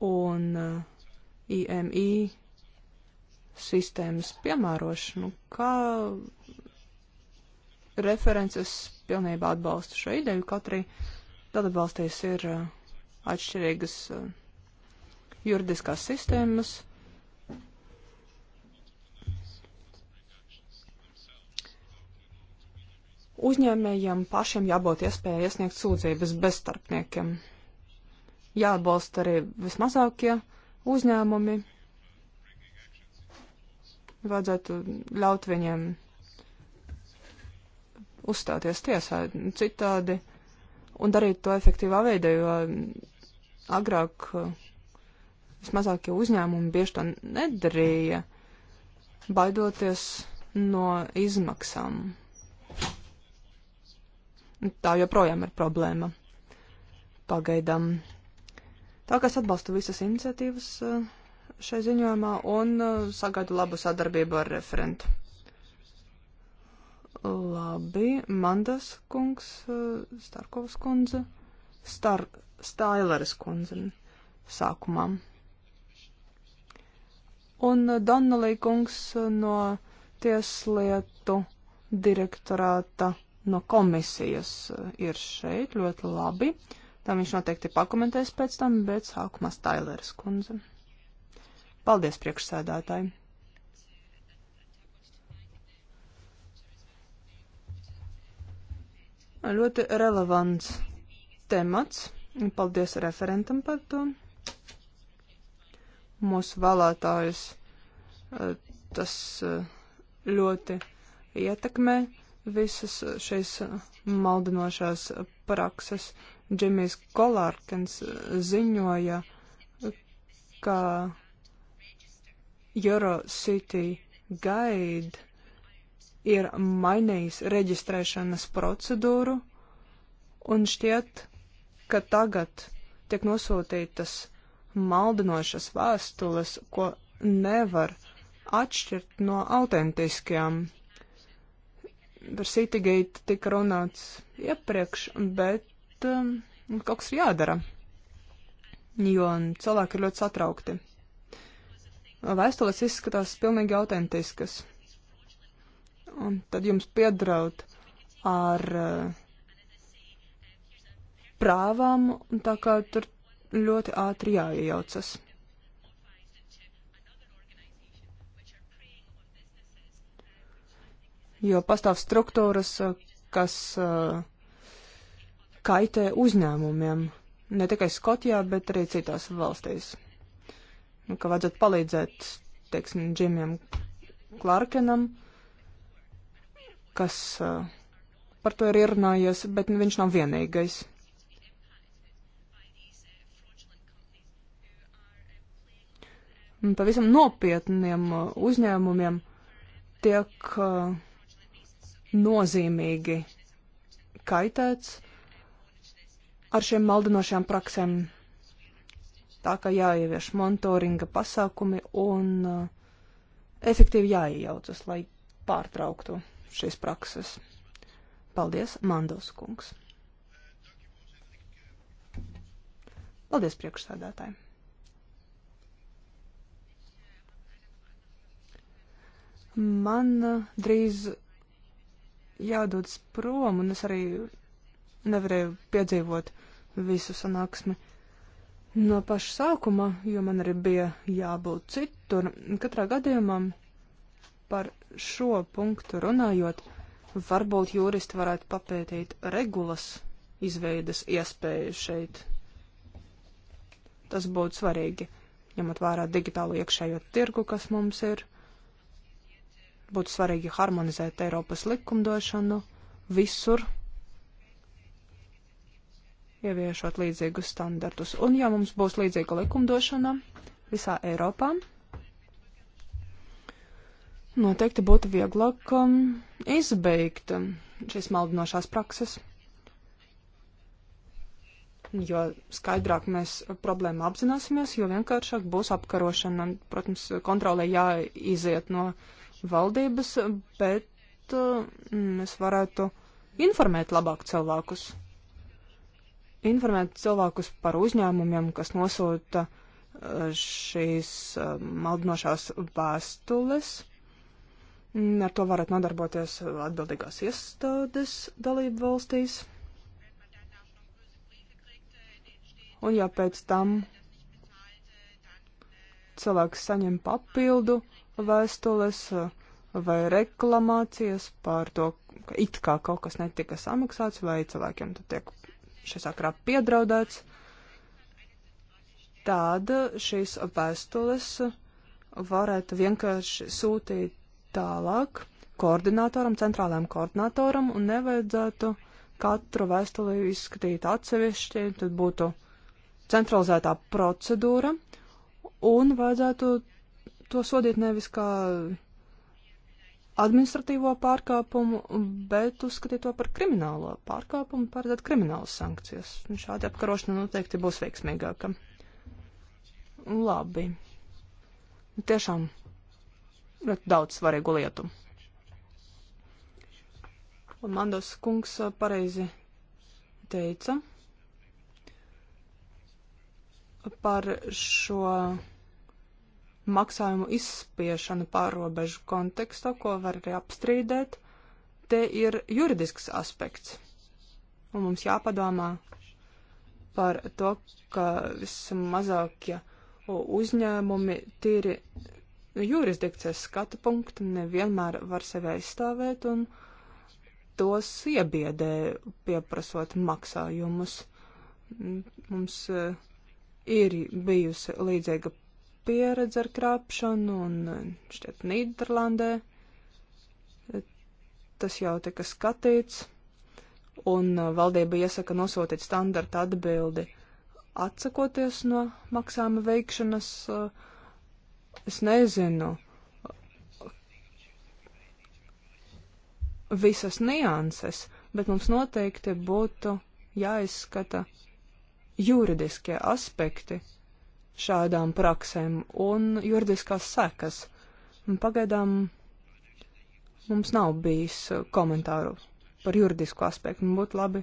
un IMI uh, sistēmas piemērošanu, kā references pilnībā atbalstu šo ideju, kaut arī dalībvalstīs ir uh, atšķirīgas uh, juridiskās sistēmas. Uzņēmējiem pašiem jābūt iespēja iesniegt sūdzības bez starpniekiem. Jāatbalsta arī vismazākie uzņēmumi, Vajadzētu ļaut viņiem uzstāties tiesā citādi un darīt to efektīvā veidā, jo agrāk eh, vismazākie uzņēmumi bieži to nedarīja, baidoties no izmaksām. Tā joprojām ir problēma pagaidām. Tā kā es atbalstu visas iniciatīvas, eh, šai ziņojumā un uh, sagaidu labu sadarbību ar referentu. Labi, Mandas kungs, uh, Starkovas kundze, Star, Staileres kundze sākumā. Un uh, Donnelī kungs no tieslietu direktorāta no komisijas ir šeit ļoti labi. Tam viņš noteikti pakomentēs pēc tam, bet sākumā Staileres kundze. Paldies, priekšsēdētāji! Ļoti relevants temats. Paldies referentam par to. Mūsu vēlētājus eh, tas eh, ļoti ietekmē visas šīs eh, maldinošās prakses. Džimijs Kolārkens ziņoja, ka Eurocity Guide ir mainījis reģistrēšanas procedūru, un šķiet, ka tagad tiek nosūtītas maldinošas vēstules, ko nevar atšķirt no autentiskajām. Par Citygate tika runāts iepriekš, bet um, kaut kas ir jādara, jo cilvēki ir ļoti satraukti vēstules izskatās pilnīgi autentiskas. Un tad jums piedraud ar eh, prāvām, un tā kā tur ļoti ātri jāiejaucas. Jo pastāv struktūras, eh, kas eh, kaitē uzņēmumiem, ne tikai Skotijā, bet arī citās valstīs. Nu, ka vajadzētu palīdzēt, teiksim, Džimiem Klārkenam, kas uh, par to ir ierunājies, bet nu, viņš nav vienīgais. Pavisam nopietniem uh, uzņēmumiem tiek uh, nozīmīgi kaitēts ar šiem maldinošajām praksēm Tā kā jāievieš monitoringa pasākumi un uh, efektīvi jāiejaucas, lai pārtrauktu šīs prakses. Paldies, Mandos kungs. Paldies, priekšsēdētāji. Man uh, drīz jādodas prom, un es arī nevarēju piedzīvot visu sanāksmi. Uh, no paša sākuma, jo man arī bija jābūt citur. Katrā gadījumā par šo punktu runājot, varbūt juristi varētu papētīt regulas izveidas iespēju šeit. Tas būtu svarīgi, ņemot vērā digitālu iekšējo tirgu, kas mums ir. Būtu svarīgi harmonizēt Eiropas likumdošanu visur ieviešot līdzīgus standartus. Un ja mums būs līdzīga likumdošana visā Eiropā, noteikti būtu vieglāk um, izbeigt um, šīs maldinošās prakses. Jo skaidrāk mēs problēmu apzināsimies, jo vienkāršāk būs apkarošana. Protams, kontrolē jāiziet no valdības, bet uh, mēs varētu informēt labāk cilvēkus informēt cilvēkus par uzņēmumiem, kas nosūta eh, šīs eh, maldinošās vēstules. Mm, ar to varat nodarboties atbildīgās iestādes dalību valstīs. Un ja pēc tam cilvēks saņem papildu vēstules eh, vai reklamācijas par to, ka it kā kaut kas netika samaksāts vai cilvēkiem tad tiek šai sakrā piedraudēts, tad šīs vēstules varētu vienkārši sūtīt tālāk koordinatoram, centrālajam koordinatoram, un nevajadzētu katru vēstuli izskatīt atsevišķi, tad būtu centralizētā procedūra, un vajadzētu to sodīt nevis kā administratīvo pārkāpumu, bet uzskatīt to par kriminālo pārkāpumu, paredzēt kriminālas sankcijas. Un šādi apkarošana noteikti būs veiksmīgāka. Labi. Nu, tiešām daudz svarīgu lietu. Un Mandos kungs uh, pareizi teica par šo maksājumu izspiešanu pārobežu kontekstā, ko var arī apstrīdēt, te ir juridisks aspekts. Un mums jāpadomā par to, ka vismazākie uzņēmumi tīri jurisdikcijas skatu punktu nevienmēr var sevi aizstāvēt un tos iebiedē pieprasot maksājumus. Mums eh, ir bijusi līdzīga pieredze ar krāpšanu, un šķiet Nīderlandē tas jau tika skatīts, un uh, valdība iesaka nosūtīt standarta atbildi atsakoties no maksājuma veikšanas. Uh, es nezinu visas nianses, bet mums noteikti būtu jāizskata juridiskie aspekti šādām praksēm un juridiskās sekas. Pagaidām mums nav bijis uh, komentāru par juridisku aspektu, un būtu labi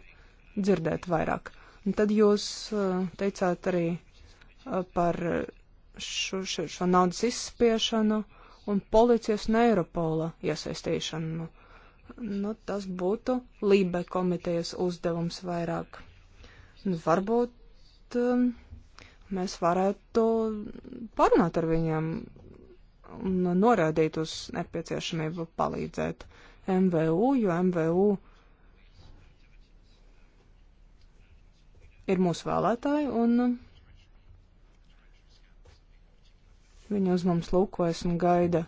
dzirdēt vairāk. Un tad jūs uh, teicāt arī uh, par šo, šo, šo naudas izspiešanu un policijas un Eiropola iesaistīšanu. Nu, tas būtu Lībe komitejas uzdevums vairāk. Un varbūt um, mēs varētu parunāt ar viņiem un norādīt uz nepieciešamību palīdzēt MVU, jo MVU ir mūsu vēlētāji un viņi uz mums lūkojas un gaida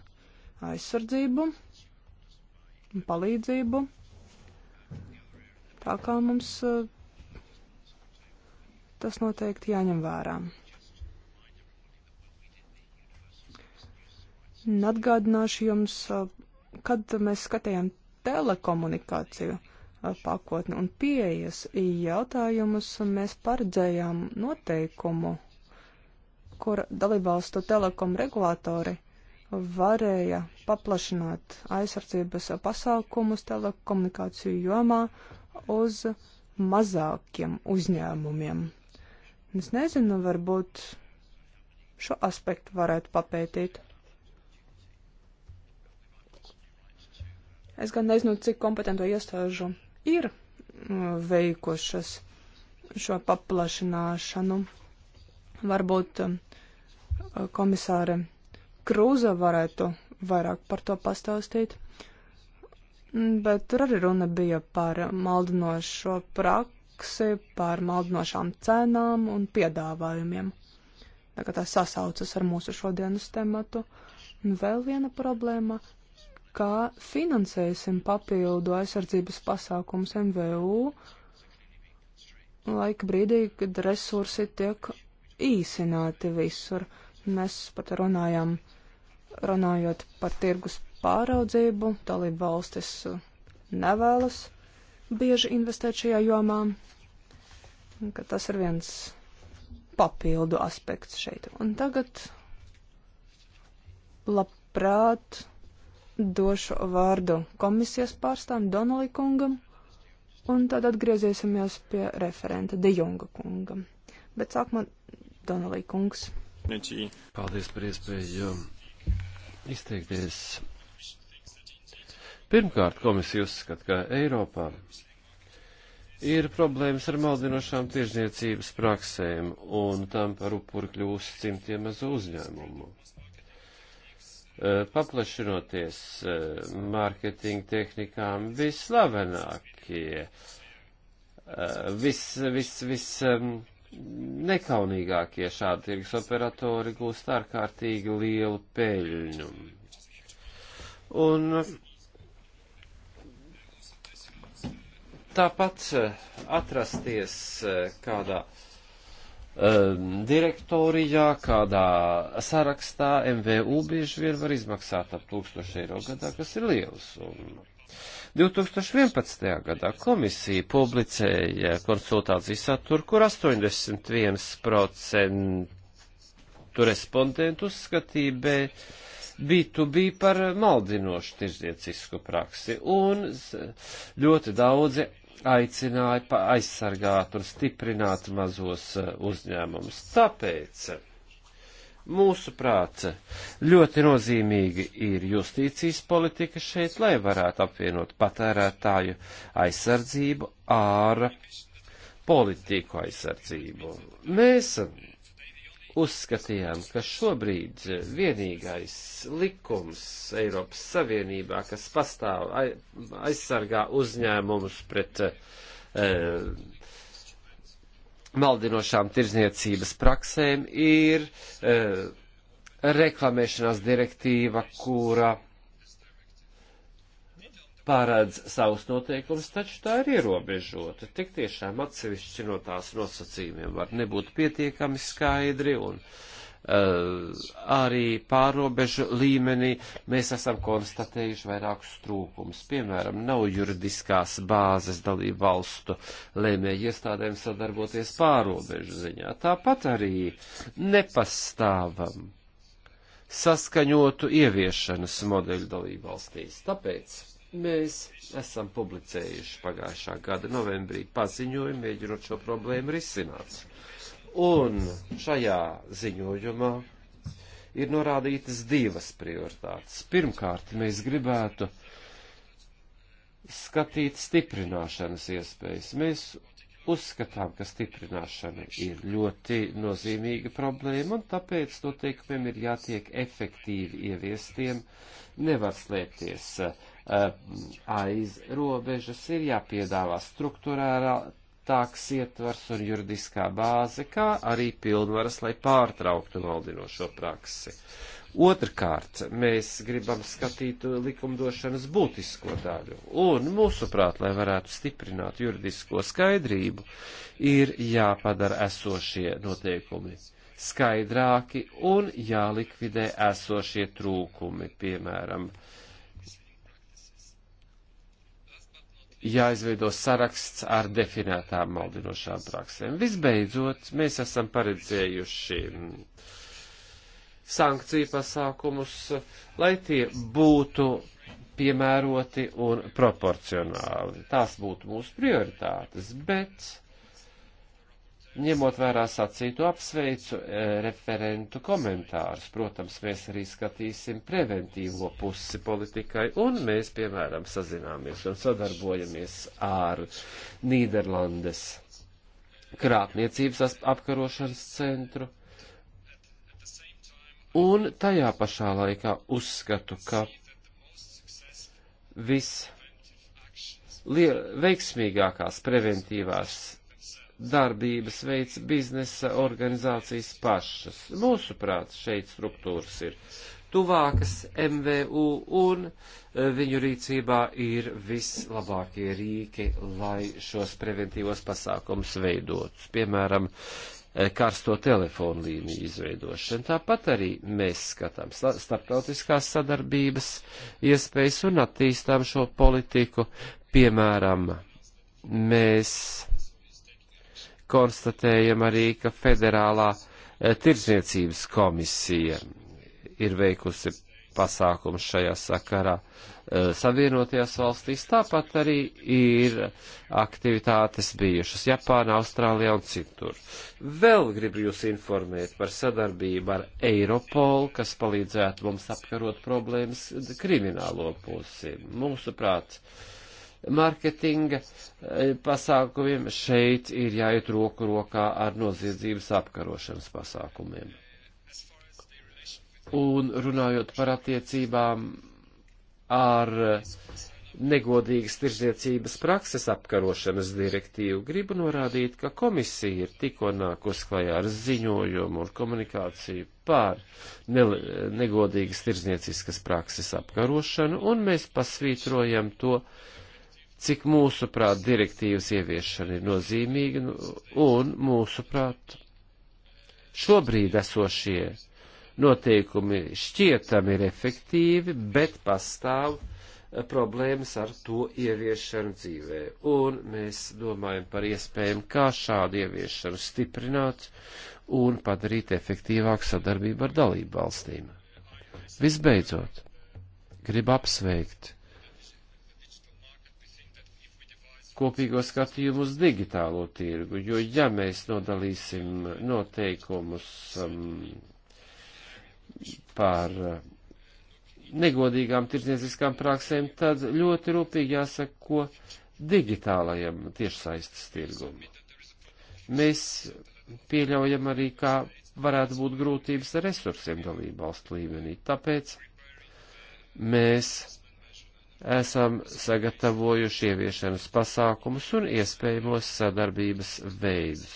aizsardzību un palīdzību. Tā kā mums uh, Tas noteikti jāņem vērā. Un atgādināšu jums, uh, kad mēs skatījām telekomunikāciju uh, pakotni un pieejas jautājumus, mēs paredzējām noteikumu, kur dalībvalstu telekom regulātori varēja paplašināt aizsardzības pasākumus telekomunikāciju jomā uz mazākiem uzņēmumiem. Es nezinu, varbūt šo aspektu varētu papētīt. Es gan nezinu, cik kompetento iestāžu ir mm, veikušas šo paplašināšanu. Varbūt mm, komisāre Krūza varētu vairāk par to pastāstīt. Mm, bet tur arī runa bija par maldinošo praksi praksi, par maldinošām cenām un piedāvājumiem. Tagad tas sasaucas ar mūsu šodienas tematu. Un vēl viena problēma - kā finansēsim papildu aizsardzības pasākums MVU laika brīdī, kad resursi tiek īsināti visur. Mēs pat runājām, runājot par tirgus pāraudzību, dalību valstis nevēlas bieži investēt šajā jomā, ka tas ir viens papildu aspekts šeit. Un tagad labprāt došu vārdu komisijas pārstāvam Donalī kungam, un tad atgriezīsimies pie referenta De Jonga kungam. Bet sākumā Donalī kungs. Paldies par iespēju izteikties. Pirmkārt, komisija uzskata, ka Eiropā ir problēmas ar maldinošām tirzniecības praksēm, un tam par upuru kļūst simtiem mazu uzņēmumu. E, paplašinoties e, mārketinga tehnikām, vislavenākie, e, vis, vis, vis nekaunīgākie šādi tirgus operatori gūst ārkārtīgi lielu peļņu. Un Tāpat e, atrasties e, kādā um, direktorijā, kādā sarakstā MVU bieži vien var izmaksāt ap 1000 eiro gadā, kas ir liels. Un 2011. gadā komisija publicēja konsultāciju saturu, kur 81% respondentu uzskatīja, bet B2B par maldinošu tirdzniecisku praksi, un ļoti daudzi aicināja aizsargāt un stiprināt mazos eh, uzņēmumus. Tāpēc mūsu prāce ļoti nozīmīgi ir justīcijas politika šeit, lai varētu apvienot patērētāju aizsardzību ar politiku aizsardzību. Mēs uzskatījām, ka šobrīd vienīgais likums Eiropas Savienībā, kas pastāv aizsargā uzņēmumus pret e, maldinošām tirzniecības praksēm, ir e, reklamēšanās direktīva, kura pārēdz savus noteikumus, taču tā ir ierobežota. Tik tiešām atsevišķi no tās nosacījumiem var nebūt pietiekami skaidri un uh, arī pārobežu līmenī mēs esam konstatējuši vairākus trūkumus. Piemēram, nav juridiskās bāzes dalību valstu lēmēju iestādēm sadarboties pārobežu ziņā. Tāpat arī nepastāvam saskaņotu ieviešanas modeļu dalību valstīs. Tāpēc Mēs esam publicējuši pagājušā gada novembrī paziņojumu, mēģinot šo problēmu risināt. Un šajā ziņojumā ir norādītas divas prioritātes. Pirmkārt, mēs gribētu skatīt stiprināšanas iespējas. Mēs uzskatām, ka stiprināšana ir ļoti nozīmīga problēma, un tāpēc noteikumiem ir jātiek efektīvi ieviestiem, nevar slēpties Eh, aiz robežas, ir jāpiedāvā struktūrētāks ietvars un juridiskā bāze, kā arī pilnvaras, lai pārtrauktu maldinošo praksi. Otrkārt, mēs gribam skatīt likumdošanas būtisko daļu, un mūsuprāt, lai varētu stiprināt juridisko skaidrību, ir jāpadara esošie noteikumi skaidrāki un jālikvidē esošie trūkumi, piemēram, uh, jāizveido saraksts ar definētām maldinošām praksēm. Visbeidzot, mēs esam paredzējuši mm, sankciju pasākumus, lai tie būtu piemēroti un proporcionāli. Tās būtu mūsu prioritātes, bet Ņemot vērā sacītu, apsveicu e, referentu komentārus. Protams, mēs arī skatīsim preventīvo pusi politikai, un mēs, piemēram, sazināmies un sadarbojamies ar Nīderlandes krāpniecības apkarošanas centru. Un tajā pašā laikā uzskatu, ka visveiksmīgākās preventīvās darbības veids biznesa organizācijas pašas. Mūsuprāt, šeit struktūras ir tuvākas MVU un eh, viņu rīcībā ir vislabākie rīki, lai šos preventīvos pasākums veidotu. Piemēram, eh, karsto telefonu līniju izveidošana. Tāpat arī mēs skatām starptautiskās sadarbības iespējas un attīstām šo politiku. Piemēram, mēs konstatējam arī, ka federālā eh, tirzniecības komisija ir veikusi pasākums šajā sakarā. Eh, Savienotajās valstīs tāpat arī ir aktivitātes bijušas Japāna, Austrālijā un citur. Vēl gribu jūs informēt par sadarbību ar Eiropolu, kas palīdzētu mums apkarot problēmas kriminālo pusi. Mūsuprāt, uh, marketinga eh, pasākumiem, šeit ir jāiet roku rokā ar noziedzības apkarošanas pasākumiem. Un runājot par attiecībām ar eh, negodīgas tirzniecības prakses apkarošanas direktīvu, gribu norādīt, ka komisija ir tikko nākus klajā ar ziņojumu un komunikāciju pār ne negodīgas tirznieciskas prakses apkarošanu, un mēs pasvītrojam to, uh, cik mūsuprāt direktīvas ieviešana ir nozīmīga nu, un mūsuprāt šobrīd esošie noteikumi šķietami ir efektīvi, bet pastāv eh, problēmas ar to ieviešanu dzīvē. Un mēs domājam par iespējām, kā šādu ieviešanu stiprināt un padarīt efektīvāku sadarbību ar dalību valstīm. Visbeidzot, gribu apsveikt kopīgo skatījumu uz digitālo tirgu, jo ja mēs nodalīsim noteikumus um, par uh, negodīgām tirdzniecīskām praksēm, tad ļoti rūpīgi jāsaka, ko digitālajam tiešsaistes tirgum. Mēs pieļaujam arī, kā varētu būt grūtības ar resursiem dalību valstu līmenī, tāpēc mēs esam sagatavojuši ieviešanas pasākumus un iespējamos sadarbības veidus.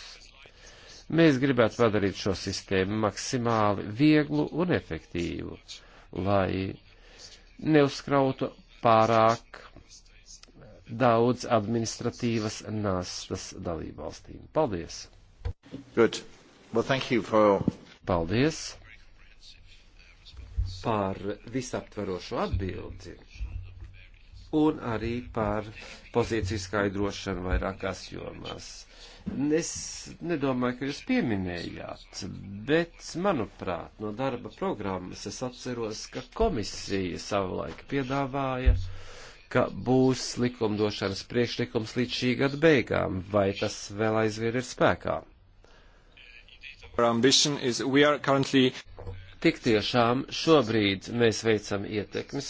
Mēs gribētu padarīt šo sistēmu maksimāli vieglu un efektīvu, lai neuzkrautu pārāk daudz administratīvas nastas dalībvalstīm. Paldies! Good. Well, thank you for... Paldies! Par visaptvarošo atbildi un arī par pozīciju skaidrošanu vairākās jomās. Es nedomāju, ka jūs pieminējāt, bet, manuprāt, no darba programmas es atceros, ka komisija savulaik piedāvāja ka būs likumdošanas priekšlikums līdz šī gada beigām, vai tas vēl aizvien ir spēkā? Currently... Tik tiešām šobrīd mēs veicam ietekmes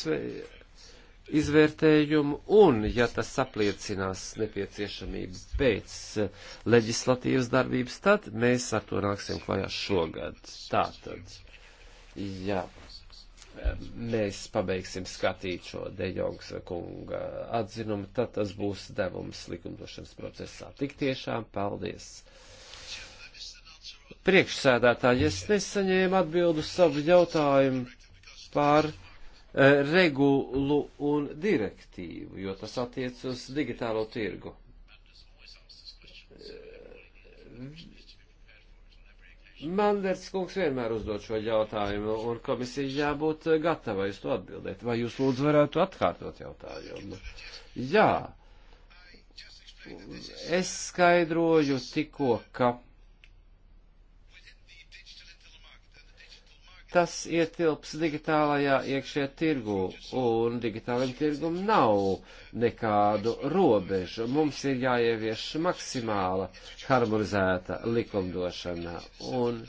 izvērtējumu, un, ja tas apliecinās nepieciešamību pēc eh, leģislatīvas darbības, tad mēs ar to nāksim klajā šogad. Tātad, ja eh, mēs pabeigsim skatīt šo Dejongs kunga atzinumu, tad tas būs devums likumdošanas procesā. Tik tiešām paldies! Priekšsēdētāji, es nesaņēmu atbildu savu jautājumu par E, regulu un direktīvu, jo tas attiec uz digitālo tirgu. Manders kungs vienmēr uzdod šo jautājumu, un komisija jābūt gatavai uz to atbildēt. Vai jūs lūdzu varētu atkārtot jautājumu? Jā. Es skaidroju tikko, ka tas ietilps digitālajā iekšē tirgu, un digitālajiem tirgum nav nekādu robežu. Mums ir jāievieš maksimāla harmonizēta likumdošana, un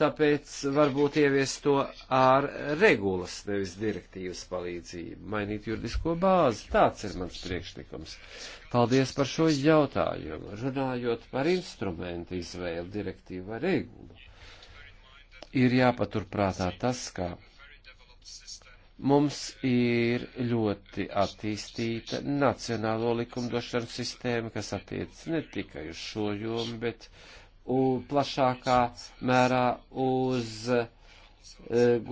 tāpēc varbūt ievies to ar regulas, nevis direktīvas palīdzību, mainīt juridisko bāzi. Tāds ir mans priekšlikums. Paldies par šo jautājumu, runājot par instrumentu izvēli, direktīvu vai regulu ir jāpaturprātā tas, ka mums ir ļoti attīstīta nacionālo likumdošanu sistēma, kas attiec ne tikai uz šo jomu, bet plašākā mērā uz e,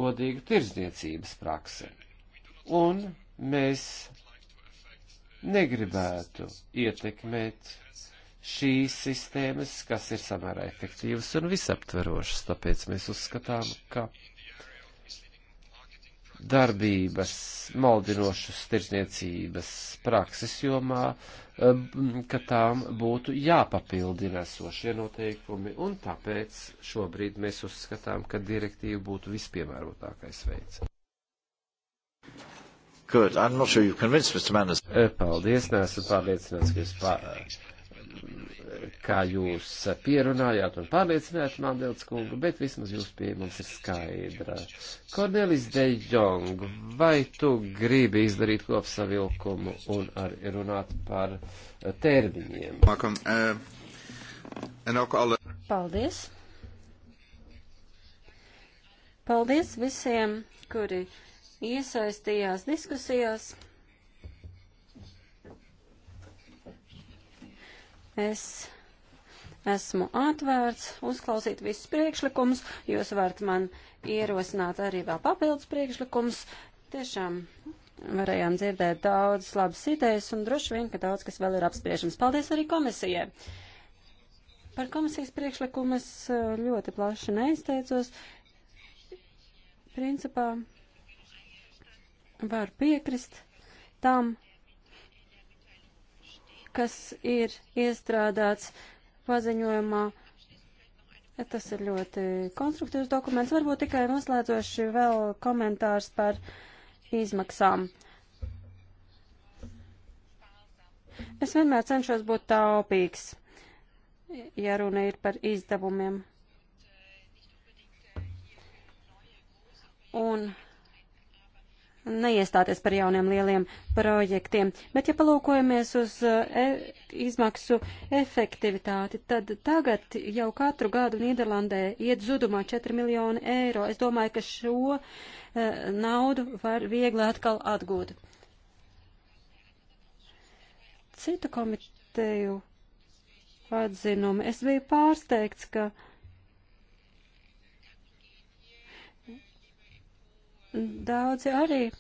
godīgu tirdzniecības praksi. Un mēs negribētu ietekmēt šīs sistēmas, kas ir samērā efektīvas un visaptverošas, tāpēc mēs uzskatām, ka darbības, maldinošas tirzniecības prakses jomā, eh, ka tām būtu jāpapildina esošie noteikumi, un tāpēc šobrīd mēs uzskatām, ka direktīva būtu vispiemērotākais veids. Good. I'm not sure you've convinced Mr. Manners. Eh, paldies, neesmu pārliecināts, ka jūs pār, kā jūs pierunājāt un pārliecinājāt Mandelts kungu, bet vismaz jūs pie mums ir skaidra. Kornelis De Jong, vai tu gribi izdarīt kopsavilkumu un arī runāt par termiņiem? Eh, Paldies! Paldies visiem, kuri iesaistījās diskusijās. Es esmu atvērts uzklausīt visus priekšlikumus. Jūs varat man ierosināt arī vēl papildus priekšlikumus. Tiešām varējām dzirdēt daudzas labas idejas un droši vien, ka daudz kas vēl ir apspriežams. Paldies arī komisijai. Par komisijas priekšlikumu es eh, ļoti plaši neizteicos. Principā var piekrist tam, kas ir iestrādāts paziņojumā. Tas ir ļoti konstruktīvs dokuments. Varbūt tikai noslēdzoši vēl komentārs par izmaksām. Es vienmēr cenšos būt taupīgs, ja runa ir par izdevumiem. Un neiestāties par jauniem lieliem projektiem. Bet, ja palūkojamies uz e izmaksu efektivitāti, tad tagad jau katru gadu Nīderlandē iet zudumā 4 miljoni eiro. Es domāju, ka šo e, naudu var viegli atkal atgūt. Citu komiteju atzinumu es biju pārsteigts, ka Daudzi arī uh,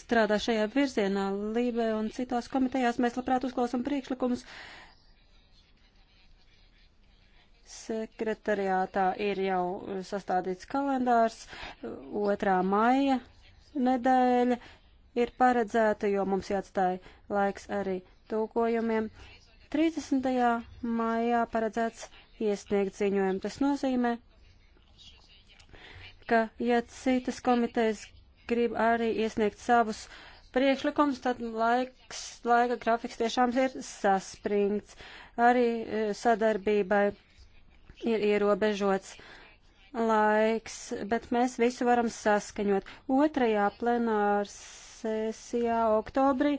strādā šajā virzienā, Lībe un citās komitejās. Mēs labprāt uzklausam priekšlikumus. Sekretariātā ir jau sastādīts kalendārs, 2. maija nedēļa ir paredzēta, jo mums jāatstāja laiks arī tūkojumiem. 30. maijā paredzēts iesniegt ziņojumu. Tas nozīmē, ka, ja citas komitejas grib arī iesniegt savus priekšlikumus, tad laiks, laika grafiks tiešām ir saspringts. Arī e, sadarbībai ir ierobežots laiks, bet mēs visu varam saskaņot. Otrajā plenārs sesijā oktobrī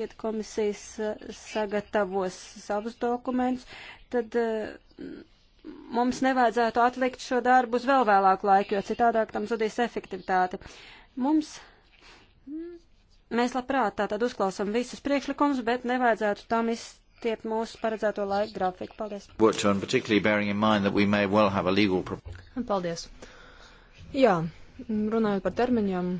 kad komisijas e, sagatavos savus dokumentus, tad e, mums nevajadzētu atlikt šo darbu uz vēl vēlāku laiku, jo citādāk tam zudīs efektivitāte. Mums, mēs labprāt tātad uzklausam visus priekšlikumus, bet nevajadzētu tam izstiept mūsu paredzēto laika grafiku. Paldies. Um, Paldies. Jā, runājot par termiņiem,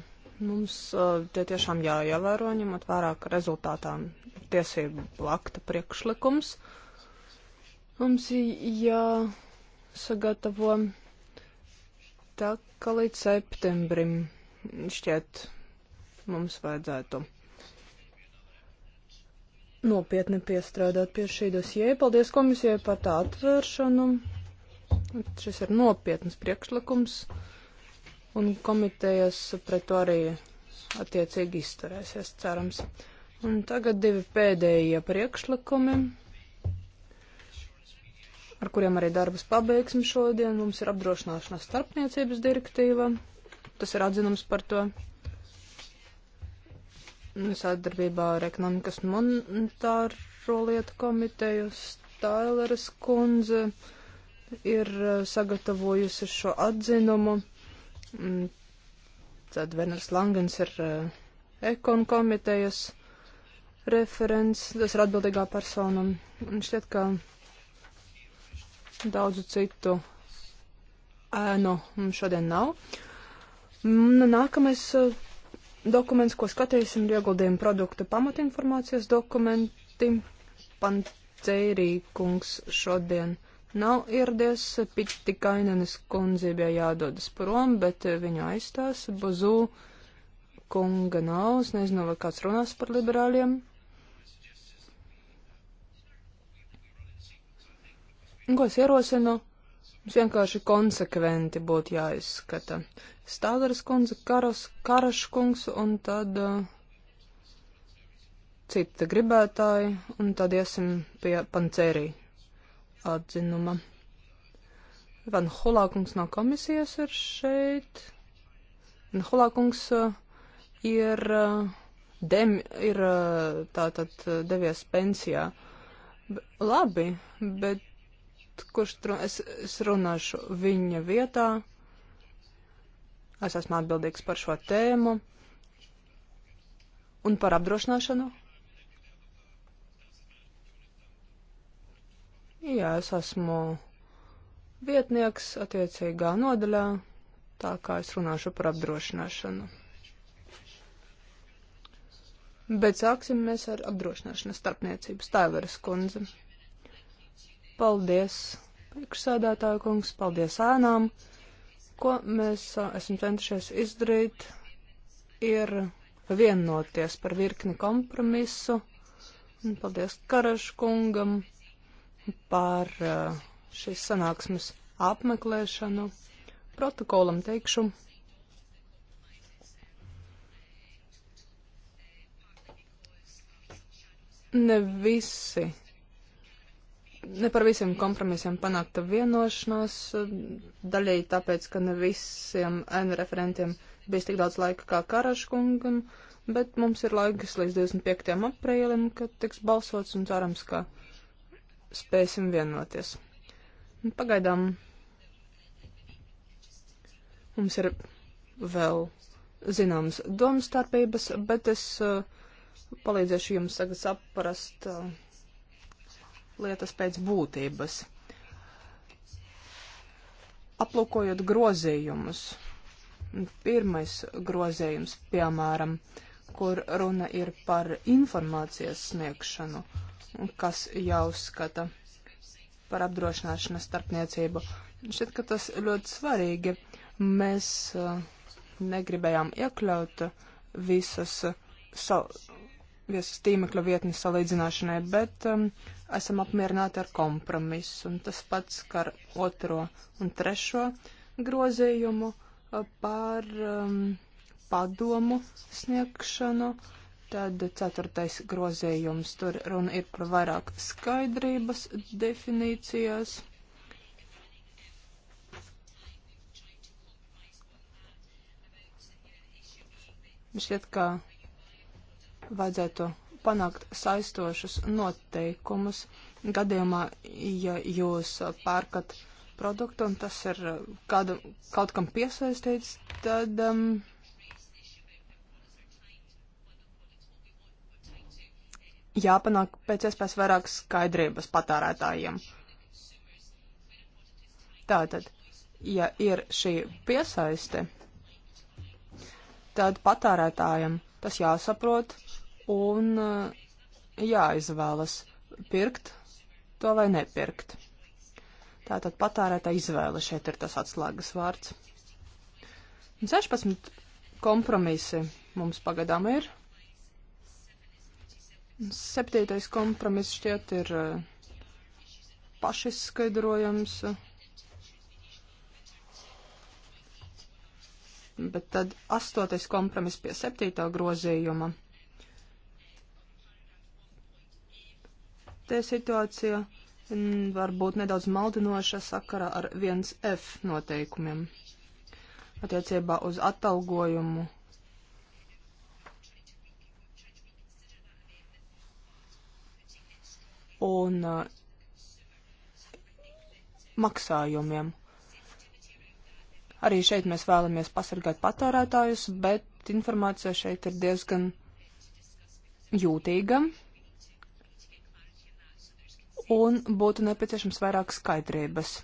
mums uh, tie tiešām jāievēro, ņemot vairāk rezultātām tiesību akta priekšlikums. Uh, Mums jāsagatavo tā, ka līdz septembrim šķiet mums vajadzētu nopietni piestrādāt pie šī dosjē. Paldies komisijai par tā atvēršanu. Šis ir nopietnas priekšlikums, un komitejas pret to arī attiecīgi izturēsies, cerams. Un tagad divi pēdējie priekšlikumi ar kuriem arī darbus pabeigsim šodien. Mums ir apdrošināšanās starpniecības direktīva. Tas ir atzinums par to. Sadarbībā ar ekonomikas un monetāro lietu komiteju Staileres kundze ir eh, sagatavojusi šo atzinumu. Mm, tad Veners Langens ir eh, ekon komitejas referents, tas ir atbildīgā persona. Un šķiet, ka Daudzu citu ēnu šodien nav. Nu, nākamais eh, dokuments, ko skatīsim, ir ieguldījuma produkta pamatinformācijas dokumenti. Pancērī kungs šodien nav ieradies, Piti Kainenes kundzi bija jādodas prom, bet viņa aizstās. Buzū kunga nav, es nezinu, vai kāds runās par liberāļiem. Ko es ierosinu? Mums vienkārši konsekventi būtu jāizskata. Stādars kundze, karas, karaškungs un tad uh, citi gribētāji, un tad iesim pie pancērī atzinuma. Van Holākungs no komisijas ir šeit. Van Holākungs uh, ir, uh, dem, ir uh, tātad uh, devies pensijā. B labi, bet kurš es, es runāšu viņa vietā. Es esmu atbildīgs par šo tēmu un par apdrošināšanu. Jā, es esmu vietnieks attiecīgā nodaļā, tā kā es runāšu par apdrošināšanu. Bet sāksim mēs ar apdrošināšanas starpniecību. Stāveres kundze. Paldies, priekšsēdētāju kungs, paldies ēnām. Ko mēs esam centušies izdarīt, ir vienoties par virkni kompromisu. Un paldies Karaškungam par šīs sanāksmes apmeklēšanu. Protokolam teikšu, ne visi ne par visiem kompromisiem panākta vienošanās, daļēji tāpēc, ka ne visiem N referentiem bija tik daudz laika kā Karaškungam, bet mums ir laiks līdz 25. aprīlim, kad tiks balsots un cerams, ka spēsim vienoties. Pagaidām mums ir vēl zināmas domstarpības, bet es uh, palīdzēšu jums tagad saprast. Uh, lietas pēc būtības. Aplūkojot grozījumus, pirmais grozījums, piemēram, kur runa ir par informācijas sniegšanu, kas jāuzskata par apdrošināšanas starpniecību. Šķiet, ka tas ļoti svarīgi. Mēs uh, negribējām iekļaut visas so viesas tīmekļa vietnes salīdzināšanai, bet um, esam apmierināti ar kompromisu. Un tas pats skar otro un trešo grozījumu uh, par um, padomu sniegšanu. Tad ceturtais grozījums, tur runa ir par vairāk skaidrības definīcijās. Šķiet, ka vajadzētu panākt saistošus noteikumus gadījumā, ja jūs pērkat produktu un tas ir kāda, kaut kam piesaistīts, tad. Um, Jāpanāk pēc iespējas vairāk skaidrības patērētājiem. Tātad, ja ir šī piesaiste, tad patērētājiem tas jāsaprot, un eh, jāizvēlas pirkt to vai nepirkt. Tātad patērētā izvēle šeit ir tas atslēgas vārds. 16 kompromisi mums pagadām ir. Septītais kompromiss šķiet ir eh, pašizskaidrojams. Bet tad astotais kompromiss pie septītā grozījuma Te situācija var būt nedaudz maldinoša sakarā ar 1F noteikumiem attiecībā uz atalgojumu. Un uh, maksājumiem. Arī šeit mēs vēlamies pasargāt patērētājus, bet informācija šeit ir diezgan jūtīga un būtu nepieciešams vairāk skaidrības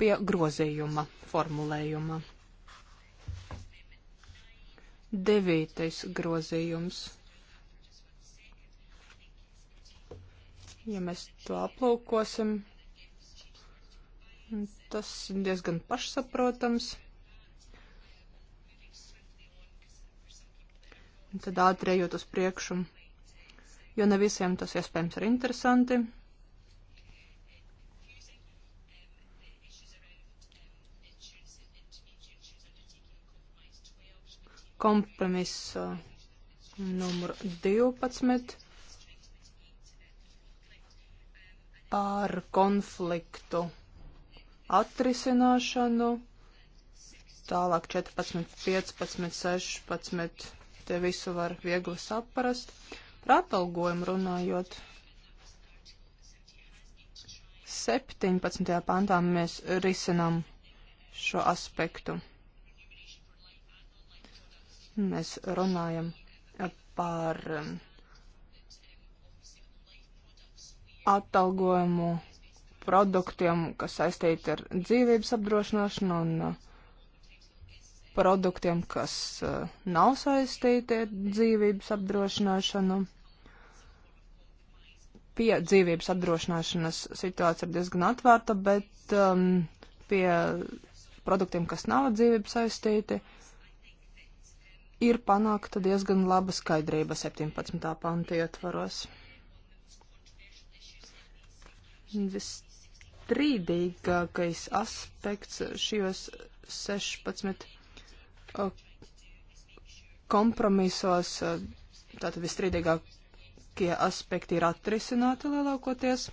pie grozījuma formulējuma. Devītais grozījums. Ja mēs to aplūkosim, tas diezgan pašsaprotams. Un tad ātrējot uz priekšu, jo ne visiem tas iespējams ir interesanti. kompromiss uh, numur 12 par konfliktu atrisināšanu. Tālāk 14, 15, 16, te visu var viegli saprast. Par atalgojumu runājot, 17. pantā mēs risinām šo aspektu. Mēs runājam par um, atalgojumu produktiem, kas saistīti ar dzīvības apdrošināšanu un uh, produktiem, kas uh, nav saistīti ar dzīvības apdrošināšanu pie dzīvības apdrošināšanas situācija ir diezgan atvērta, bet um, pie produktiem, kas nav dzīvības saistīti, ir panākta diezgan laba skaidrība 17. panta ietvaros. Visstrīdīgākais aspekts šajos 16 kompromisos, tātad visstrīdīgākie aspekti ir atrisināti lielākoties.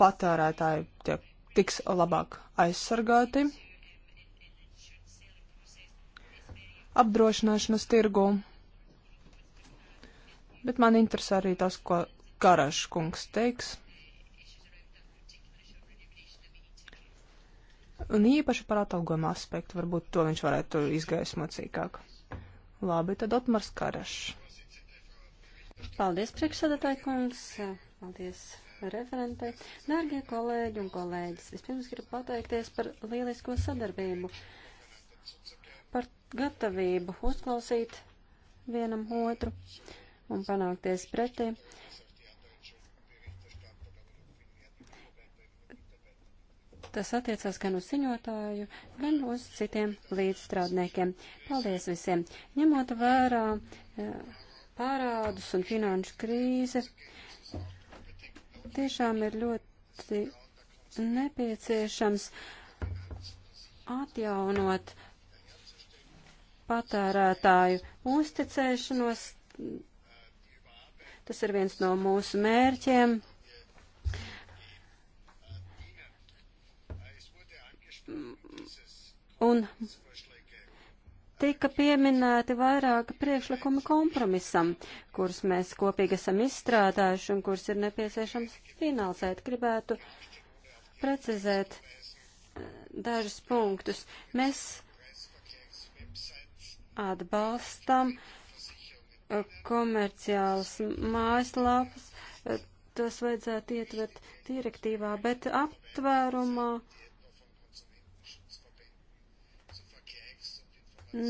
Patērētāji tiek tiks labāk aizsargāti, apdrošināšanas tirgu. Bet man interesē arī tas, ko Karašs kungs teiks. Un īpaši par atalgojuma aspektu, varbūt to viņš varētu izgaismot sīkāk. Labi, tad Otmars Karašs. Paldies, priekšsēdētāji kungs. Paldies, referentei. Dārgie kolēģi un kolēģis, vispirms gribu pateikties par lielisko sadarbību gatavību uzklausīt vienam otru un panākties pretī. Tas attiecās gan uz ziņotāju, gan uz citiem līdzstrādniekiem. Paldies visiem! Ņemot vērā e, pārādus un finanšu krīzi, tiešām ir ļoti nepieciešams atjaunot uh, patērētāju uzticēšanos. Tas ir viens no mūsu mērķiem. Un tika pieminēti vairāki priekšlikumi kompromisam, kurus mēs kopīgi esam izstrādājuši un kurus ir nepieciešams finansēt. Gribētu precizēt eh, dažus punktus. Mēs atbalstam eh, komerciālas mājaslapas, eh, tos vajadzētu ietvert direktīvā, bet aptvērumā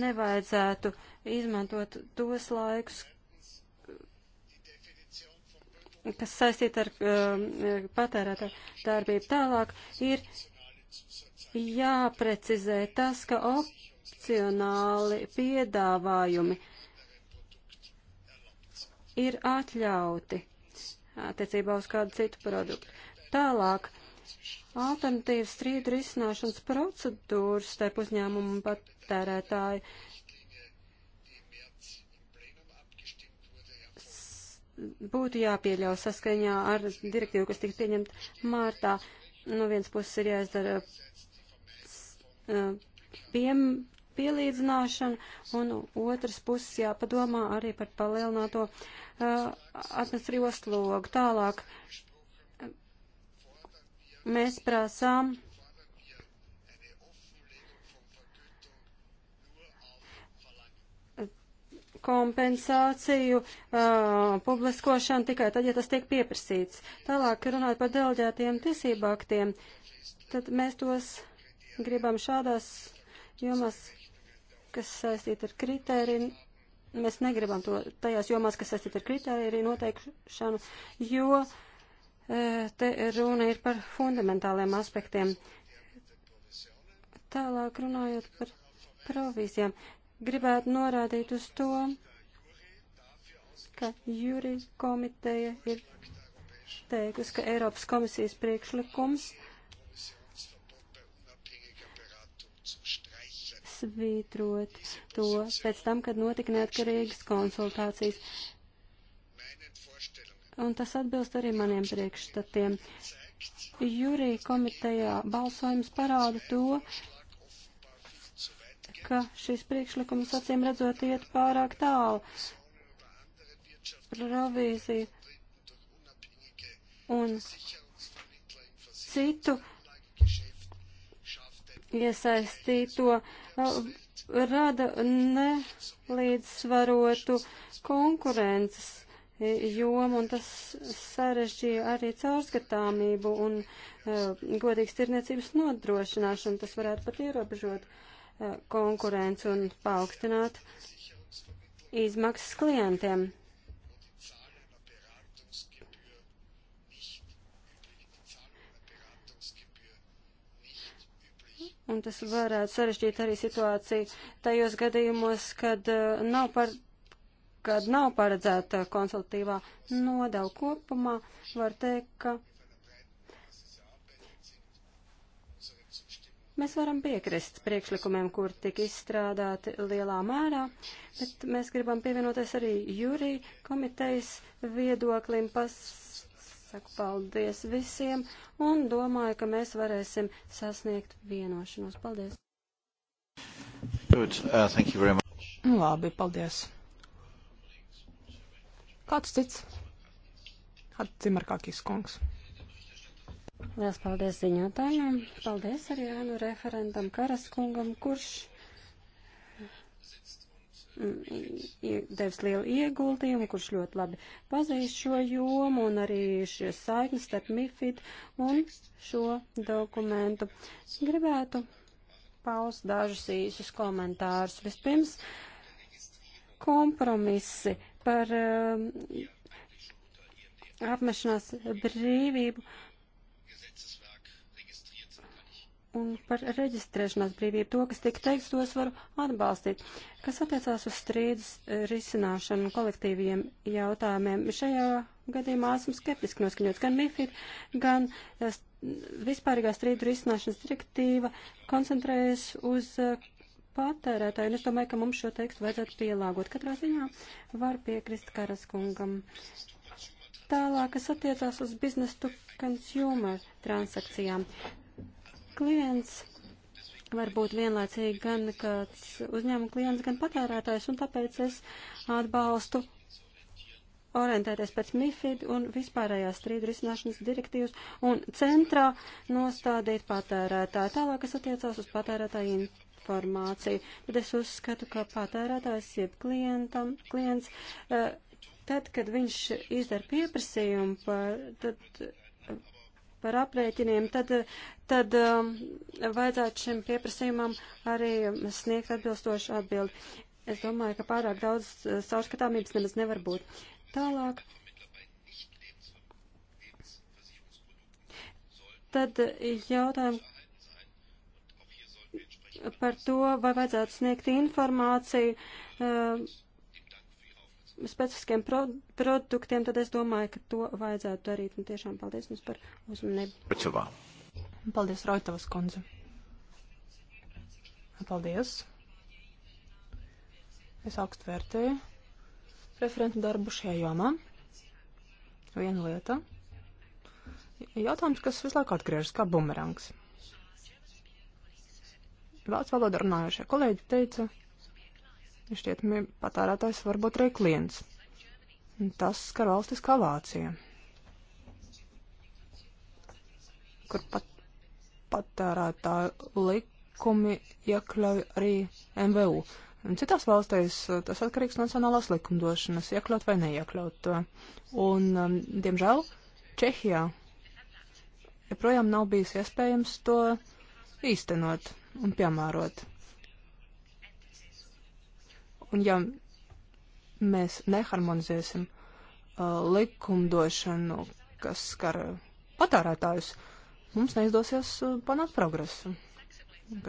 nevajadzētu izmantot tos laikus, kas saistīti ar uh, patērētāju darbību. Tālāk ir jāprecizē tas, ka op opcionāli piedāvājumi ir atļauti attiecībā uz kādu citu produktu. Tālāk, alternatīvas strīdu risināšanas procedūras starp uzņēmumu un patērētāju būtu jāpieļauj saskaņā ar direktīvu, kas tika pieņemta mārtā. No nu, viens puses ir jāizdara uh, piem, pielīdzināšanu, un otras puses jāpadomā arī par palielināto uh, administrīvo slogu. Tālāk mēs prasām. kompensāciju uh, publiskošanu tikai tad, ja tas tiek pieprasīts. Tālāk runāt par delģētiem tiesību aktiem, tad mēs tos gribam šādās jomās kas saistīti ar kritēriju, mēs negribam to tajās jomās, kas saistīti ar kritēriju noteikšanu, jo e, te runa ir par fundamentāliem aspektiem. Tālāk runājot par provīzijām, gribētu norādīt uz to, ka jūri komiteja ir teikusi, ka Eiropas komisijas priekšlikums uh, pasvītrot to pēc tam, kad notika neatkarīgas konsultācijas. Un tas atbilst arī maniem priekšstatiem. Jurija komitejā balsojums parāda to, ka šis priekšlikums acīm redzot iet pārāk tālu. Ravīzija un citu iesaistīto rada nelīdzsvarotu konkurences e, jomu, un tas sarežģīja arī caurskatāmību un e, godīgas tirniecības nodrošināšanu. Tas varētu pat ierobežot e, konkurenci un paaugstināt izmaksas klientiem. Un tas varētu sarežģīt arī situāciju tajos gadījumos, kad eh, nav, par, kad nav paredzēta konsultatīvā nodeva kopumā. Var teikt, ka Mēs varam piekrist priekšlikumiem, kur tika izstrādāti lielā mērā, bet mēs gribam pievienoties arī jūrī komitejas viedoklim pas saku paldies visiem un domāju, ka mēs varēsim sasniegt vienošanos. Paldies! Good, uh, thank you very much. Labi, paldies. Kāds cits? Atcimarkākīs kungs. Liels paldies ziņotājiem. Paldies arī Jānu referentam Karaskungam, kurš devis lielu ieguldījumu, kurš ļoti labi pazīst šo jomu un arī šie saiknes starp MIFID un šo dokumentu. Gribētu paust dažus īsus komentārus. Vispirms kompromisi par um, apmešanās brīvību un par reģistrēšanās brīvību. To, kas tika teikts, tos varu atbalstīt. Kas attiecās uz strīdus eh, risināšanu kolektīviem jautājumiem, šajā gadījumā esmu skeptiski noskaņots. Gan MIFID, gan eh, vispārīgā strīdu risināšanas direktīva koncentrējas uz eh, patērētāju, un es domāju, ka mums šo tekstu vajadzētu pielāgot. Katrā ziņā var piekrist Karaskungam. Tālāk, kas attiecās uz biznesu consumer transakcijām klients var būt vienlaicīgi gan kāds uzņēmuma klients, gan patērētājs, un tāpēc es atbalstu orientēties pēc MIFID un vispārējās strīdu risināšanas direktīvas un centrā nostādīt patērētāju. Tālāk, kas attiecās uz patērētāju informāciju, tad es uzskatu, ka patērētājs jeb klientam, klients, eh, tad, kad viņš izdara pieprasījumu, par, tad par aprēķiniem, tad, tad um, vajadzētu šim pieprasījumam arī sniegt atbilstošu atbildi. Es domāju, ka pārāk daudz uh, caurskatāmības nemaz nevar būt. Tālāk. Tad uh, jautājumu par to, vai vajadzētu sniegt informāciju. Uh, specifiskiem pro produktiem, tad es domāju, ka to vajadzētu darīt. Un nu, tiešām paldies jums par uzmanību. Paldies, Roitavas kundze. Paldies. Es augstu vērtēju referentu darbu šajā jomā. Viena lieta. Jautājums, kas visu laiku atgriežas kā bumerangs. Vācu valodā runājošie kolēģi teica, Šķietami patērētājs var būt arī klients. Tas skar valstis kā Vācija, kur pat patērētāju likumi iekļauj arī MVU. Un citās valstīs uh, tas atkarīgs nacionālās likumdošanas, iekļaut vai neiekļaut to. Un, um, diemžēl, Čehijā joprojām nav bijis iespējams to īstenot un piemērot. Un ja mēs neharmonizēsim uh, likumdošanu, kas skar patērētājus, mums neizdosies uh, panākt progresu.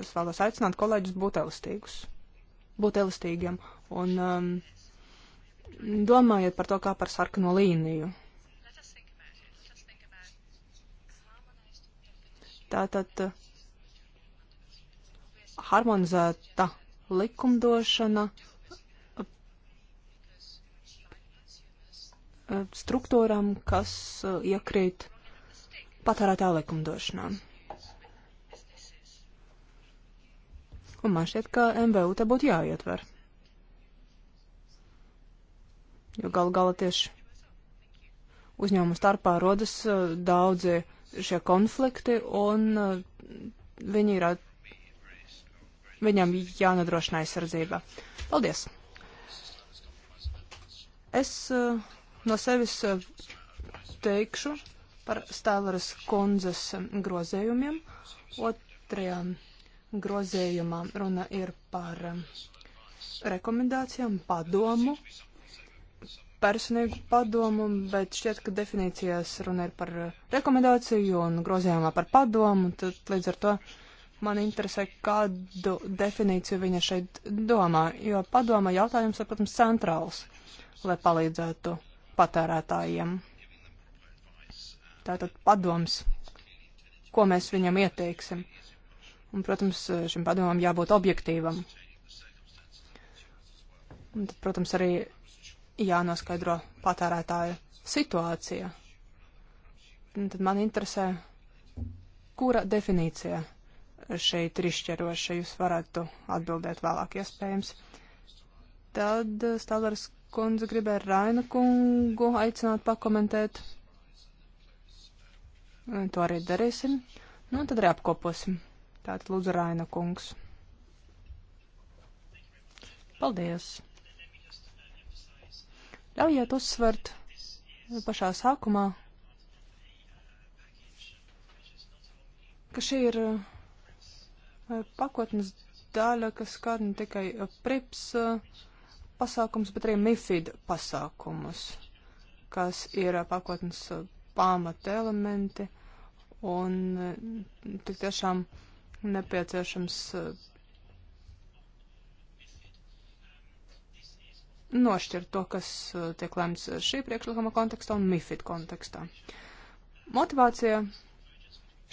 Es vēlos aicināt kolēģus būt elastīgus, būt elastīgiem un um, domājiet par to kā par sarkano līniju. Tātad uh, harmonizēta likumdošana uh, Eh, struktūram, kas eh, iekrīt patērētā likumdošanā. Un man šķiet, ka MVU te būtu jāietver. Jo gal gala tieši uzņēmumu starpā rodas eh, daudzi šie konflikti, un viņi ir, viņam jānodrošina aizsardzība. Paldies! Es uh, No sevis eh, teikšu par Stāvaras kundzes eh, grozējumiem. Otrajā grozējumā runa ir par eh, rekomendācijām, padomu, personīgu padomu, bet šķiet, ka definīcijās runa ir par rekomendāciju un grozējumā par padomu, tad līdz ar to man interesē, kādu definīciju viņa šeit domā, jo padoma jautājums ir, protams, centrāls, lai palīdzētu patērētājiem. Tātad padoms, ko mēs viņam ieteiksim. Un, protams, šim padomam jābūt objektīvam. Un tad, protams, arī jānoskaidro patērētāja situācija. Un tad man interesē, kura definīcija šeit ir izšķiroša, jūs varētu atbildēt vēlāk iespējams. Tad Stalers kundze gribēja Raina kungu aicināt pakomentēt. To arī darīsim. Nu, tad arī apkoposim. Tātad lūdzu Raina kungs. Paldies. Ļaujiet uzsvert pašā sākumā, ka šī ir eh, pakotnes daļa, kas skar ne tikai eh, prips. Uh, pasākums, bet arī MIFID pasākumus, kas ir pakotnes pamata elementi un tik tiešām nepieciešams nošķirt to, kas tiek lēmts šī priekšlikuma kontekstā un MIFID kontekstā. Motivācija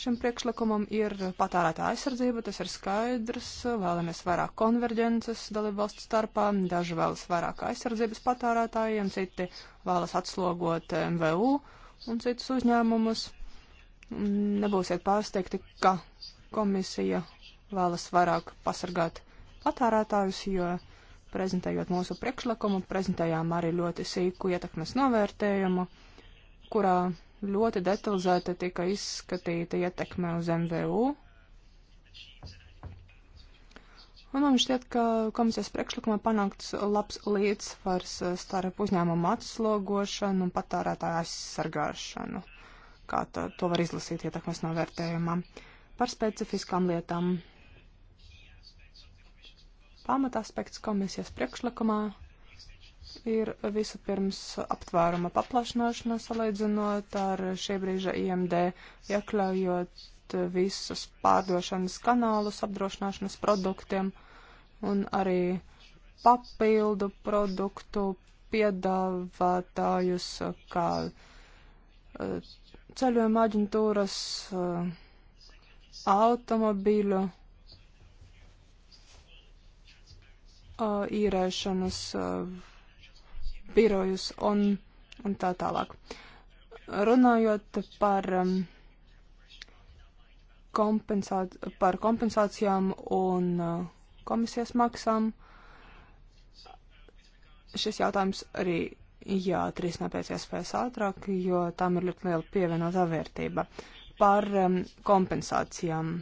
Šim priekšlikumam ir patērēta aizsardzība, tas ir skaidrs. Vēlamies vairāk konverģences dalībvalstu starpā, daži vēlas vairāk aizsardzības patērētājiem, citi vēlas atslogot MVU un citus uzņēmumus. Nebūsiet pārsteigti, ka komisija vēlas vairāk pasargāt patērētājus, jo prezentējot mūsu priekšlikumu, prezentējām arī ļoti sīku ietekmes novērtējumu, kurā ļoti detalizēti tika izskatīta ietekme uz MVU. Un man šķiet, ka komisijas priekšlikumā panākts labs līdzsvars eh, starp uzņēmumu atslogošanu un patērētāju aizsargāšanu, kā tā, to var izlasīt ietekmes novērtējumā, par specifiskām lietām. Pamata aspekts komisijas priekšlikumā ir vispirms aptvēruma paplašināšana salīdzinot ar šī brīža IMD, iekļaujot visus pārdošanas kanālus apdrošināšanas produktiem un arī papildu produktu piedāvātājus, kā eh, ceļojuma aģentūras, eh, automobīļu eh, īrēšanas birojus un, un tā tālāk. Runājot par, um, kompensā, par kompensācijām un uh, komisijas maksām, šis jautājums arī jāatrisina pēc iespējas ātrāk, jo tam ir ļoti liela pievienotā vērtība. Par um, kompensācijām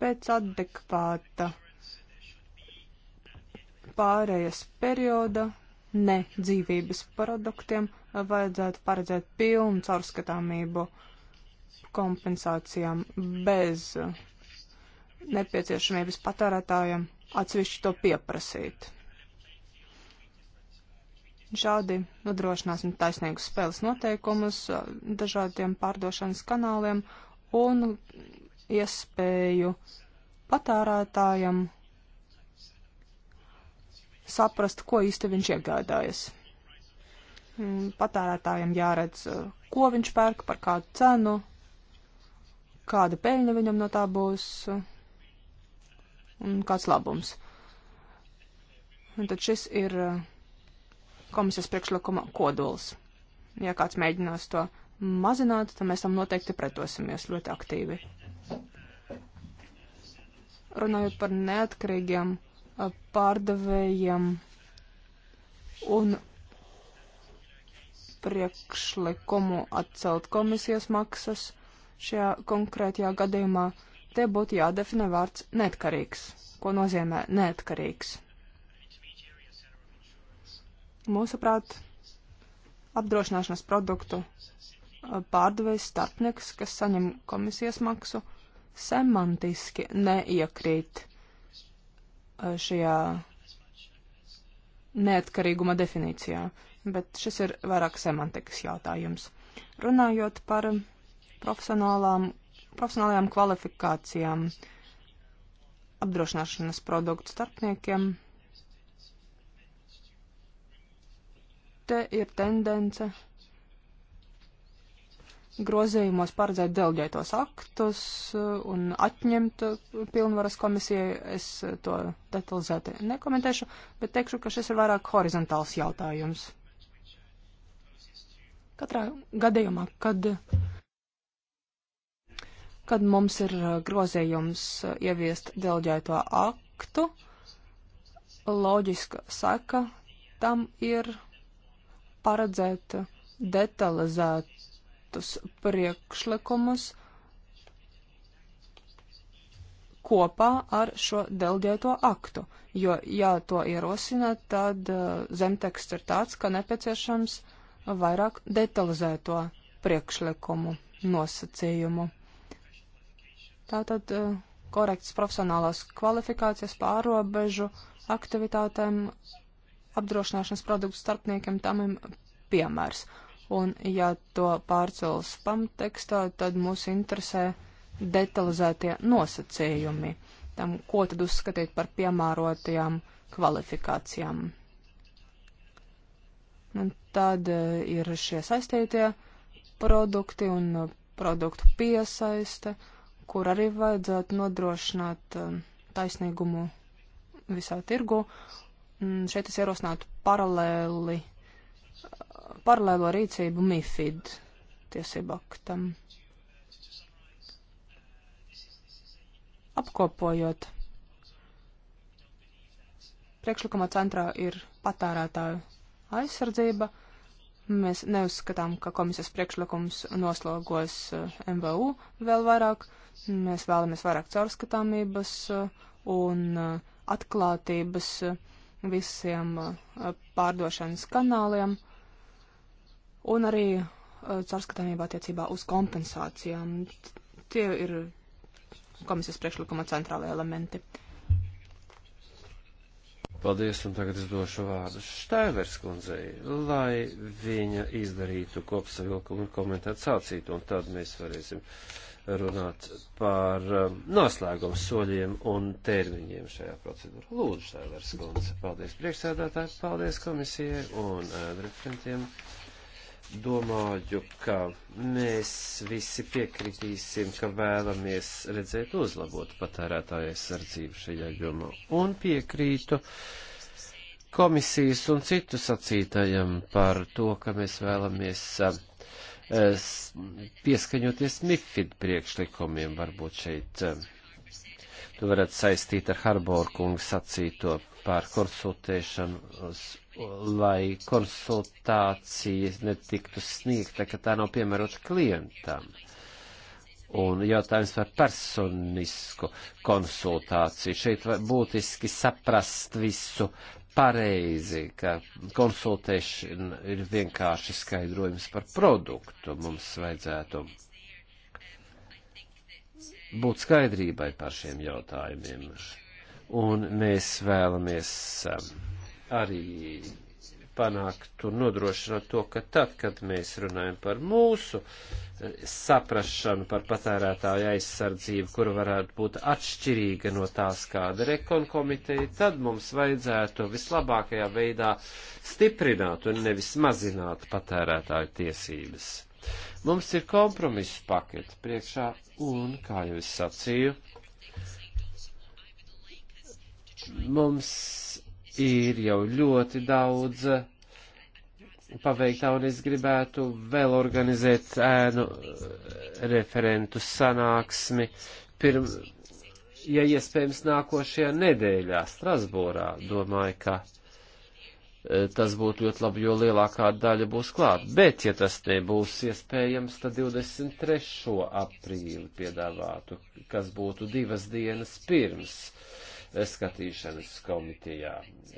pēc adekvāta pārējas perioda ne dzīvības produktiem vajadzētu paredzēt pilnu caurskatāmību kompensācijām bez nepieciešamības patērētājiem atsevišķi to pieprasīt. Šādi nodrošināsim taisnīgus spēles noteikumus dažādiem pārdošanas kanāliem un iespēju patērētājiem saprast, ko īsti viņš iegādājas. Mm, patērētājiem jāredz, eh, ko viņš pērk, par kādu cenu, kāda peļņa viņam no tā būs un kāds labums. Un tad šis ir eh, komisijas priekšlikuma kodols. Ja kāds mēģinās to mazināt, tad mēs tam noteikti pretosimies ļoti aktīvi. Runājot par neatkarīgiem pārdevējiem un priekšlikumu atcelt komisijas maksas šajā konkrētajā gadījumā, te būtu jādefinē vārds neatkarīgs. Ko nozīmē neatkarīgs? Mūsuprāt, apdrošināšanas produktu pārdevējs starpnieks, kas saņem komisijas maksu, semantiski neiekrīt Eh, šajā neatkarīguma definīcijā, bet šis ir vairāk semantikas jautājums. Runājot par profesionālām, profesionālajām kvalifikācijām, apdrošināšanas produktu starpniekiem, te ir tendence grozījumos paredzēt delģētos aktus uh, un atņemt uh, pilnvaras komisijai. Es uh, to detalizēti nekomentēšu, bet teikšu, ka šis ir vairāk horizontāls jautājums. Katrā gadījumā, kad, kad mums ir grozījums ieviest delģēto aktu, loģiska saka tam ir paredzēt detalizēt citus priekšlikumus kopā ar šo delģēto aktu, jo, ja to ierosina, tad uh, zemteksts ir tāds, ka nepieciešams vairāk detalizēto priekšlikumu nosacījumu. Tātad uh, korekts profesionālās kvalifikācijas pārobežu aktivitātēm apdrošināšanas produktu starpniekiem tam ir piemērs un ja to pārcels pamtekstā, tad mūs interesē detalizētie nosacījumi tam, ko tad uzskatīt par piemērotajām kvalifikācijām. Un tad eh, ir šie saistītie produkti un eh, produktu piesaiste, kur arī vajadzētu nodrošināt eh, taisnīgumu visā tirgu. Un šeit es ierosinātu paralēli paralēlo rīcību MIFID tiesību aktam. Apkopojot, priekšlikuma centrā ir patērētāju aizsardzība. Mēs neuzskatām, ka komisijas priekšlikums noslogos eh, MVU vēl vairāk. Mēs vēlamies vairāk caurskatāmības eh, un eh, atklātības. Uh, visiem eh, pārdošanas kanāliem un arī eh, caurskatāmība attiecībā uz kompensācijām. Tie ir komisijas priekšlikuma centrālai elementi. Paldies, un tagad es došu vārdu Štaivers kundzei, lai viņa izdarītu kopsavilkumu un komentētu sācītu, un tad mēs varēsim runāt par um, noslēgumu soļiem un termiņiem šajā procedūrā. Lūdzu, Šēlers Kundze, paldies priekšsēdētāji, paldies komisijai un uh, referentiem. Domāju, ka mēs visi piekritīsim, ka vēlamies redzēt uzlabot patērētāju aizsardzību šajā jomā. Un piekrītu komisijas un citu sacītajam par to, ka mēs vēlamies um, pieskaņoties MIFID priekšlikumiem varbūt šeit. Eh, to varētu saistīt ar Harboru kungu sacīto par konsultēšanu, lai konsultācijas netiktu sniegta, ka tā nav piemērota klientam. Un jautājums par personisku konsultāciju. Šeit būtiski saprast visu pareizi, ka konsultēšana ir vienkārši skaidrojums par produktu. Mums vajadzētu būt skaidrībai par šiem jautājumiem. Un mēs vēlamies um, arī panākt un nodrošināt to, ka tad, kad mēs runājam par mūsu eh, saprašanu par patērētāju aizsardzību, kur varētu būt atšķirīga no tās, kāda ir ekonkomiteja, tad mums vajadzētu vislabākajā veidā stiprināt un nevis mazināt patērētāju tiesības. Mums ir kompromisu paketi priekšā un, kā jau es sacīju, mums ir jau ļoti daudz paveiktā, un es gribētu vēl organizēt ēnu eh, referentu sanāksmi pirms, ja iespējams, nākošajā nedēļā Strasbūrā. Domāju, ka eh, tas būtu ļoti labi, jo lielākā daļa būs klāt. Bet, ja tas nebūs iespējams, tad 23. aprīli piedāvātu, kas būtu divas dienas pirms. Uh, skatīšanas komitejā.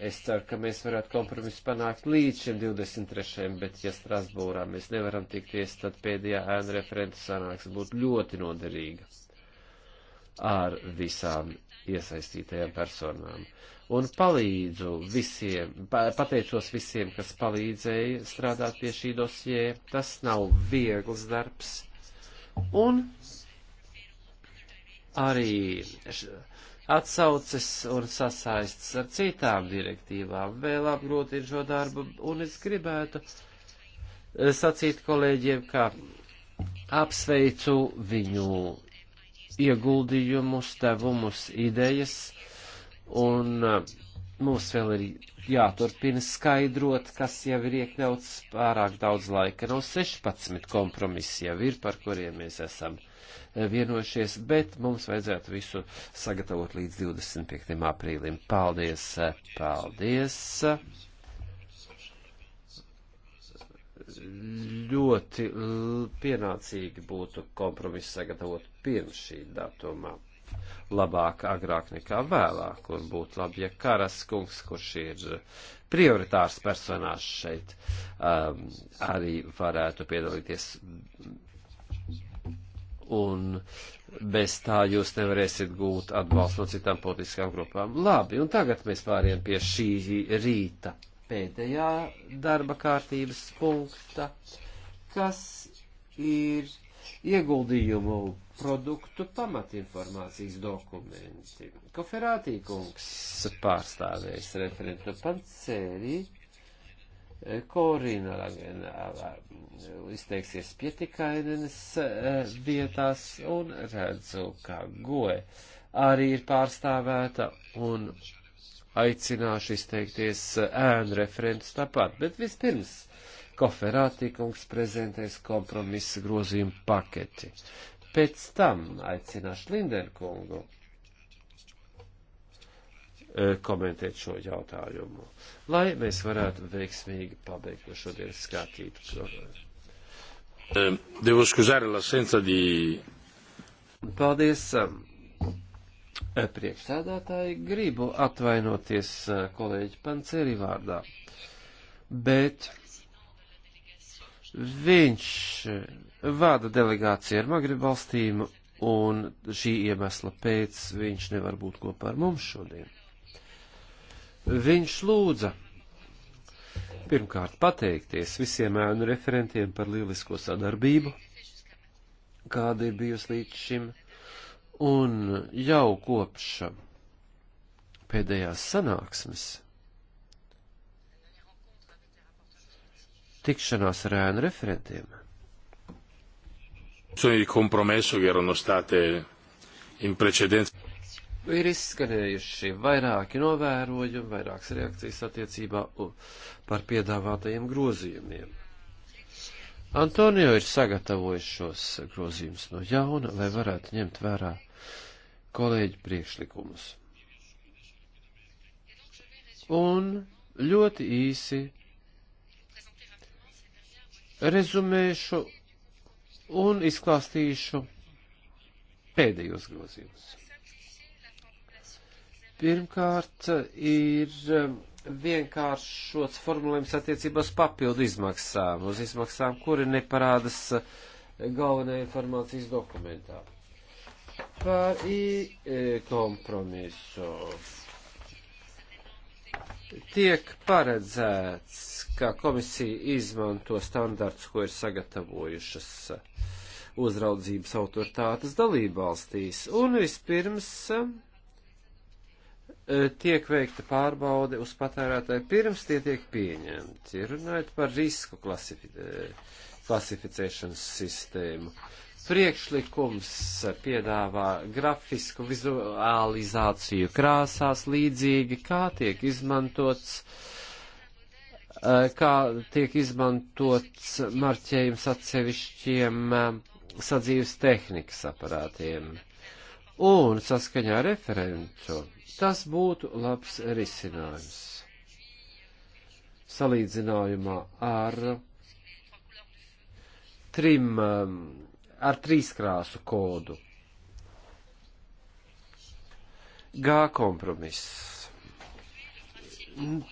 Es ceru, ka mēs varētu kompromisu panākt līdz šim 23. bet ja Strasbūrā mēs nevaram tikties, tad pēdējā ēna referenta sanāks būtu ļoti noderīga ar visām iesaistītajām personām. Un palīdzu visiem, pateicos visiem, kas palīdzēja strādāt pie šī dosjē. Tas nav viegls darbs. Un arī š, atsauces un sasaists ar citām direktīvām, vēl apgrūtina šo darbu, un es gribētu eh, sacīt kolēģiem, ka apsveicu viņu ieguldījumus, devumus, idejas, un eh, mums vēl ir jāturpina skaidrot, kas jau ir iekļauts pārāk daudz laika. Nav no 16 kompromisi jau ir, par kuriem mēs esam vienojušies, bet mums vajadzētu visu sagatavot līdz 25. aprīlim. Paldies! Paldies! Ļoti pienācīgi būtu kompromisu sagatavot pirms šī datuma. Labāk agrāk nekā vēlāk, un būtu labi, ja Karas kungs, kurš ir prioritārs personāžs šeit, um, arī varētu piedalīties un bez tā jūs nevarēsiet gūt atbalstu no citām politiskām grupām. Labi, un tagad mēs pāriem pie šī rīta pēdējā darba kārtības punkta, kas ir ieguldījumu produktu pamatinformācijas dokumenti. Koferātī kungs pārstāvēs referentu pancēri Korina izteiksies pietikainenes vietās un redzu, ka goe arī ir pārstāvēta un aicināšu izteikties ēnu referentus tāpat, bet vispirms koferātī kungs prezentēs kompromisa grozījumu paketi. Pēc tam aicināšu Linderkungu Eh, komentēt šo jautājumu, lai mēs varētu veiksmīgi pabeigt no šodienas skatītu. Eh, devo scusare l'assenza di. Paldies, eh, priekšsēdētāji. Gribu atvainoties kolēģi Panceri vārdā, bet viņš vada delegāciju ar Magribu valstīm, un šī iemesla pēc viņš nevar būt kopā ar mums šodien. Viņš lūdza pirmkārt pateikties visiem ēnu referentiem par lielisko sadarbību, kāda ir bijusi līdz šim, un jau kopš pēdējās sanāksmes tikšanās ar ēnu referentiem. Sono di compromesso che erano state in precedenza ir izskanējuši vairāki novērojumi, vairākas reakcijas attiecībā par piedāvātajiem grozījumiem. Antonio ir sagatavojis šos grozījumus no jauna, lai varētu ņemt vērā kolēģi priekšlikumus. Un ļoti īsi rezumēšu un izklāstīšu pēdējos grozījumus. Pirmkārt, ir um, vienkāršots formulējums attiecībā uz papildu izmaksām, uz izmaksām, kuri neparādas uh, galvenajā informācijas dokumentā. Par e, kompromisu tiek paredzēts, ka komisija izmanto standarts, ko ir sagatavojušas uh, uzraudzības autoritātes dalībvalstīs, un vispirms um, E, tiek veikta pārbaude uz patērētāju pirms tie tiek pieņemti. Runājot par risku klasifi e, klasificēšanas sistēmu. Priekšlikums piedāvā grafisku vizualizāciju krāsās līdzīgi, kā tiek izmantots, e, kā tiek izmantots marķējums atsevišķiem sadzīves tehnikas aparātiem un saskaņā ar referentu tas būtu labs risinājums. Salīdzinājumā ar trim, um, ar trīskrāsu kodu. G kompromiss.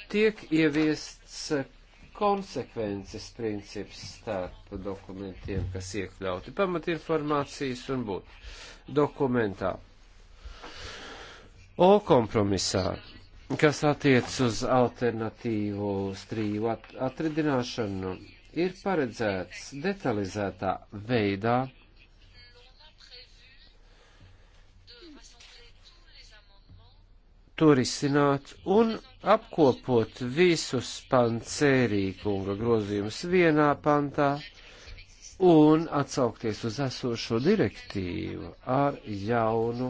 Tiek ieviests konsekvences princips starp dokumentiem, kas iekļauti pamatinformācijas un būtu dokumentā. O kompromisā, kas attiec uz alternatīvu strīvu at atridināšanu, ir paredzēts detalizētā veidā to risināt un apkopot visus pancērīkunga grozījumus vienā pantā, un atsaukties uz esošo direktīvu ar jaunu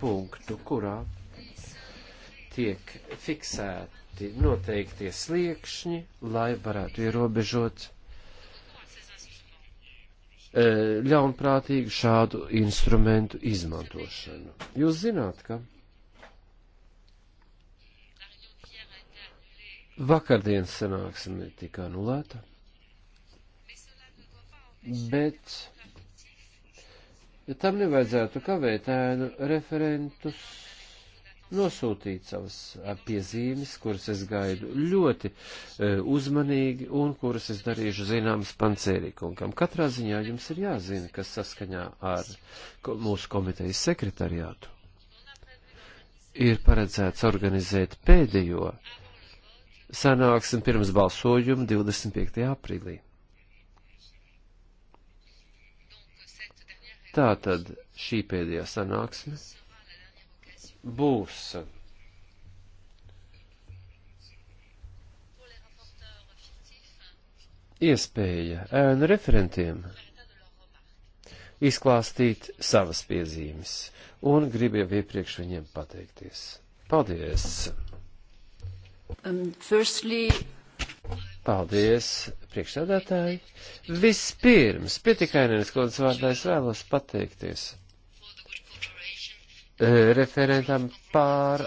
punktu, kurā tiek fiksēti noteiktie sliekšņi, lai varētu ierobežot e, ļaunprātīgu šādu instrumentu izmantošanu. Jūs zināt, ka vakardienas sanāksme tika anulēta bet tam nevajadzētu kavēt ēnu referentus nosūtīt savas piezīmes, kuras es gaidu ļoti e, uzmanīgi un kuras es darīšu zināmas pancērīkungam. Katrā ziņā jums ir jāzina, kas saskaņā ar ko, mūsu komitejas sekretariātu ir paredzēts organizēt pēdējo sanāksmi pirms balsojuma 25. aprīlī. Tā tad šī pēdējā sanāksme būs iespēja ēnu referentiem izklāstīt savas piezīmes, un gribu jau iepriekš viņiem pateikties. Paldies! Um, firstly, Paldies, priekšsēdētāji. Vispirms, pietikainienes kodas vārdā es vēlos pateikties eh, referentam pār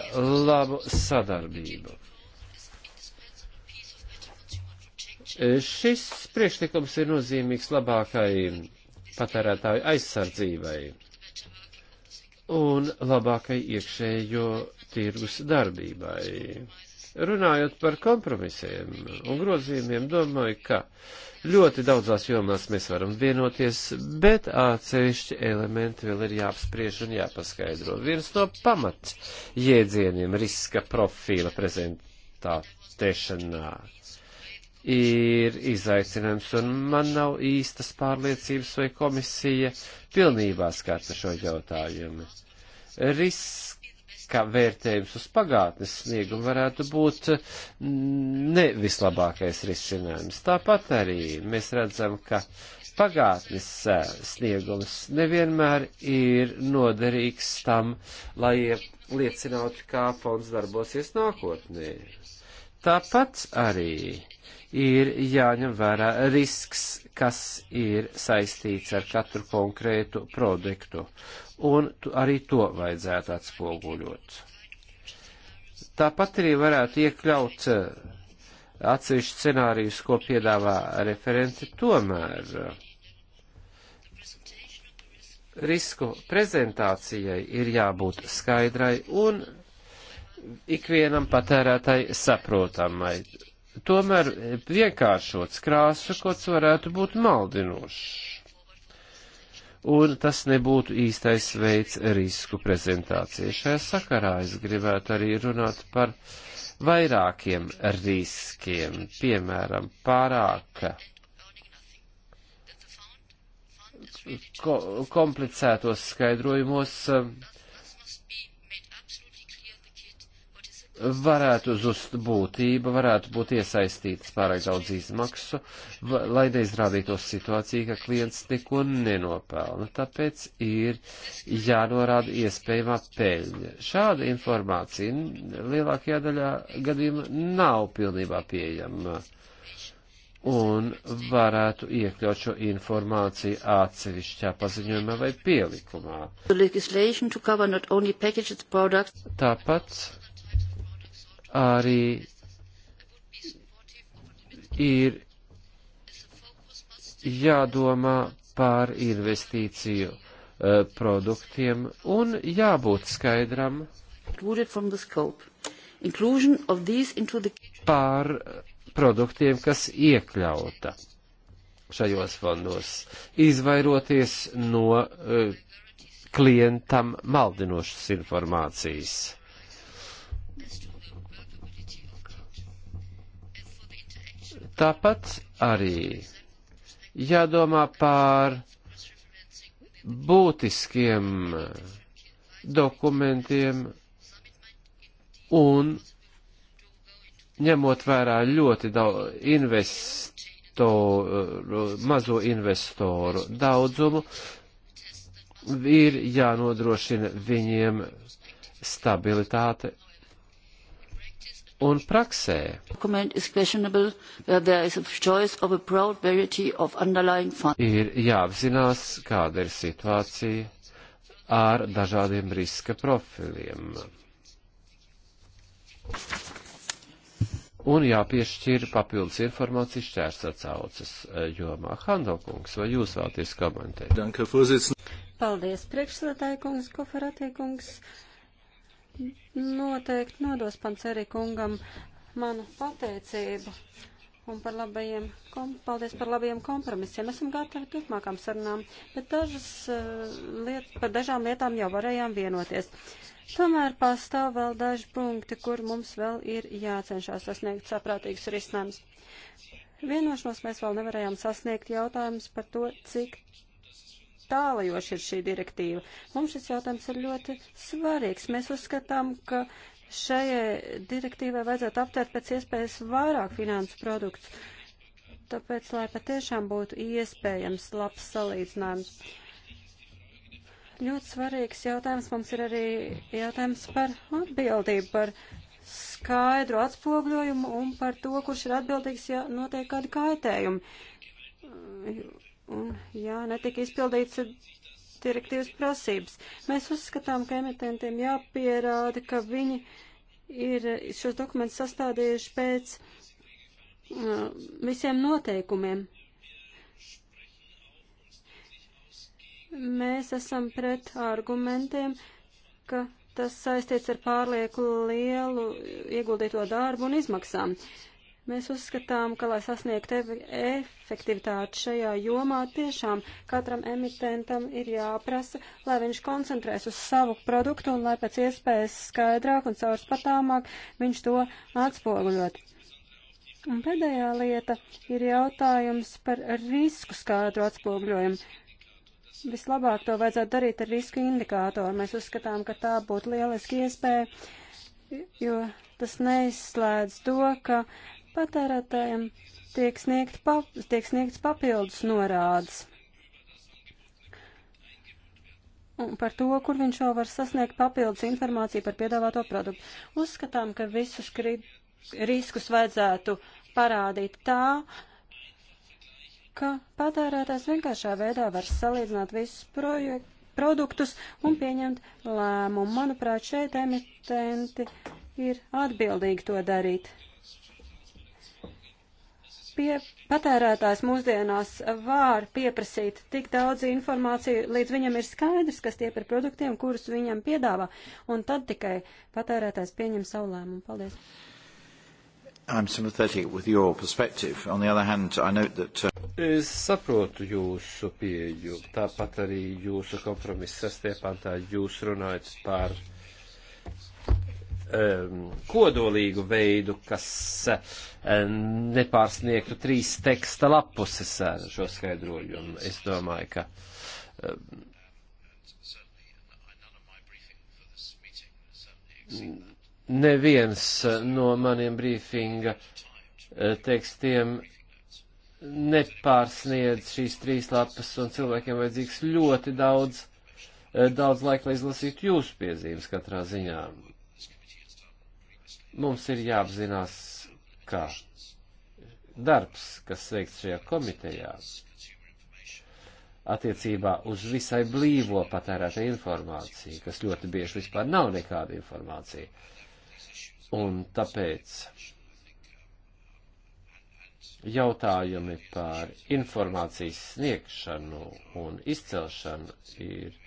labu sadarbību. Eh, šis priekšlikums ir nozīmīgs labākai patērētāju aizsardzībai un labākai iekšējo tirgus darbībai Runājot par kompromisiem un grozījumiem, domāju, ka ļoti daudzās jomās mēs varam vienoties, bet atsevišķi elementi vēl ir jāapspriež un jāpaskaidro. Viens no pamat jēdzieniem riska profila prezentēšanā ir izaicinājums, un man nav īstas pārliecības, vai komisija pilnībā skata šo jautājumu. Risk ka vērtējums uz pagātnes sniegumu varētu būt mm, ne vislabākais risinājums. Tāpat arī mēs redzam, ka pagātnes eh, sniegums nevienmēr ir noderīgs tam, lai liecinātu, kā fonds darbosies nākotnē. Tāpat arī ir jāņem vērā risks, kas ir saistīts ar katru konkrētu produktu un arī to vajadzētu atspoguļot. Tāpat arī varētu iekļaut eh, atsevišķu scenārijus, ko piedāvā referenti, tomēr eh, risku prezentācijai ir jābūt skaidrai un ikvienam patērētai saprotamai. Tomēr vienkāršots krāsu kods varētu būt maldinošs un tas nebūtu īstais veids risku prezentācijai. Šajā sakarā es gribētu arī runāt par vairākiem riskiem, piemēram, pārāka ko, komplicētos skaidrojumos varētu uzust būtība, varētu būt iesaistītas pārāk daudz izmaksu, lai neizrādītos situācija, ka klients neko nenopelna. Tāpēc ir jānorāda iespējamā peļņa. Šāda informācija lielākajā daļā gadījumā nav pilnībā pieejama. Un varētu iekļaut šo informāciju atsevišķā paziņojumā vai pielikumā. Tāpat arī ir jādomā par investīciju uh, produktiem un jābūt skaidram the... par eh, produktiem, kas iekļauta šajos fondos, izvairoties no uh, klientam maldinošas informācijas. Tāpat arī jādomā pār būtiskiem dokumentiem un ņemot vērā ļoti daudz investoru, mazo investoru daudzumu, ir jānodrošina viņiem stabilitāte un praksē. Ir jāapzinās, kāda ir situācija ar dažādiem riska profiliem. Un jāpiešķir papildus informācijas šķērs atsaucas eh, jomā. Handelkungs, vai jūs vēlaties komentēt? Paldies, priekšsēdētāji kungs, koferatē kungs. Uh, noteikti nodos Panceri kungam manu pateicību un par labajiem, kom, paldies par labajiem kompromisiem. Esam gatavi turpmākām sarunām, bet dažas, uh, liet, par dažām lietām jau varējām vienoties. Tomēr pastāv vēl daži punkti, kur mums vēl ir jācenšās sasniegt saprātīgus risinājumus. Vienošanos mēs vēl nevarējām sasniegt jautājumus par to, cik tālajoši ir šī direktīva. Mums šis jautājums ir ļoti svarīgs. Mēs uzskatām, ka šajai direktīvai vajadzētu aptvert pēc iespējas vairāk finansu produktus. Tāpēc, lai patiešām būtu iespējams labs salīdzinājums. Ļoti svarīgs jautājums mums ir arī jautājums par atbildību, par skaidru atspogļojumu un par to, kurš ir atbildīgs, ja notiek kādi kaitējumi un, jā, netika izpildīts direktīvas prasības. Mēs uzskatām, ka emitentiem jāpierāda, ka viņi ir šos dokumentus sastādījuši pēc uh, visiem noteikumiem. Mēs esam pret argumentiem, ka tas saistīts ar pārlieku lielu ieguldīto darbu un izmaksām. Uh, Mēs uzskatām, ka, lai sasniegtu efektivitāti šajā jomā, tiešām katram emitentam ir jāprasa, lai viņš koncentrēs uz savu produktu un lai pēc iespējas skaidrāk un caurskatāmāk viņš to atspoguļot. Un pēdējā lieta ir jautājums par risku skaidru atspoguļojumu. Vislabāk to vajadzētu darīt ar risku indikātoru. Mēs uzskatām, ka tā būtu lieliski iespēja, jo tas neizslēdz to, ka uh, Patērētājiem tiek, sniegt pap, tiek sniegts papildus norādes un par to, kur viņš jau var sasniegt papildus informāciju par piedāvāto produktu. Uzskatām, ka visus riskus vajadzētu parādīt tā, ka patērētājs vienkāršā veidā var salīdzināt visus projektus produktus un pieņemt lēmumu. Manuprāt, šeit emitenti ir atbildīgi to darīt. Pie, patērētājs mūsdienās var pieprasīt tik daudz informāciju, līdz viņam ir skaidrs, kas tie par produktiem, kurus viņam piedāvā, un tad tikai patērētājs pieņem savu lēmumu. Paldies! I'm sympathetic with your perspective. On the other hand, I note that. Uh... Es saprotu jūsu pieju, tāpat arī jūsu kompromiss sastie pantā jūs runājat par um, kodolīgu veidu, kas um, nepārsniegtu trīs teksta lapuses ar uh, šo skaidrojumu. Es domāju, ka. Um, Neviens no maniem brīfinga uh, tekstiem nepārsniedz šīs trīs lapas, un cilvēkiem vajadzīgs ļoti daudz, uh, daudz laika, lai izlasītu jūsu piezīmes katrā ziņā. Mums ir jāapzinās, ka darbs, kas veikts šajā komitejā, attiecībā uz visai blīvo patērēta informāciju, kas ļoti bieži vispār nav nekāda informācija. Un tāpēc jautājumi par informācijas sniegšanu un izcelšanu ir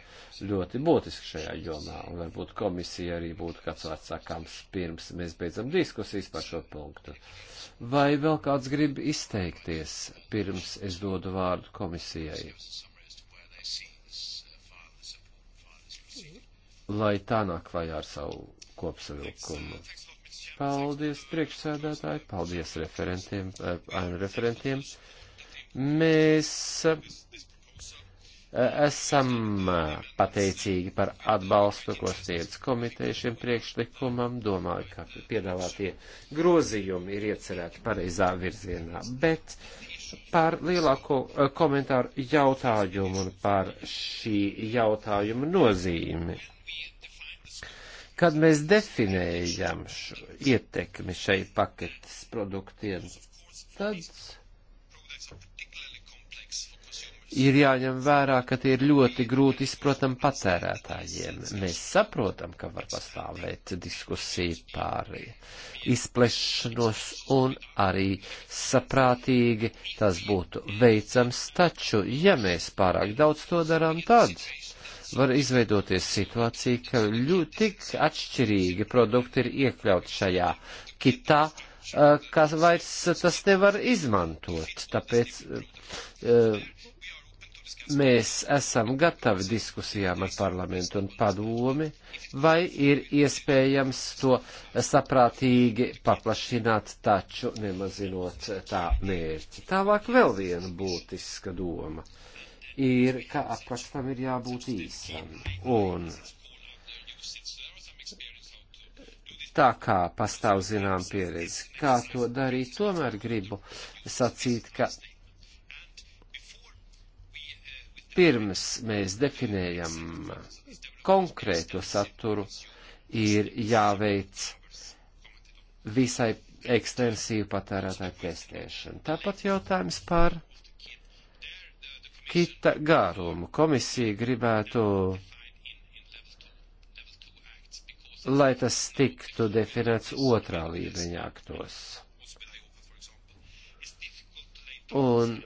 ļoti būtiski šajā jomā, un varbūt komisija arī būtu kāds vārds sakāms pirms mēs beidzam diskusijas par šo punktu. Vai vēl kāds grib izteikties pirms es dodu vārdu komisijai? Lai tā nāk klajā ar savu kopsavilkumu. Paldies priekšsēdētāji, paldies referentiem, eh, referentiem. Mēs Esam pateicīgi par atbalstu, ko sniedz komiteja šim priekšlikumam. Domāju, ka piedāvātie grozījumi ir iecerēti pareizā virzienā, bet par lielāko komentāru jautājumu un par šī jautājuma nozīmi. Kad mēs definējam ietekmi šai paketes produktiem, tad ir jāņem vērā, ka tie ir ļoti grūti izprotam patērētājiem. Mēs saprotam, ka var pastāvēt diskusija par izplešanos un arī saprātīgi tas būtu veicams, taču, ja mēs pārāk daudz to darām, tad var izveidoties situācija, ka ļoti tik atšķirīgi produkti ir iekļauti šajā kitā, eh, kas vairs tas nevar izmantot. Tāpēc, uh, mēs esam gatavi diskusijām ar parlamentu un padomi, vai ir iespējams to saprātīgi paplašināt, taču nemazinot tā mērķi. Tālāk vēl viena būtiska doma ir, ka apkakstam ir jābūt īsam. Un tā kā pastāv zinām pieredze, kā to darīt, tomēr gribu sacīt, ka pirms mēs definējam konkrēto saturu, ir jāveic visai ekstensīvu patērētāju testēšanu. Tāpat jautājums par kita gārumu. Komisija gribētu, lai tas tiktu definēts otrā līmeņa aktos. Un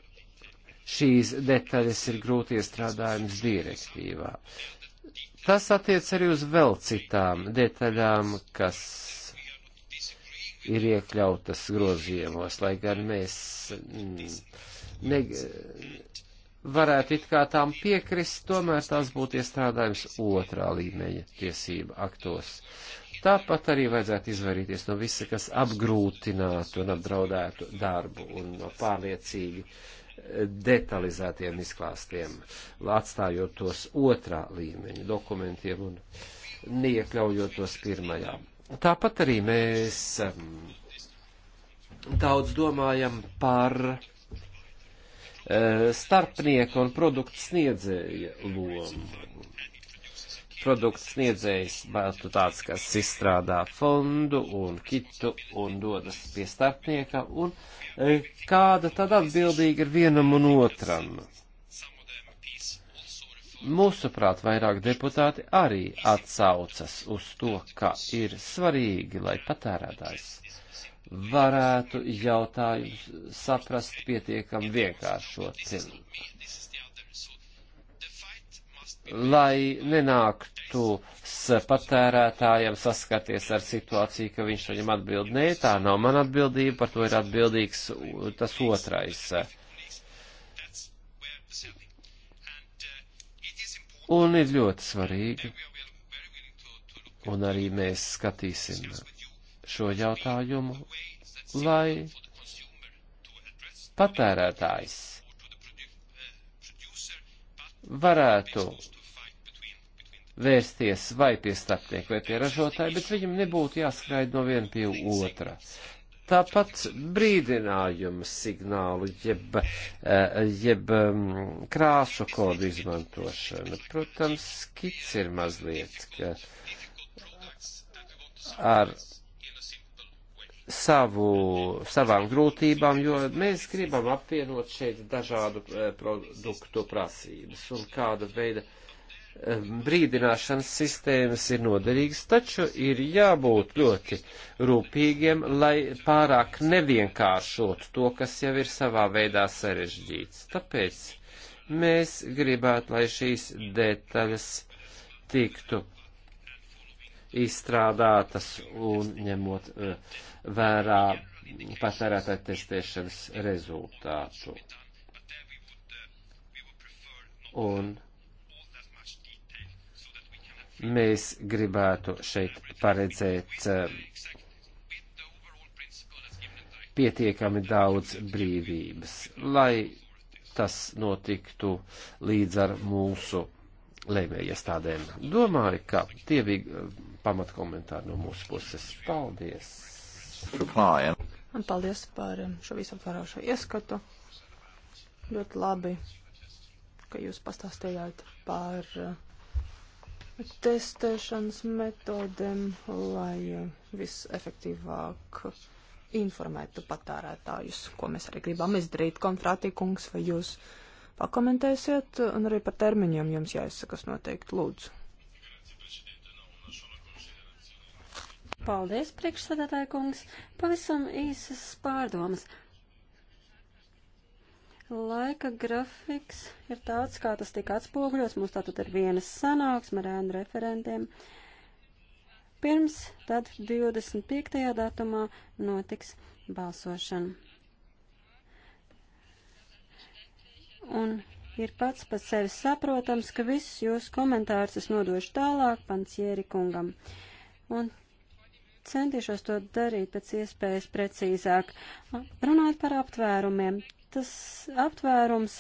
šīs detaļas ir grūti iestrādājums direktīvā. Tas attiec arī uz vēl citām detaļām, kas ir iekļautas grozījumos, lai gan mēs mm, ne, varētu it kā tām piekrist, tomēr tās būtu iestrādājums otrā līmeņa tiesība aktos. Tāpat arī vajadzētu izvairīties no visa, kas apgrūtinātu un apdraudētu darbu un no pārliecīgi uh, detalizētiem izklāstiem, atstājot tos otrā līmeņa dokumentiem un neiekļaujot tos pirmajā. Tāpat arī mēs um, daudz domājam par uh, starpnieka un produktu sniedzēja lomu produkts sniedzējs būtu tāds, kas izstrādā fondu un kitu un dodas pie starpnieka, un e, kāda tad atbildīga ir vienam un otram? Mūsuprāt, vairāk deputāti arī atsaucas uz to, ka ir svarīgi, lai patērētājs varētu jautājumus saprast pietiekam vienkāršo cilvēku lai nenāktu patērētājiem saskarties ar situāciju, ka viņš viņam atbild, nē, tā nav mana atbildība, par to ir atbildīgs tas otrais. Un ir ļoti svarīgi, un arī mēs skatīsim šo jautājumu, lai patērētājs varētu vērsties vai pie starpnieku vai pie ražotāju, bet viņam nebūtu jāskraid no viena pie otra. Tāpat brīdinājuma signālu, jeb, eh, jeb mm, krāšu kodu izmantošana. Protams, skits ir mazliet, ka ar savu, savām grūtībām, jo mēs gribam apvienot šeit dažādu eh, produktu prasības un kāda veida eh, brīdināšanas sistēmas ir noderīgas, taču ir jābūt ļoti rūpīgiem, lai pārāk nevienkāršotu to, kas jau ir savā veidā sarežģīts. Tāpēc mēs gribētu, lai šīs detaļas tiktu izstrādātas un ņemot uh, vērā patērētāju testēšanas rezultātu. Un mēs gribētu šeit paredzēt eh, pietiekami daudz brīvības, lai tas notiktu līdz ar mūsu lēmējiestādēm. Domāju, ka tie bija eh, pamatkomentāri no mūsu puses. Paldies! reply. Un paldies par um, šo visaptvarošo ieskatu. Ļoti labi, ka jūs pastāstījāt par uh, testēšanas metodēm, lai uh, visefektīvāk informētu patērētājus, ko mēs arī gribam izdarīt. Konfrātī kungs, vai jūs pakomentēsiet, un arī par termiņiem jums jāizsakas noteikti lūdzu. Paldies, priekšsēdētāja kungs. Pavisam īsas pārdomas. Laika grafiks ir tāds, kā tas tika atspoguļots. Mums tātad ir vienas sanāksme ar ēnu referentiem. Pirms tad 25. datumā notiks balsošana. Un ir pats par sevi saprotams, ka visus jūsu komentārus es nodošu tālāk pancieri kungam. Un centīšos to darīt pēc iespējas precīzāk. Runājot par aptvērumiem, tas aptvērums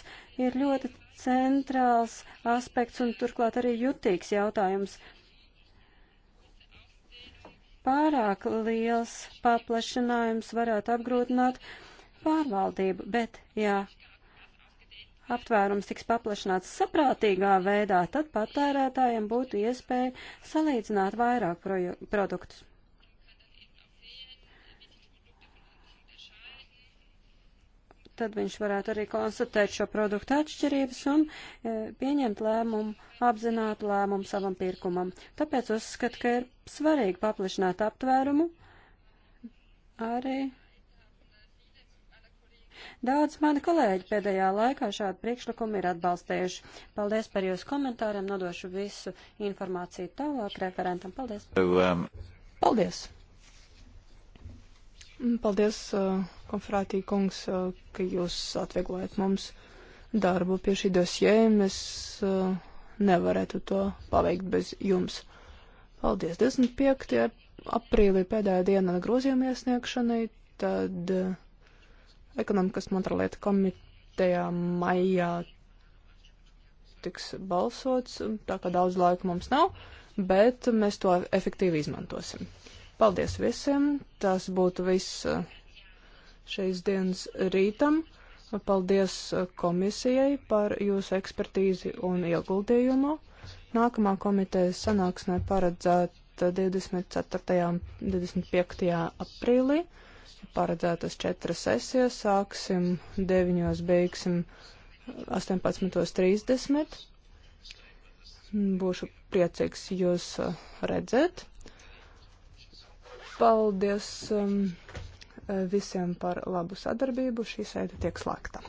ir ļoti centrāls aspekts un turklāt arī jutīgs jautājums. Pārāk liels paplašinājums varētu apgrūtināt pārvaldību, bet, jā, aptvērums tiks paplašināts saprātīgā veidā, tad patērētājiem būtu iespēja salīdzināt vairāk produktus. tad viņš varētu arī konstatēt šo produktu atšķirības un e, pieņemt lēmumu, apzināt lēmumu savam pirkumam. Tāpēc uzskat, ka ir svarīgi paplašināt aptvērumu arī. Daudz mani kolēģi pēdējā laikā šādu priekšlikumu ir atbalstējuši. Paldies par jūsu komentāriem, nodošu visu informāciju tālāk referentam. Paldies! Um, Paldies! Paldies, eh, konferātī kungs, eh, ka jūs atvieglojat mums darbu pie šī dosie. Mēs eh, nevarētu to paveikt bez jums. Paldies. 25. aprīlī pēdējā diena grozījuma iesniegšanai, tad ekonomikas montralieta komitejā maijā tiks balsots, tā kā daudz laika mums nav, bet mēs to efektīvi izmantosim. Paldies visiem. Tas būtu viss eh, šīs dienas rītam. Paldies eh, komisijai par jūsu ekspertīzi un ieguldījumu. Nākamā komitejas sanāksmē paredzēta 24. un 25. aprīlī. Paredzētas četras sesijas. Sāksim 9. beigsim 18.30. Būšu priecīgs jūs eh, redzēt. Paldies um, visiem par labu sadarbību. Šī sēde tiek slēgta.